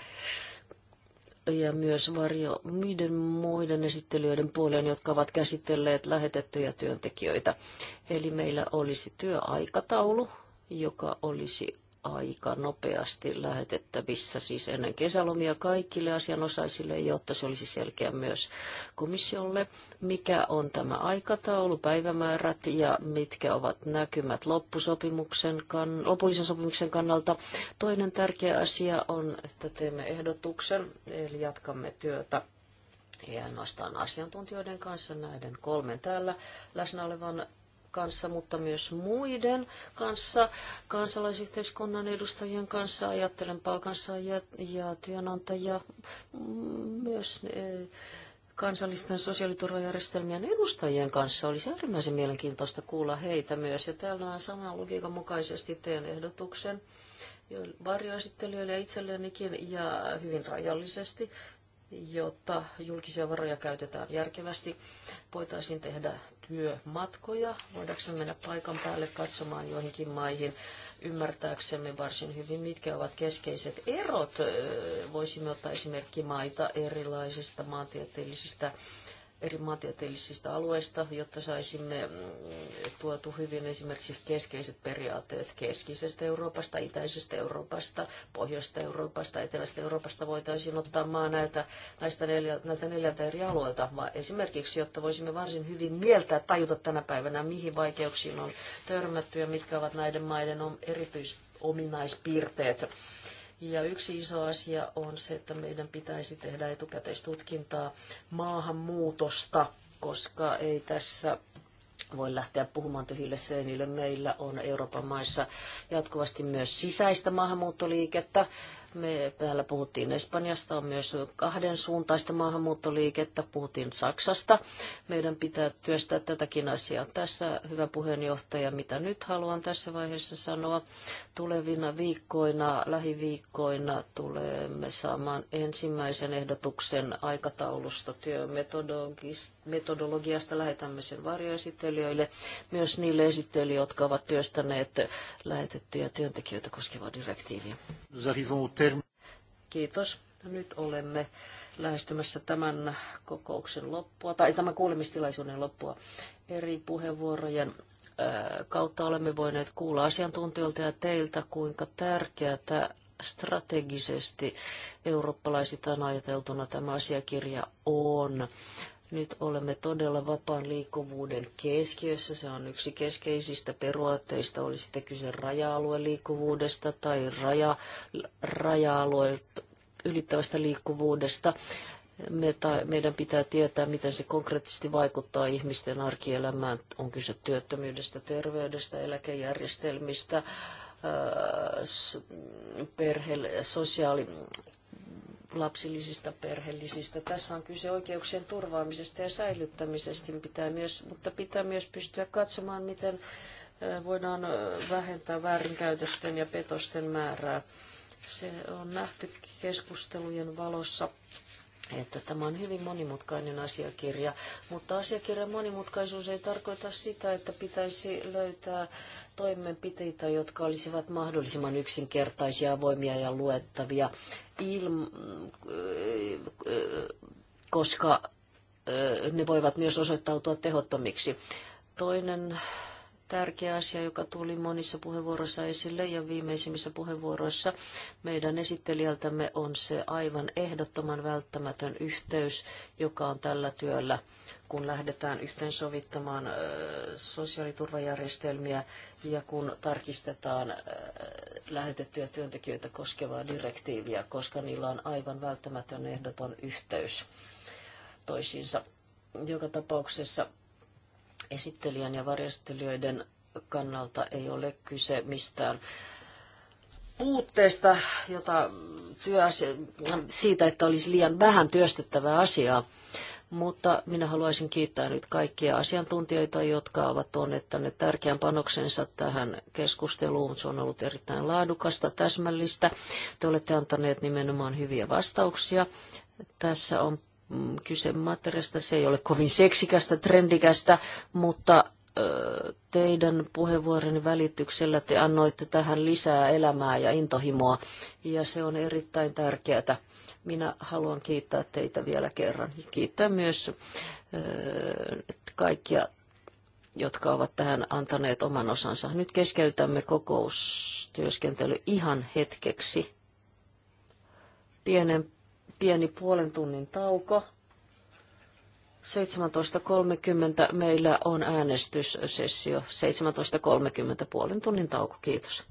ja myös varjo muiden, muiden esittelijöiden puoleen, jotka ovat käsitelleet lähetettyjä työntekijöitä. Eli meillä olisi työaikataulu, joka olisi aika nopeasti lähetettävissä, siis ennen kesälomia kaikille asianosaisille, jotta se olisi selkeä myös komissiolle, mikä on tämä aikataulu, päivämäärät ja mitkä ovat näkymät loppusopimuksen kann- lopullisen sopimuksen kannalta. Toinen tärkeä asia on, että teemme ehdotuksen, eli jatkamme työtä ei ainoastaan asiantuntijoiden kanssa, näiden kolmen täällä läsnä olevan kanssa, mutta myös muiden kanssa, kansalaisyhteiskunnan edustajien kanssa, ajattelen palkansaajia ja työnantajia, mm, myös e, kansallisten sosiaaliturvajärjestelmien edustajien kanssa. Olisi äärimmäisen mielenkiintoista kuulla heitä myös. Ja täällä saman logiikan mukaisesti teen ehdotuksen varjoesittelijöille ja itsellenikin ja hyvin rajallisesti jotta julkisia varoja käytetään järkevästi. Voitaisiin tehdä työmatkoja, voidaanko mennä paikan päälle katsomaan joihinkin maihin, ymmärtääksemme varsin hyvin, mitkä ovat keskeiset erot. Voisimme ottaa esimerkki maita erilaisista maantieteellisistä eri maantieteellisistä alueista, jotta saisimme mm, tuotu hyvin esimerkiksi keskeiset periaatteet keskisestä Euroopasta, itäisestä Euroopasta, pohjoisesta Euroopasta, etelästä Euroopasta voitaisiin ottaa maa näiltä, näistä neljä, näiltä neljältä eri alueelta, vaan esimerkiksi, jotta voisimme varsin hyvin mieltää, tajuta tänä päivänä, mihin vaikeuksiin on törmätty ja mitkä ovat näiden maiden erityisominaispiirteet ja yksi iso asia on se, että meidän pitäisi tehdä etukäteistutkintaa maahanmuutosta, koska ei tässä voi lähteä puhumaan tyhjille seinille. Meillä on Euroopan maissa jatkuvasti myös sisäistä maahanmuuttoliikettä. Me täällä puhuttiin Espanjasta, on myös kahden suuntaista maahanmuuttoliikettä, puhuttiin Saksasta. Meidän pitää työstää tätäkin asiaa. Tässä, hyvä puheenjohtaja, mitä nyt haluan tässä vaiheessa sanoa. Tulevina viikkoina, lähiviikkoina tulemme saamaan ensimmäisen ehdotuksen aikataulusta työmetodologiasta. Lähetämme sen varjoesittelijöille, myös niille esittelijöille, jotka ovat työstäneet lähetettyjä työntekijöitä koskevaa direktiiviä. Kiitos. Nyt olemme lähestymässä tämän kokouksen loppua, tai tämän kuulemistilaisuuden loppua. Eri puheenvuorojen äh, kautta olemme voineet kuulla asiantuntijoilta ja teiltä, kuinka tärkeää strategisesti eurooppalaisitaan ajateltuna tämä asiakirja on nyt olemme todella vapaan liikkuvuuden keskiössä. Se on yksi keskeisistä peruaatteista, oli sitten kyse raja-alueen liikkuvuudesta tai raja, raja-alueen ylittävästä liikkuvuudesta. Me ta, meidän pitää tietää, miten se konkreettisesti vaikuttaa ihmisten arkielämään. On kyse työttömyydestä, terveydestä, eläkejärjestelmistä, perhe, sosiaali, lapsillisista perheellisistä. Tässä on kyse oikeuksien turvaamisesta ja säilyttämisestä, pitää myös, mutta pitää myös pystyä katsomaan, miten voidaan vähentää väärinkäytösten ja petosten määrää. Se on nähty keskustelujen valossa että tämä on hyvin monimutkainen asiakirja, mutta asiakirjan monimutkaisuus ei tarkoita sitä, että pitäisi löytää toimenpiteitä, jotka olisivat mahdollisimman yksinkertaisia, avoimia ja luettavia ilm, koska ne voivat myös osoittautua tehottomiksi. Toinen tärkeä asia, joka tuli monissa puheenvuoroissa esille ja viimeisimmissä puheenvuoroissa meidän esittelijältämme on se aivan ehdottoman välttämätön yhteys, joka on tällä työllä, kun lähdetään yhteensovittamaan sosiaaliturvajärjestelmiä ja kun tarkistetaan lähetettyjä työntekijöitä koskevaa direktiiviä, koska niillä on aivan välttämätön ehdoton yhteys toisiinsa. Joka tapauksessa Esittelijän ja varjostelijoiden kannalta ei ole kyse mistään puutteesta, jota työasi- siitä, että olisi liian vähän työstettävää asiaa. Mutta minä haluaisin kiittää nyt kaikkia asiantuntijoita, jotka ovat tuoneet tänne tärkeän panoksensa tähän keskusteluun. Se on ollut erittäin laadukasta, täsmällistä. Te olette antaneet nimenomaan hyviä vastauksia. Tässä on Mm, kyse materiasta. Se ei ole kovin seksikästä, trendikästä, mutta teidän puheenvuoron välityksellä te annoitte tähän lisää elämää ja intohimoa, ja se on erittäin tärkeää. Minä haluan kiittää teitä vielä kerran. Kiittää myös kaikkia, jotka ovat tähän antaneet oman osansa. Nyt keskeytämme kokoustyöskentely ihan hetkeksi. Pienen pieni puolen tunnin tauko. 17.30 meillä on äänestyssessio. 17.30 puolen tunnin tauko. Kiitos.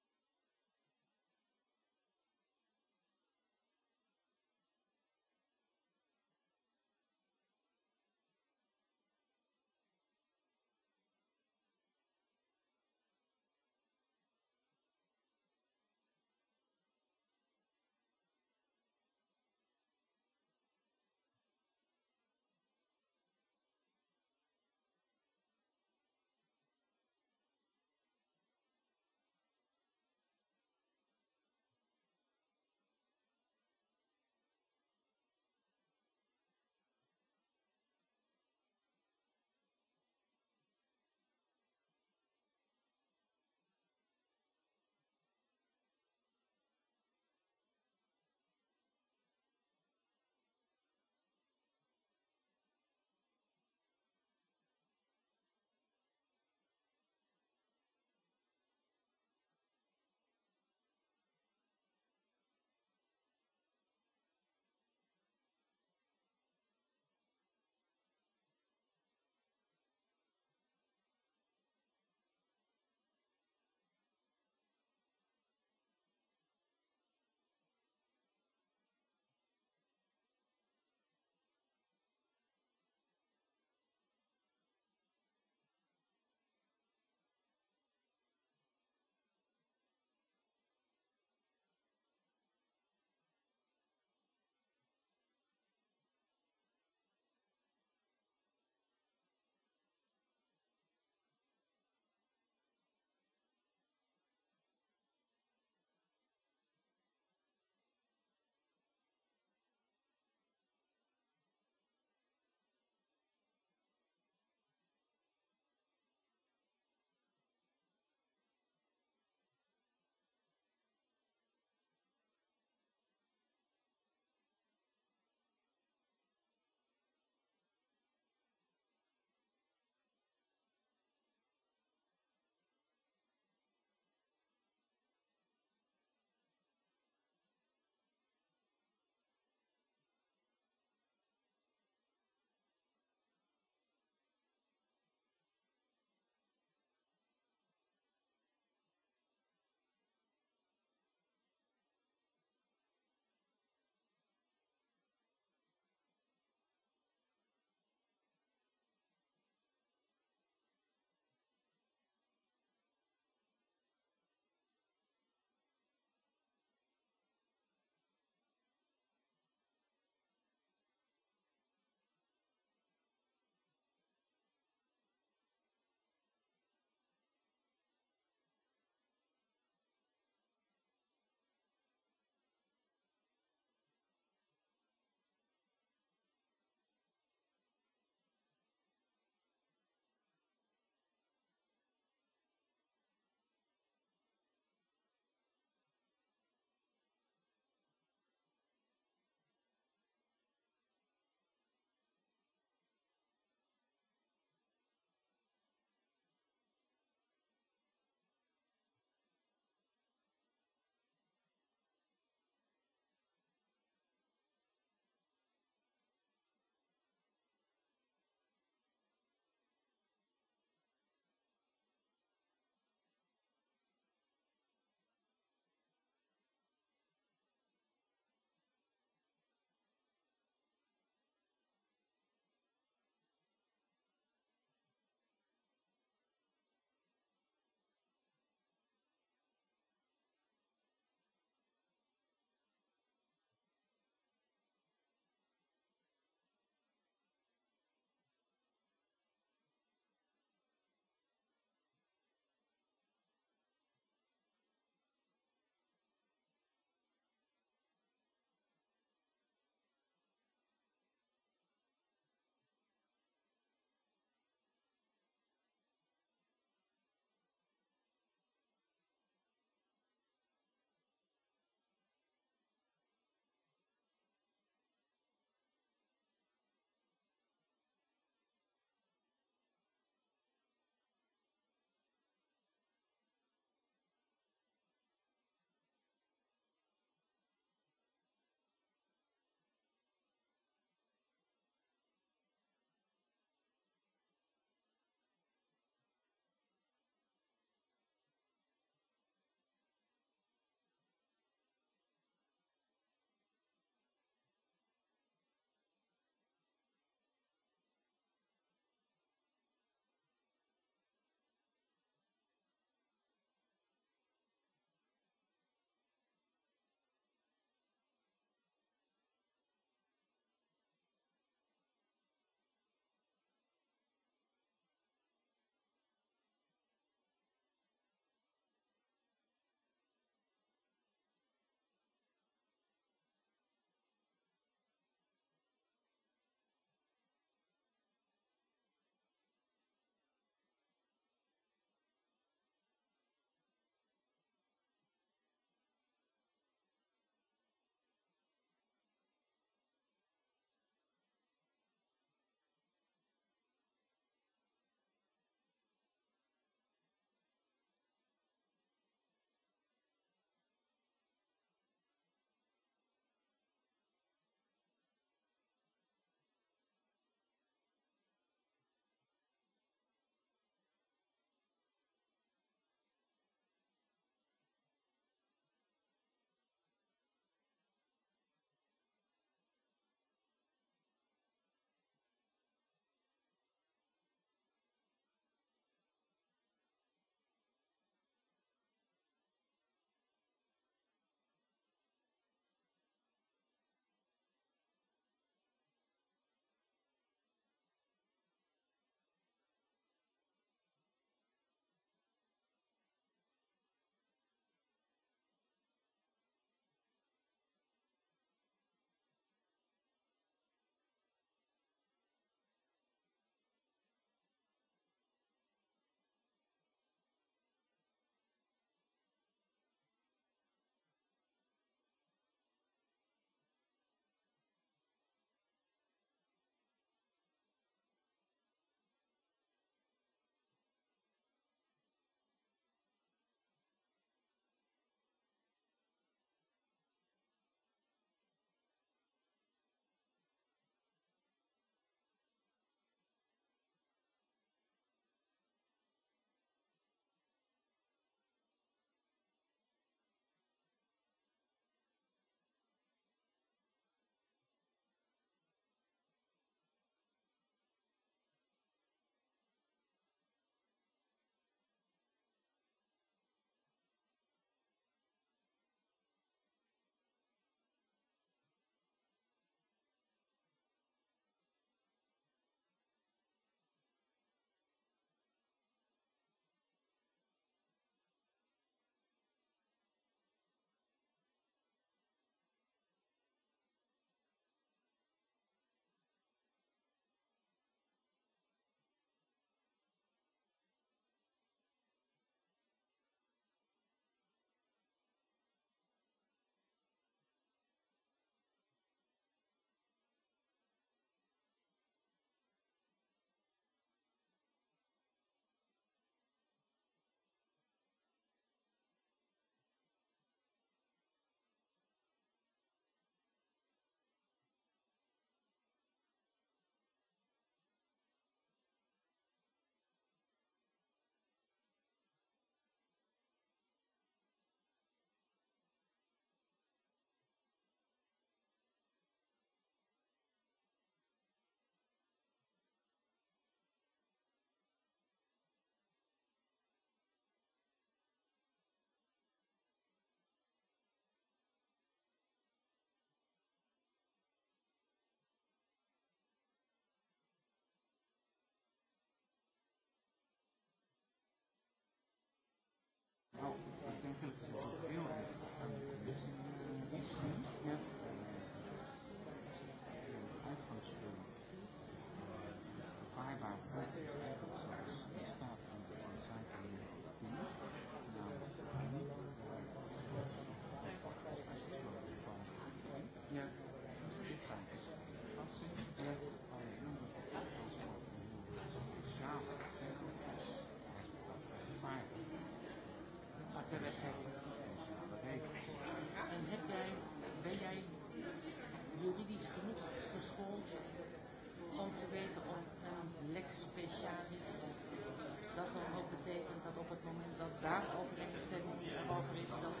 dat op het moment dat daar overeenstemming over is, dat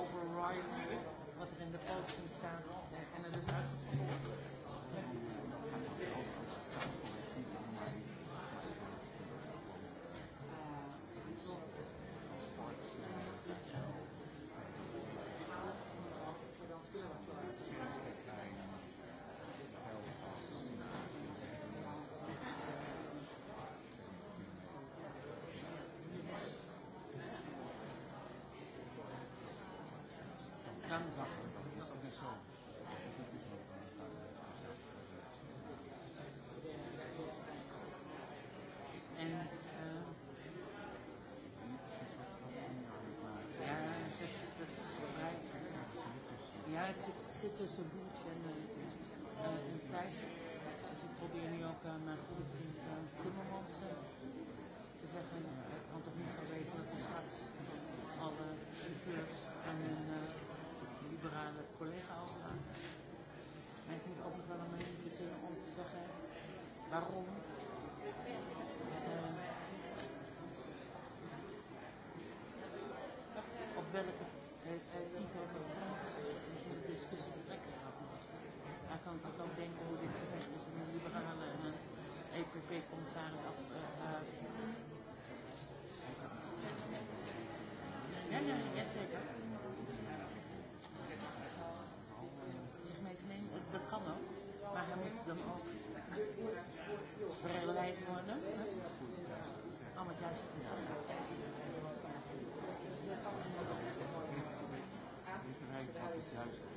overrides wat er in de posting staat eh, en het is uitgevoerd. zit tussen Boets en, uh, uh, Dus ik probeer nu ook uh, mijn goede vriend uh, eh, Timmermans uh, te zeggen, het kan toch niet zo wezen dat we straks alle chauffeurs en hun eh, liberale collega al gedaan. Maar ik moet ook nog wel een manier verzinnen om te zeggen waarom. Uh, op welke titel van Frans de discussie betrekking gaat. Hij kan toch ook denken hoe dit gevecht tussen de liberalen en een eh, EPP-commissaris af. Uh, uh, ja, ja, ja, zeker. Thank you.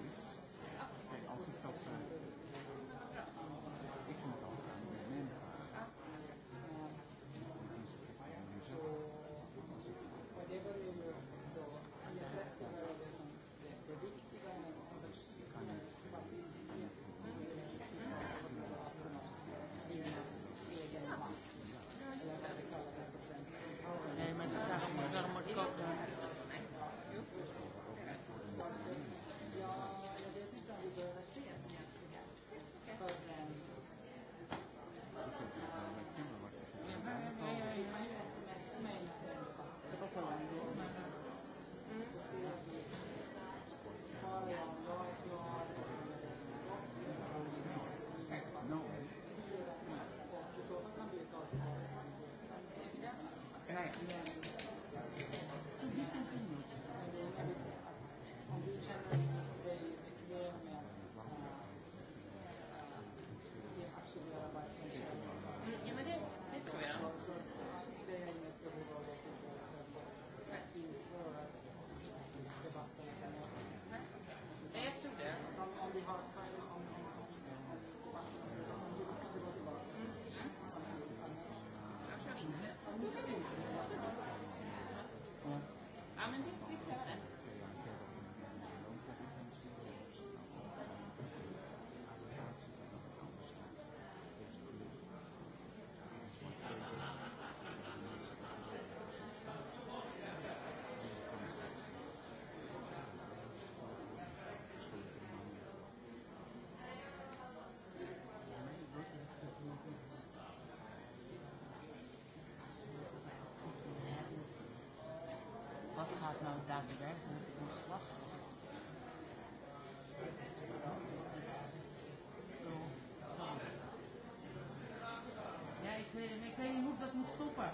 wat gaat nou daadwerkelijk van slag? ik weet niet hoe ik dat moet stoppen.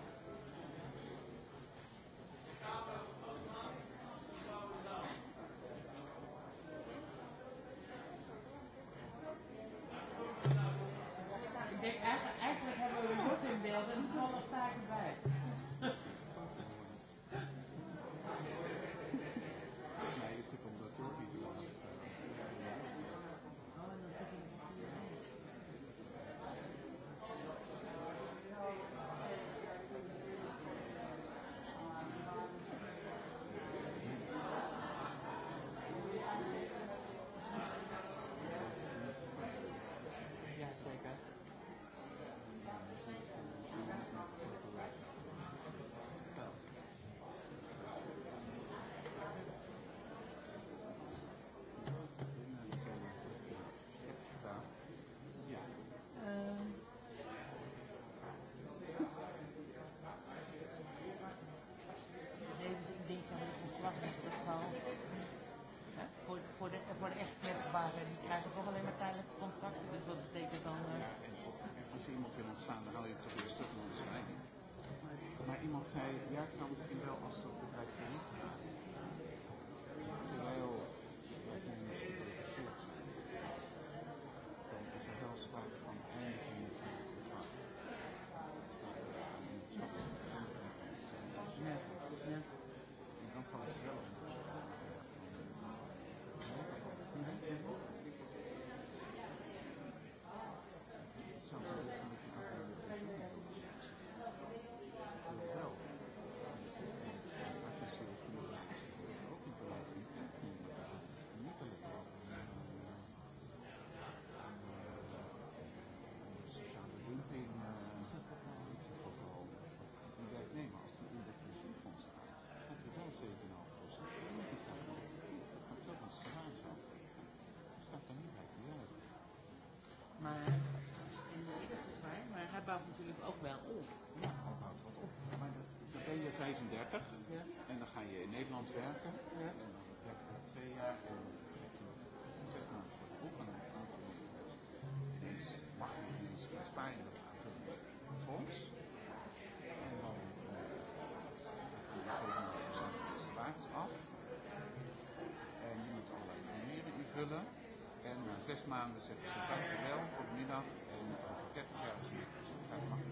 voor de, voor de echt kwetsbaren. Die krijgen toch alleen maar tijdelijke contracten. Dus wat betekent dan... Uh... Ja, en, als je iemand wil ontslaan, dan haal je toch weer stuk van schrijving. Maar iemand zei, ja, ik zou misschien wel als dat bedrijf niet gaat. 35. Ja. En dan ga je in Nederland werken. Ja. En dan werk je twee jaar. En dan heb je zes maanden voor de boek. En dan ineens mag je ineens in Spanje dat aanvullen voor een fonds. En dan kun je 7,5% van je salaris af. En je moet allerlei formulieren invullen. En na zes maanden zeggen ze dankjewel, goedemiddag. En over 30 jaar zie ik. Dus dat mag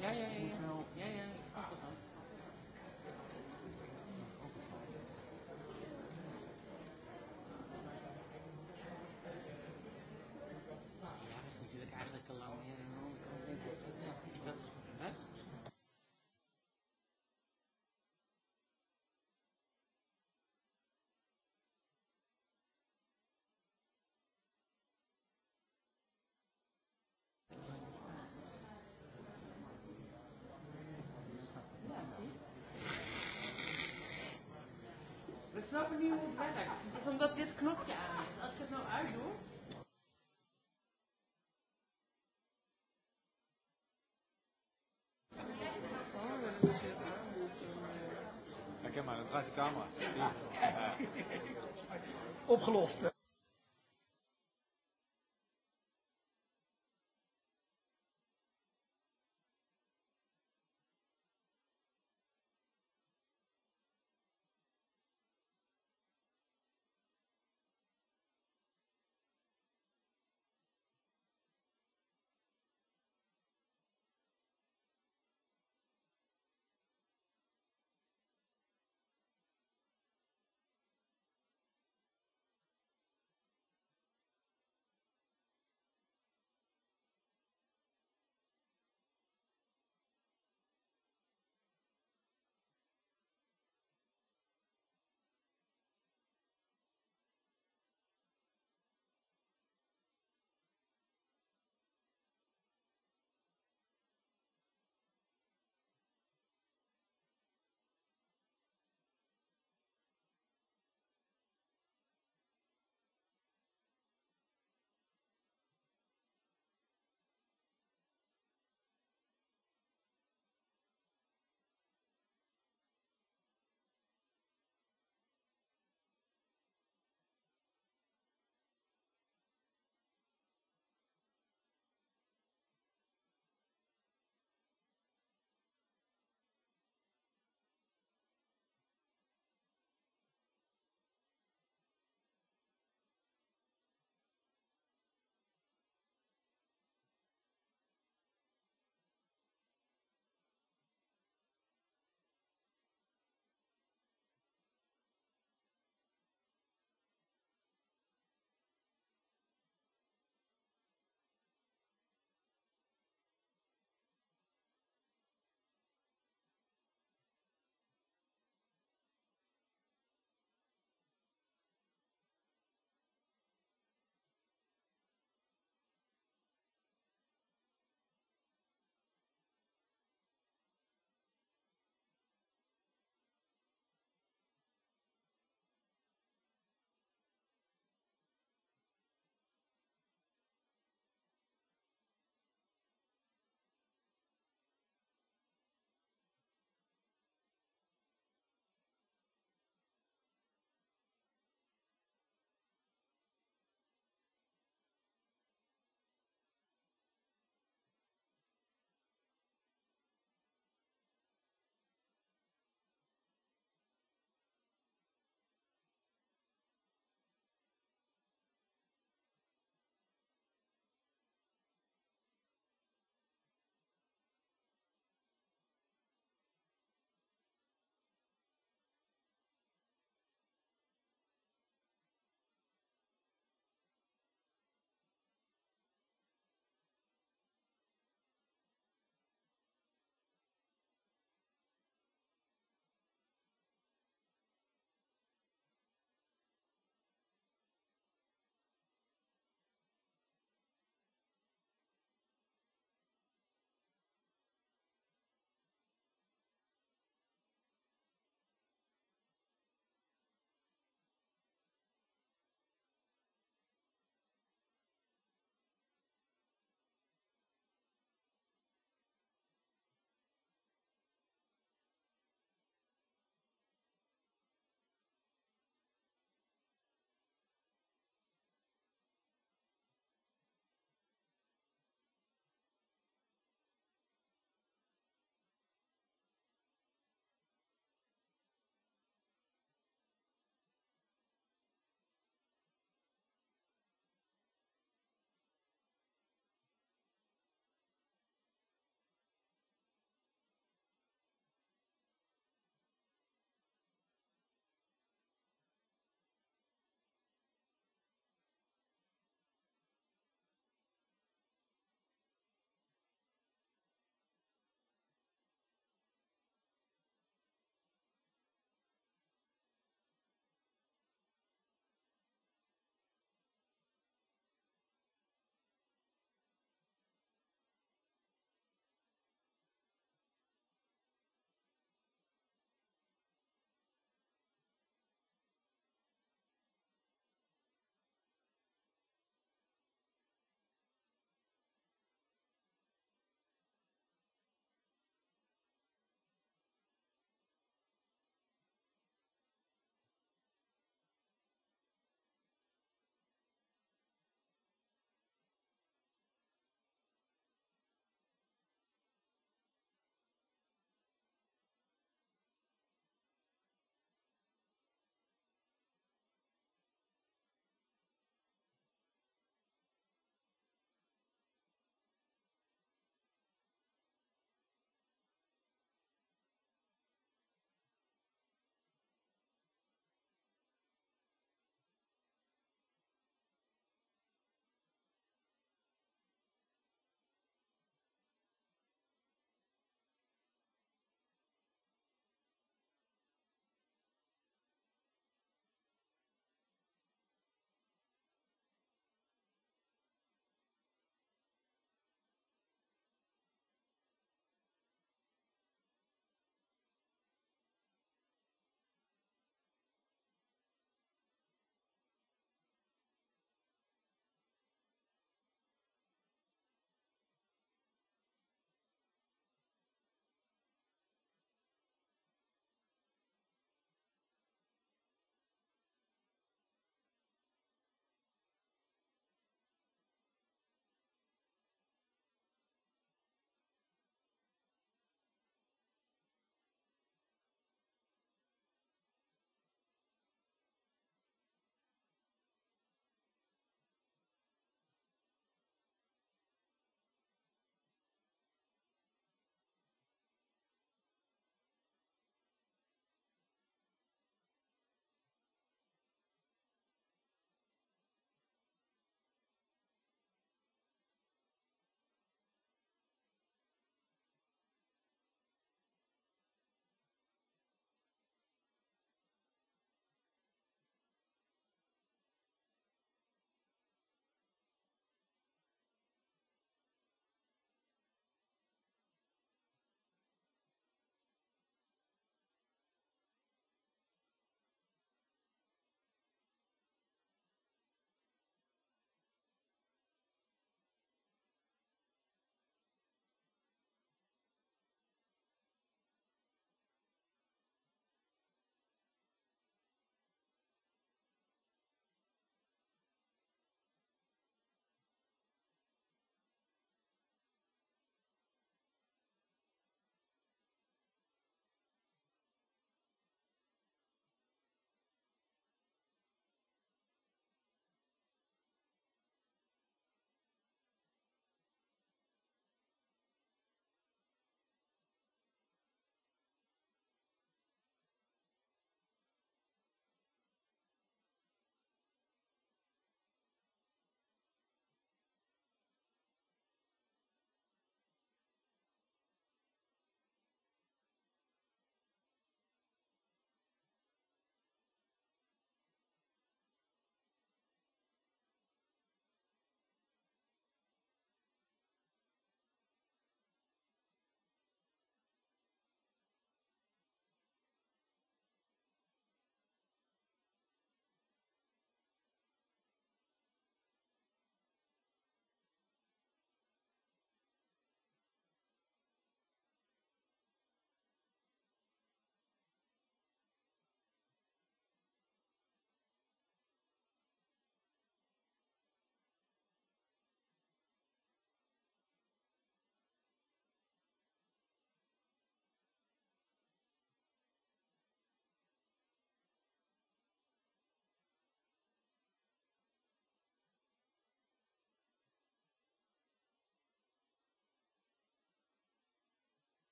Ja, ja, ja. ja. ja, ja ik snap het ook. snappen niet hoe het werkt. Het is omdat dit knopje aan is. Als ik het nou uitdoe... Ja, kijk maar, dan draait de camera. Ja. Opgelost.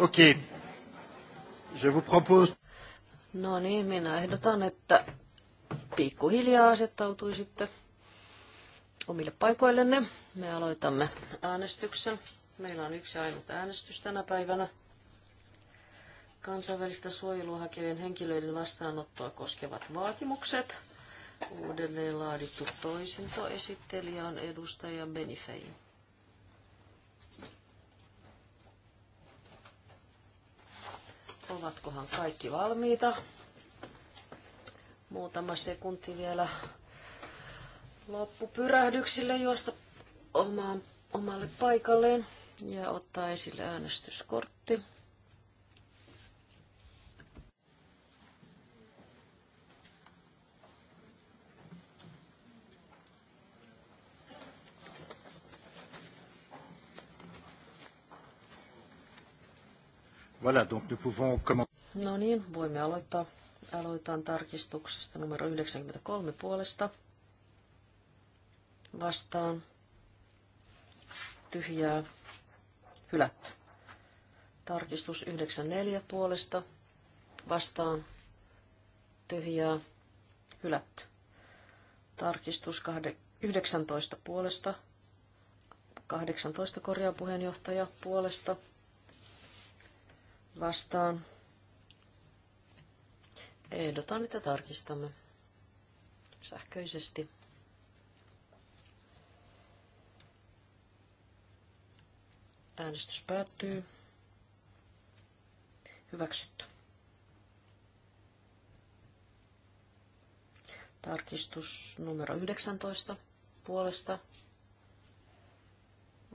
Okei. Okay. Je vous propose... No niin, minä ehdotan, että pikkuhiljaa asettautuisitte omille paikoillenne. Me aloitamme äänestyksen. Meillä on yksi ainut äänestys tänä päivänä. Kansainvälistä suojelua hakevien henkilöiden vastaanottoa koskevat vaatimukset. Uudelleen laadittu toisintoesittelijä on edustaja Benifein. Ovatkohan kaikki valmiita? Muutama sekunti vielä loppupyrähdyksille juosta omaan, omalle paikalleen ja ottaa esille äänestyskortti. Voilà, donc nous pouvons commencer. No niin, voimme aloittaa. Aloitan tarkistuksesta numero 93 puolesta. Vastaan. Tyhjää. Hylätty. Tarkistus 94 puolesta. Vastaan. Tyhjää. Hylätty. Tarkistus 19 puolesta. 18 korjaa puheenjohtaja puolesta vastaan. Ehdotan, että tarkistamme sähköisesti. Äänestys päättyy. Hyväksytty. Tarkistus numero 19 puolesta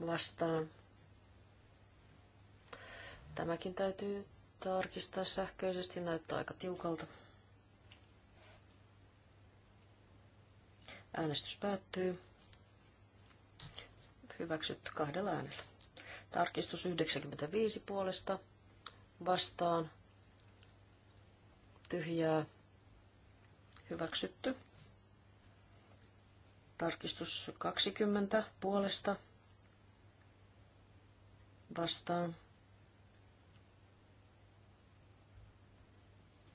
vastaan Tämäkin täytyy tarkistaa sähköisesti, näyttää aika tiukalta. Äänestys päättyy. Hyväksytty kahdella äänellä. Tarkistus 95 puolesta vastaan. Tyhjää. Hyväksytty. Tarkistus 20 puolesta vastaan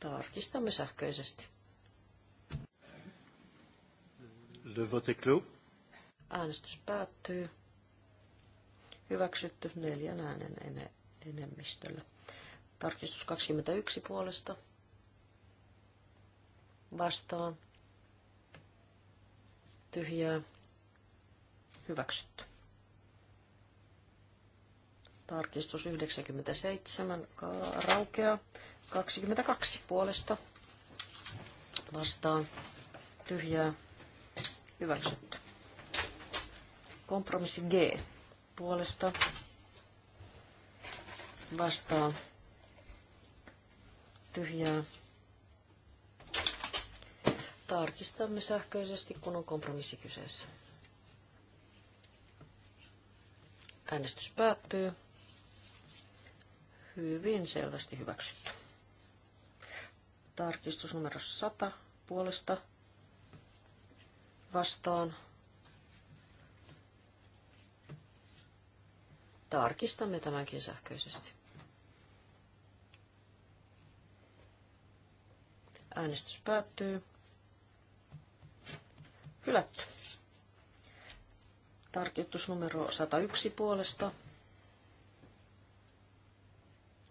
Tarkistamme sähköisesti. Le vote clos. Äänestys päättyy. Hyväksytty neljän äänen enemmistöllä. Tarkistus 21 puolesta. Vastaan. Tyhjää. Hyväksytty. Tarkistus 97 raukea. 22 puolesta vastaan tyhjää hyväksytty. Kompromissi G puolesta vastaan tyhjää. Tarkistamme sähköisesti, kun on kompromissi kyseessä. Äänestys päättyy. Hyvin selvästi hyväksytty. Tarkistus numero 100 puolesta vastaan. Tarkistamme tämänkin sähköisesti. Äänestys päättyy. Hylätty. Tarkistus numero 101 puolesta.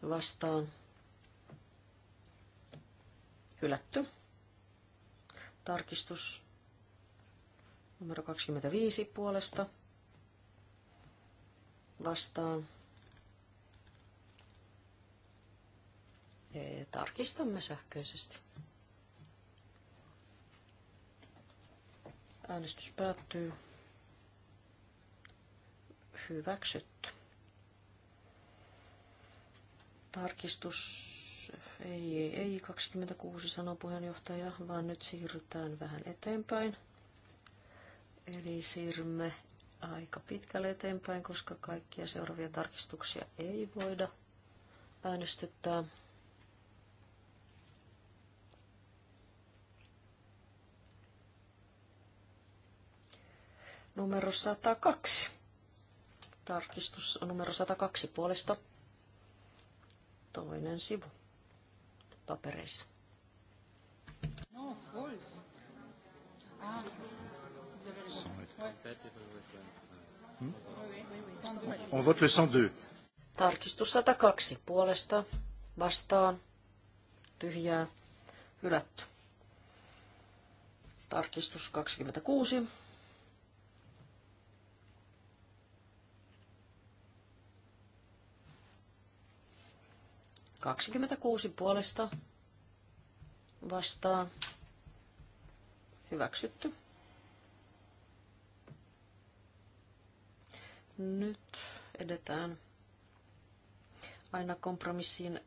Vastaan. Hylätty. Tarkistus numero 25 puolesta. Vastaan. Tarkistamme sähköisesti. Äänestys päättyy. Hyväksytty. Tarkistus ei, ei, 26 sanoo puheenjohtaja, vaan nyt siirrytään vähän eteenpäin. Eli siirrymme aika pitkälle eteenpäin, koska kaikkia seuraavia tarkistuksia ei voida äänestyttää. Numero 102. Tarkistus on numero 102 puolesta. Toinen sivu papereissa. No, ah. Hmm? On vote le 102. Tarkistus 102 puolesta vastaan tyhjää hylätty. Tarkistus 26 26 puolesta vastaan. Hyväksytty. Nyt edetään aina kompromissiin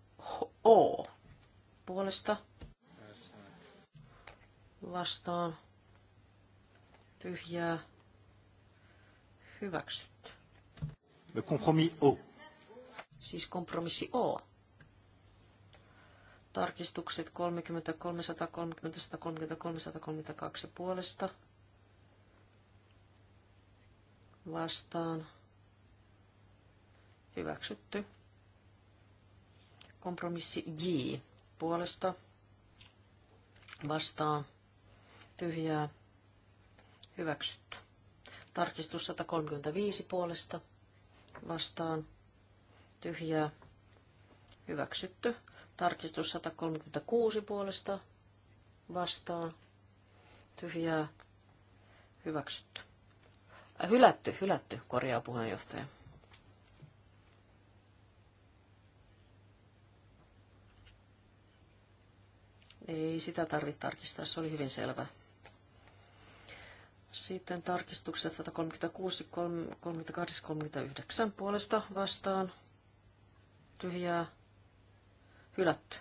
O puolesta vastaan tyhjää hyväksytty. Le compromis O. Siis kompromissi O Tarkistukset 30, 330, puolesta. Vastaan. Hyväksytty. Kompromissi J puolesta. Vastaan. Tyhjää. Hyväksytty. Tarkistus 135 puolesta. Vastaan. Tyhjää. Hyväksytty. Tarkistus 136 puolesta vastaan. Tyhjää. Hyväksytty. Äh, hylätty, hylätty, korjaa puheenjohtaja. Ei sitä tarvitse tarkistaa, se oli hyvin selvä. Sitten tarkistukset 136, 38, 39 puolesta vastaan. Tyhjää Hylätty.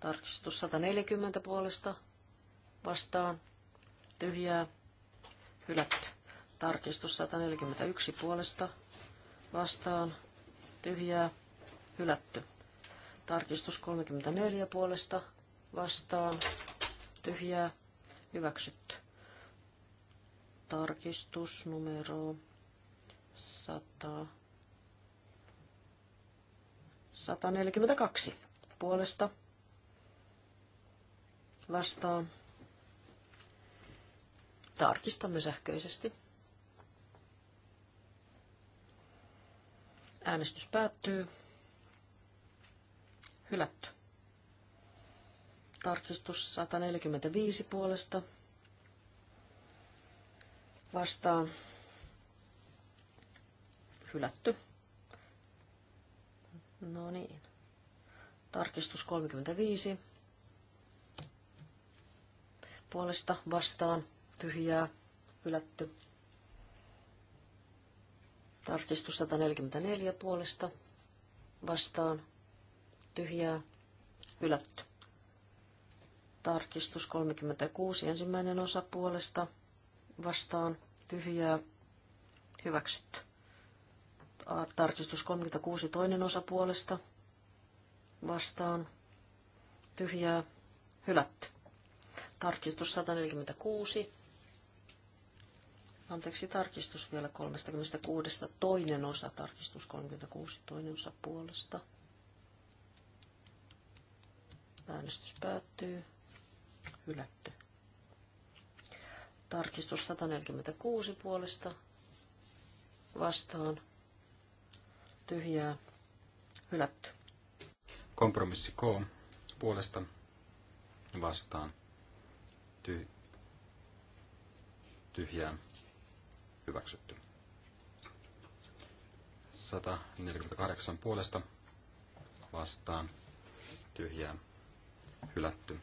Tarkistus 140 puolesta vastaan. Tyhjää. Hylätty. Tarkistus 141 puolesta vastaan. Tyhjää. Hylätty. Tarkistus 34 puolesta vastaan. Tyhjää. Hyväksytty. Tarkistus numero 100. 142 puolesta vastaan. Tarkistamme sähköisesti. Äänestys päättyy. Hylätty. Tarkistus 145 puolesta. Vastaan. Hylätty. No niin. Tarkistus 35. Puolesta vastaan tyhjää hylätty. Tarkistus 144 puolesta vastaan tyhjää hylätty. Tarkistus 36 ensimmäinen osa puolesta vastaan tyhjää hyväksytty. Tarkistus 36 toinen osa puolesta vastaan tyhjää hylätty. Tarkistus 146. Anteeksi, tarkistus vielä 36. Toinen osa, tarkistus 36, toinen osa puolesta. Äänestys päättyy. Hylätty. Tarkistus 146 puolesta vastaan tyhjää hylätty. Kompromissi K puolesta vastaan ty- tyhjää hyväksytty. 148 puolesta vastaan tyhjää hylätty.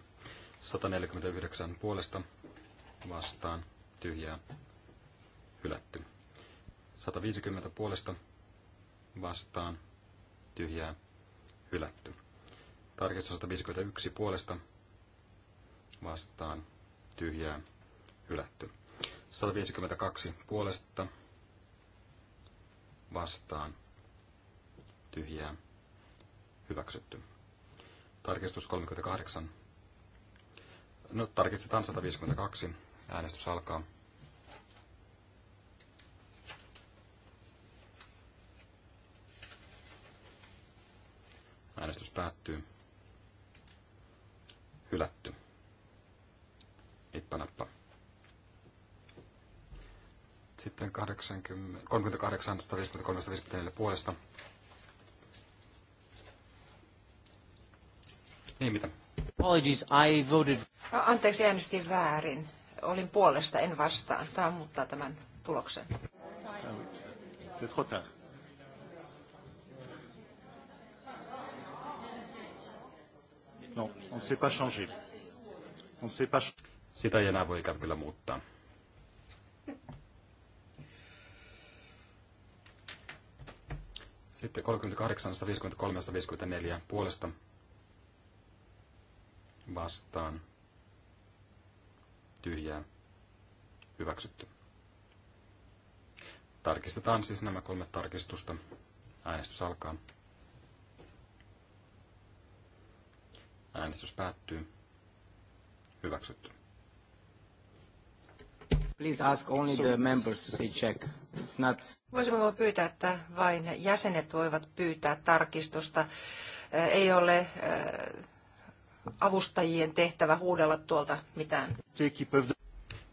149 puolesta vastaan tyhjää hylätty. 150 puolesta vastaan tyhjää hylätty. Tarkistus 151 puolesta vastaan tyhjää hylätty. 152 puolesta vastaan tyhjää hyväksytty. Tarkistus 38. No, tarkistetaan 152. Äänestys alkaa. Äänestys päättyy. Hylätty. Nippanappa. Sitten 80, 38, 153, 154 puolesta. Ei niin, mitään. Apologies, I voted... Anteeksi, äänestin väärin. Olin puolesta, en vastaan. Tämä muuttaa tämän tuloksen. C'est trop tard. On ne s'est pas changé. On ne s'est pas... Sitä ei enää voi ikään kyllä muuttaa. Sitten 38, 153, 154 puolesta vastaan tyhjää hyväksytty. Tarkistetaan siis nämä kolme tarkistusta. Äänestys alkaa. Äänestys päättyy. Hyväksytty. Please ask only the members to say check. It's not... Voisimmeko pyytää, että vain jäsenet voivat pyytää tarkistusta? Äh, ei ole äh, avustajien tehtävä huudella tuolta mitään.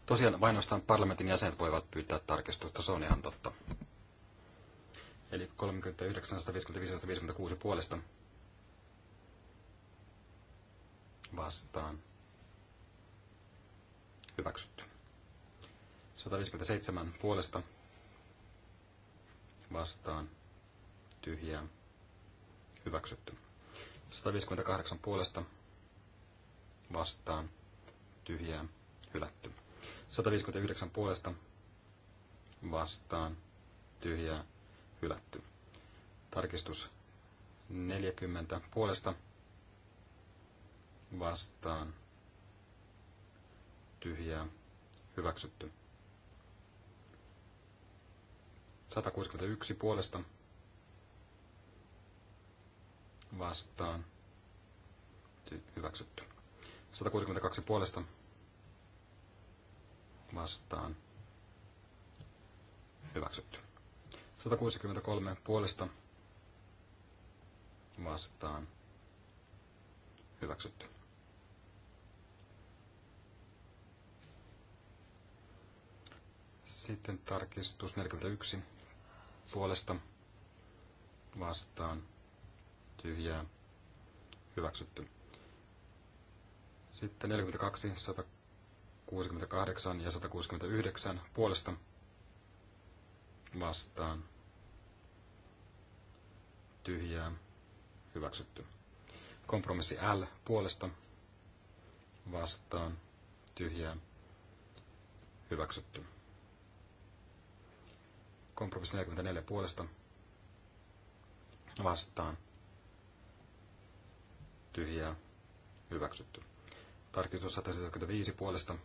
Tosiaan vain parlamentin jäsenet voivat pyytää tarkistusta, se on ihan totta. Eli 39, 155, 156 puolesta vastaan hyväksytty. 157 puolesta vastaan tyhjää hyväksytty. 158 puolesta vastaan tyhjää hylätty. 159 puolesta vastaan tyhjää hylätty. Tarkistus 40 puolesta vastaan tyhjää hyväksytty. 161 puolesta vastaan hyväksytty. 162 puolesta vastaan hyväksytty. 163 puolesta vastaan hyväksytty. Sitten tarkistus 41 puolesta vastaan tyhjää hyväksytty. Sitten 42, 168 ja 169 puolesta vastaan tyhjää hyväksytty. Kompromissi L puolesta vastaan tyhjää hyväksytty. Kompromissi 44 puolesta vastaan. Tyhjää. Hyväksytty. Tarkistus 175 puolesta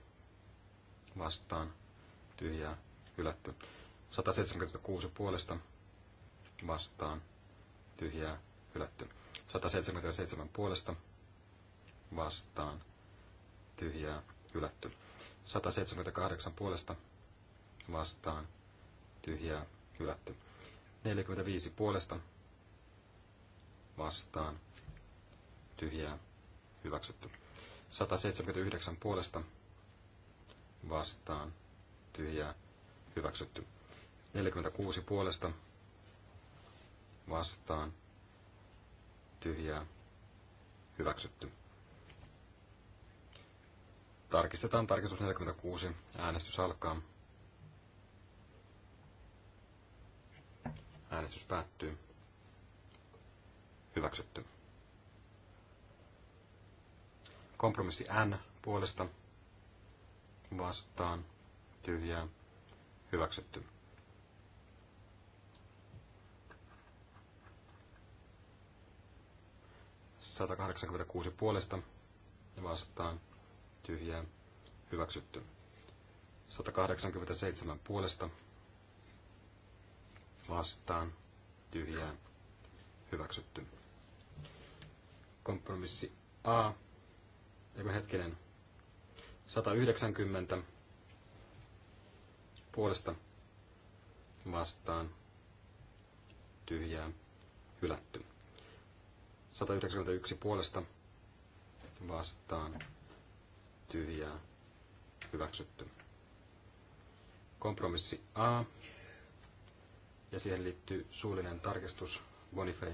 vastaan. Tyhjää. Hylätty. 176 puolesta vastaan. Tyhjää. Hylätty. 177 puolesta vastaan. Tyhjää. Hylätty. 178 puolesta vastaan tyhjää hylätty. 45 puolesta vastaan tyhjää hyväksytty. 179 puolesta vastaan tyhjää hyväksytty. 46 puolesta vastaan tyhjää hyväksytty. Tarkistetaan tarkistus 46. Äänestys alkaa. Äänestys päättyy. Hyväksytty. Kompromissi N puolesta vastaan tyhjää. Hyväksytty. 186 puolesta ja vastaan tyhjää. Hyväksytty. 187 puolesta vastaan tyhjään hyväksytty. Kompromissi A, joku hetkinen, 190 puolesta vastaan tyhjään hylätty. 191 puolesta vastaan tyhjää hyväksytty. Kompromissi A ja siihen liittyy suullinen tarkistus Bonifay.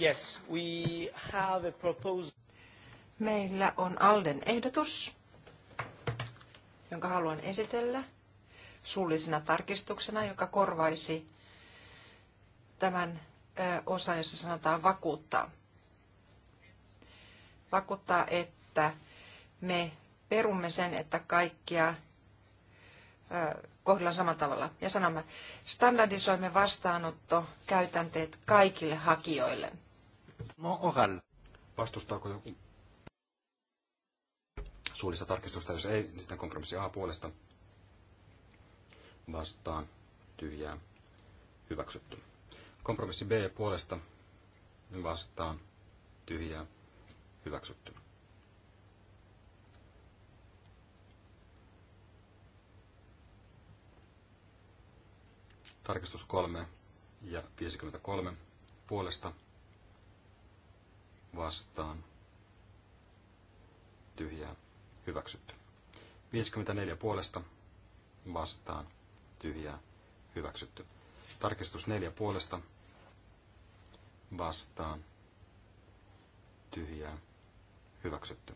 Yes, we have a proposal. Meillä on Alden ehdotus, jonka haluan esitellä suullisena tarkistuksena, joka korvaisi tämän osan, jossa sanotaan vakuuttaa. Vakuuttaa, että me perumme sen, että kaikkia kohdellaan samalla tavalla. Ja sanomme, standardisoimme vastaanotto käytänteet kaikille hakijoille. Moral. Vastustaako joku suullista tarkistusta? Jos ei, niin sitten kompromissi A puolesta vastaan tyhjää hyväksytty. Kompromissi B puolesta vastaan tyhjää hyväksytty. Tarkistus 3 ja 53 puolesta vastaan tyhjää hyväksytty. 54 puolesta vastaan tyhjää hyväksytty. Tarkistus 4 puolesta vastaan tyhjää hyväksytty.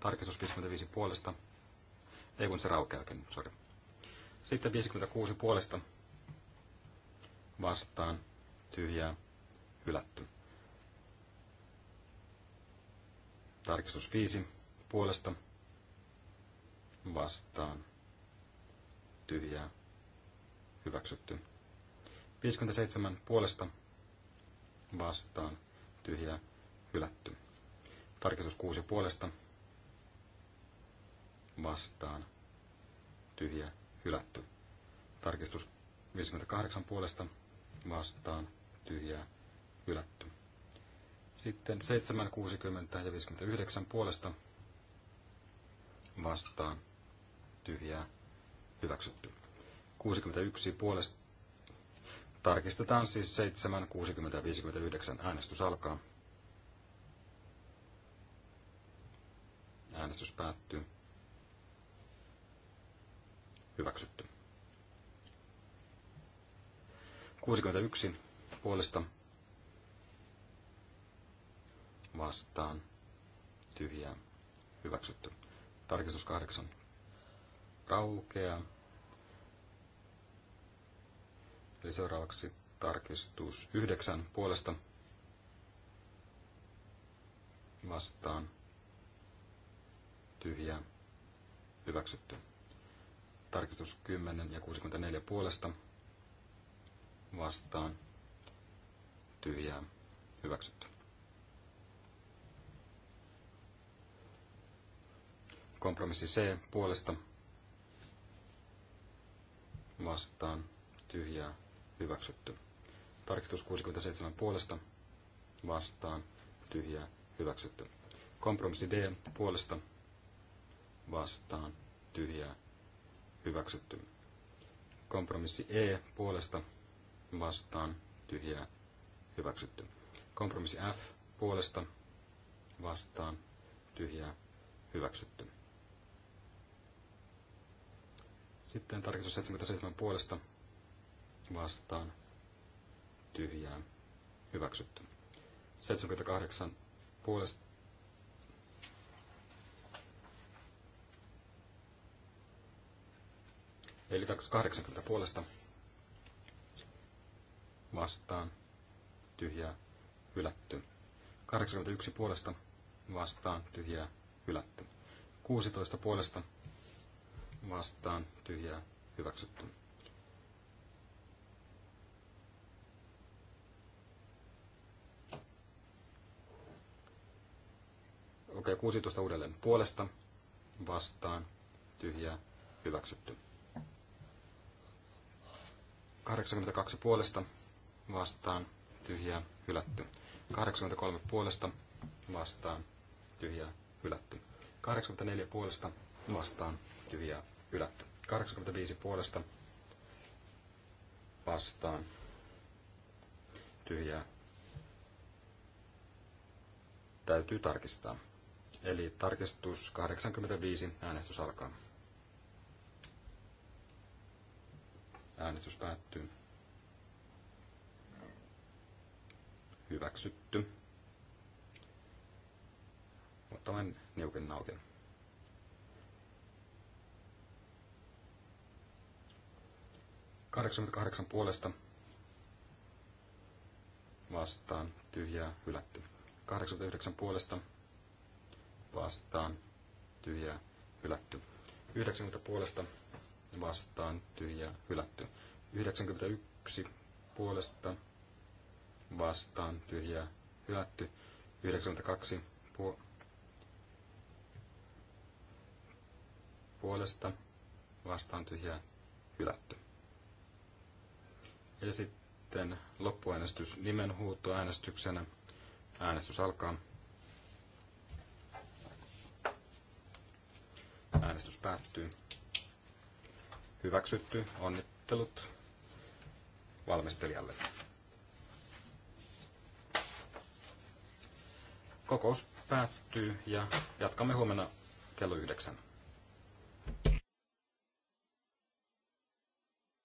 Tarkistus 55 puolesta, ei kun se raukeakin, sori. Sitten 56 puolesta vastaan tyhjää hylätty. Tarkistus 5 puolesta vastaan tyhjää hyväksytty. 57 puolesta vastaan tyhjää hylätty. Tarkistus 6 puolesta vastaan tyhjä hylätty. Tarkistus 58 puolesta vastaan tyhjää hylätty. Sitten 7, 60 ja 59 puolesta vastaan tyhjää hyväksytty. 61 puolesta tarkistetaan siis 7, 60 ja 59 äänestys alkaa. Äänestys päättyy. Hyväksytty. 61 puolesta vastaan tyhjää hyväksytty. Tarkistus 8 raukeaa. Eli seuraavaksi tarkistus 9 puolesta vastaan tyhjää hyväksytty. Tarkistus 10 ja 64 puolesta vastaan tyhjää hyväksytty. Kompromissi C puolesta vastaan tyhjää hyväksytty. Tarkistus 67 puolesta vastaan tyhjää hyväksytty. Kompromissi D puolesta vastaan tyhjää hyväksytty. Kompromissi E puolesta vastaan, vastaan tyhjää hyväksytty. Kompromissi F puolesta vastaan tyhjää hyväksytty. Sitten tarkistus 77 puolesta vastaan tyhjää hyväksytty. 78 puolesta Eli tarkistus 80 puolesta vastaan, tyhjää, hylätty. 81 puolesta vastaan, tyhjää, hylätty. 16 puolesta vastaan, tyhjää, hyväksytty. Okei, 16 uudelleen puolesta, vastaan, tyhjää, hyväksytty. 82 puolesta, vastaan, tyhjää, hylätty. 83 puolesta vastaan, tyhjää, hylätty. 84 puolesta vastaan, tyhjää, hylätty. 85 puolesta vastaan, tyhjää, täytyy tarkistaa. Eli tarkistus 85, äänestys alkaa. Äänestys päättyy. hyväksytty. Mutta vain niukin nautin. Kahdeksankymmentäkahdeksan puolesta vastaan tyhjää hylätty. 89 puolesta vastaan tyhjää hylätty. 90 puolesta vastaan tyhjää hylätty. 91 puolesta vastaan tyhjää hylätty. 92 puo- puolesta vastaan tyhjää hylätty. Ja sitten loppuäänestys nimenhuuto äänestyksenä. Äänestys alkaa. Äänestys päättyy. Hyväksytty. Onnittelut valmistelijalle. Kokous päättyy ja jatkamme huomenna kello yhdeksän.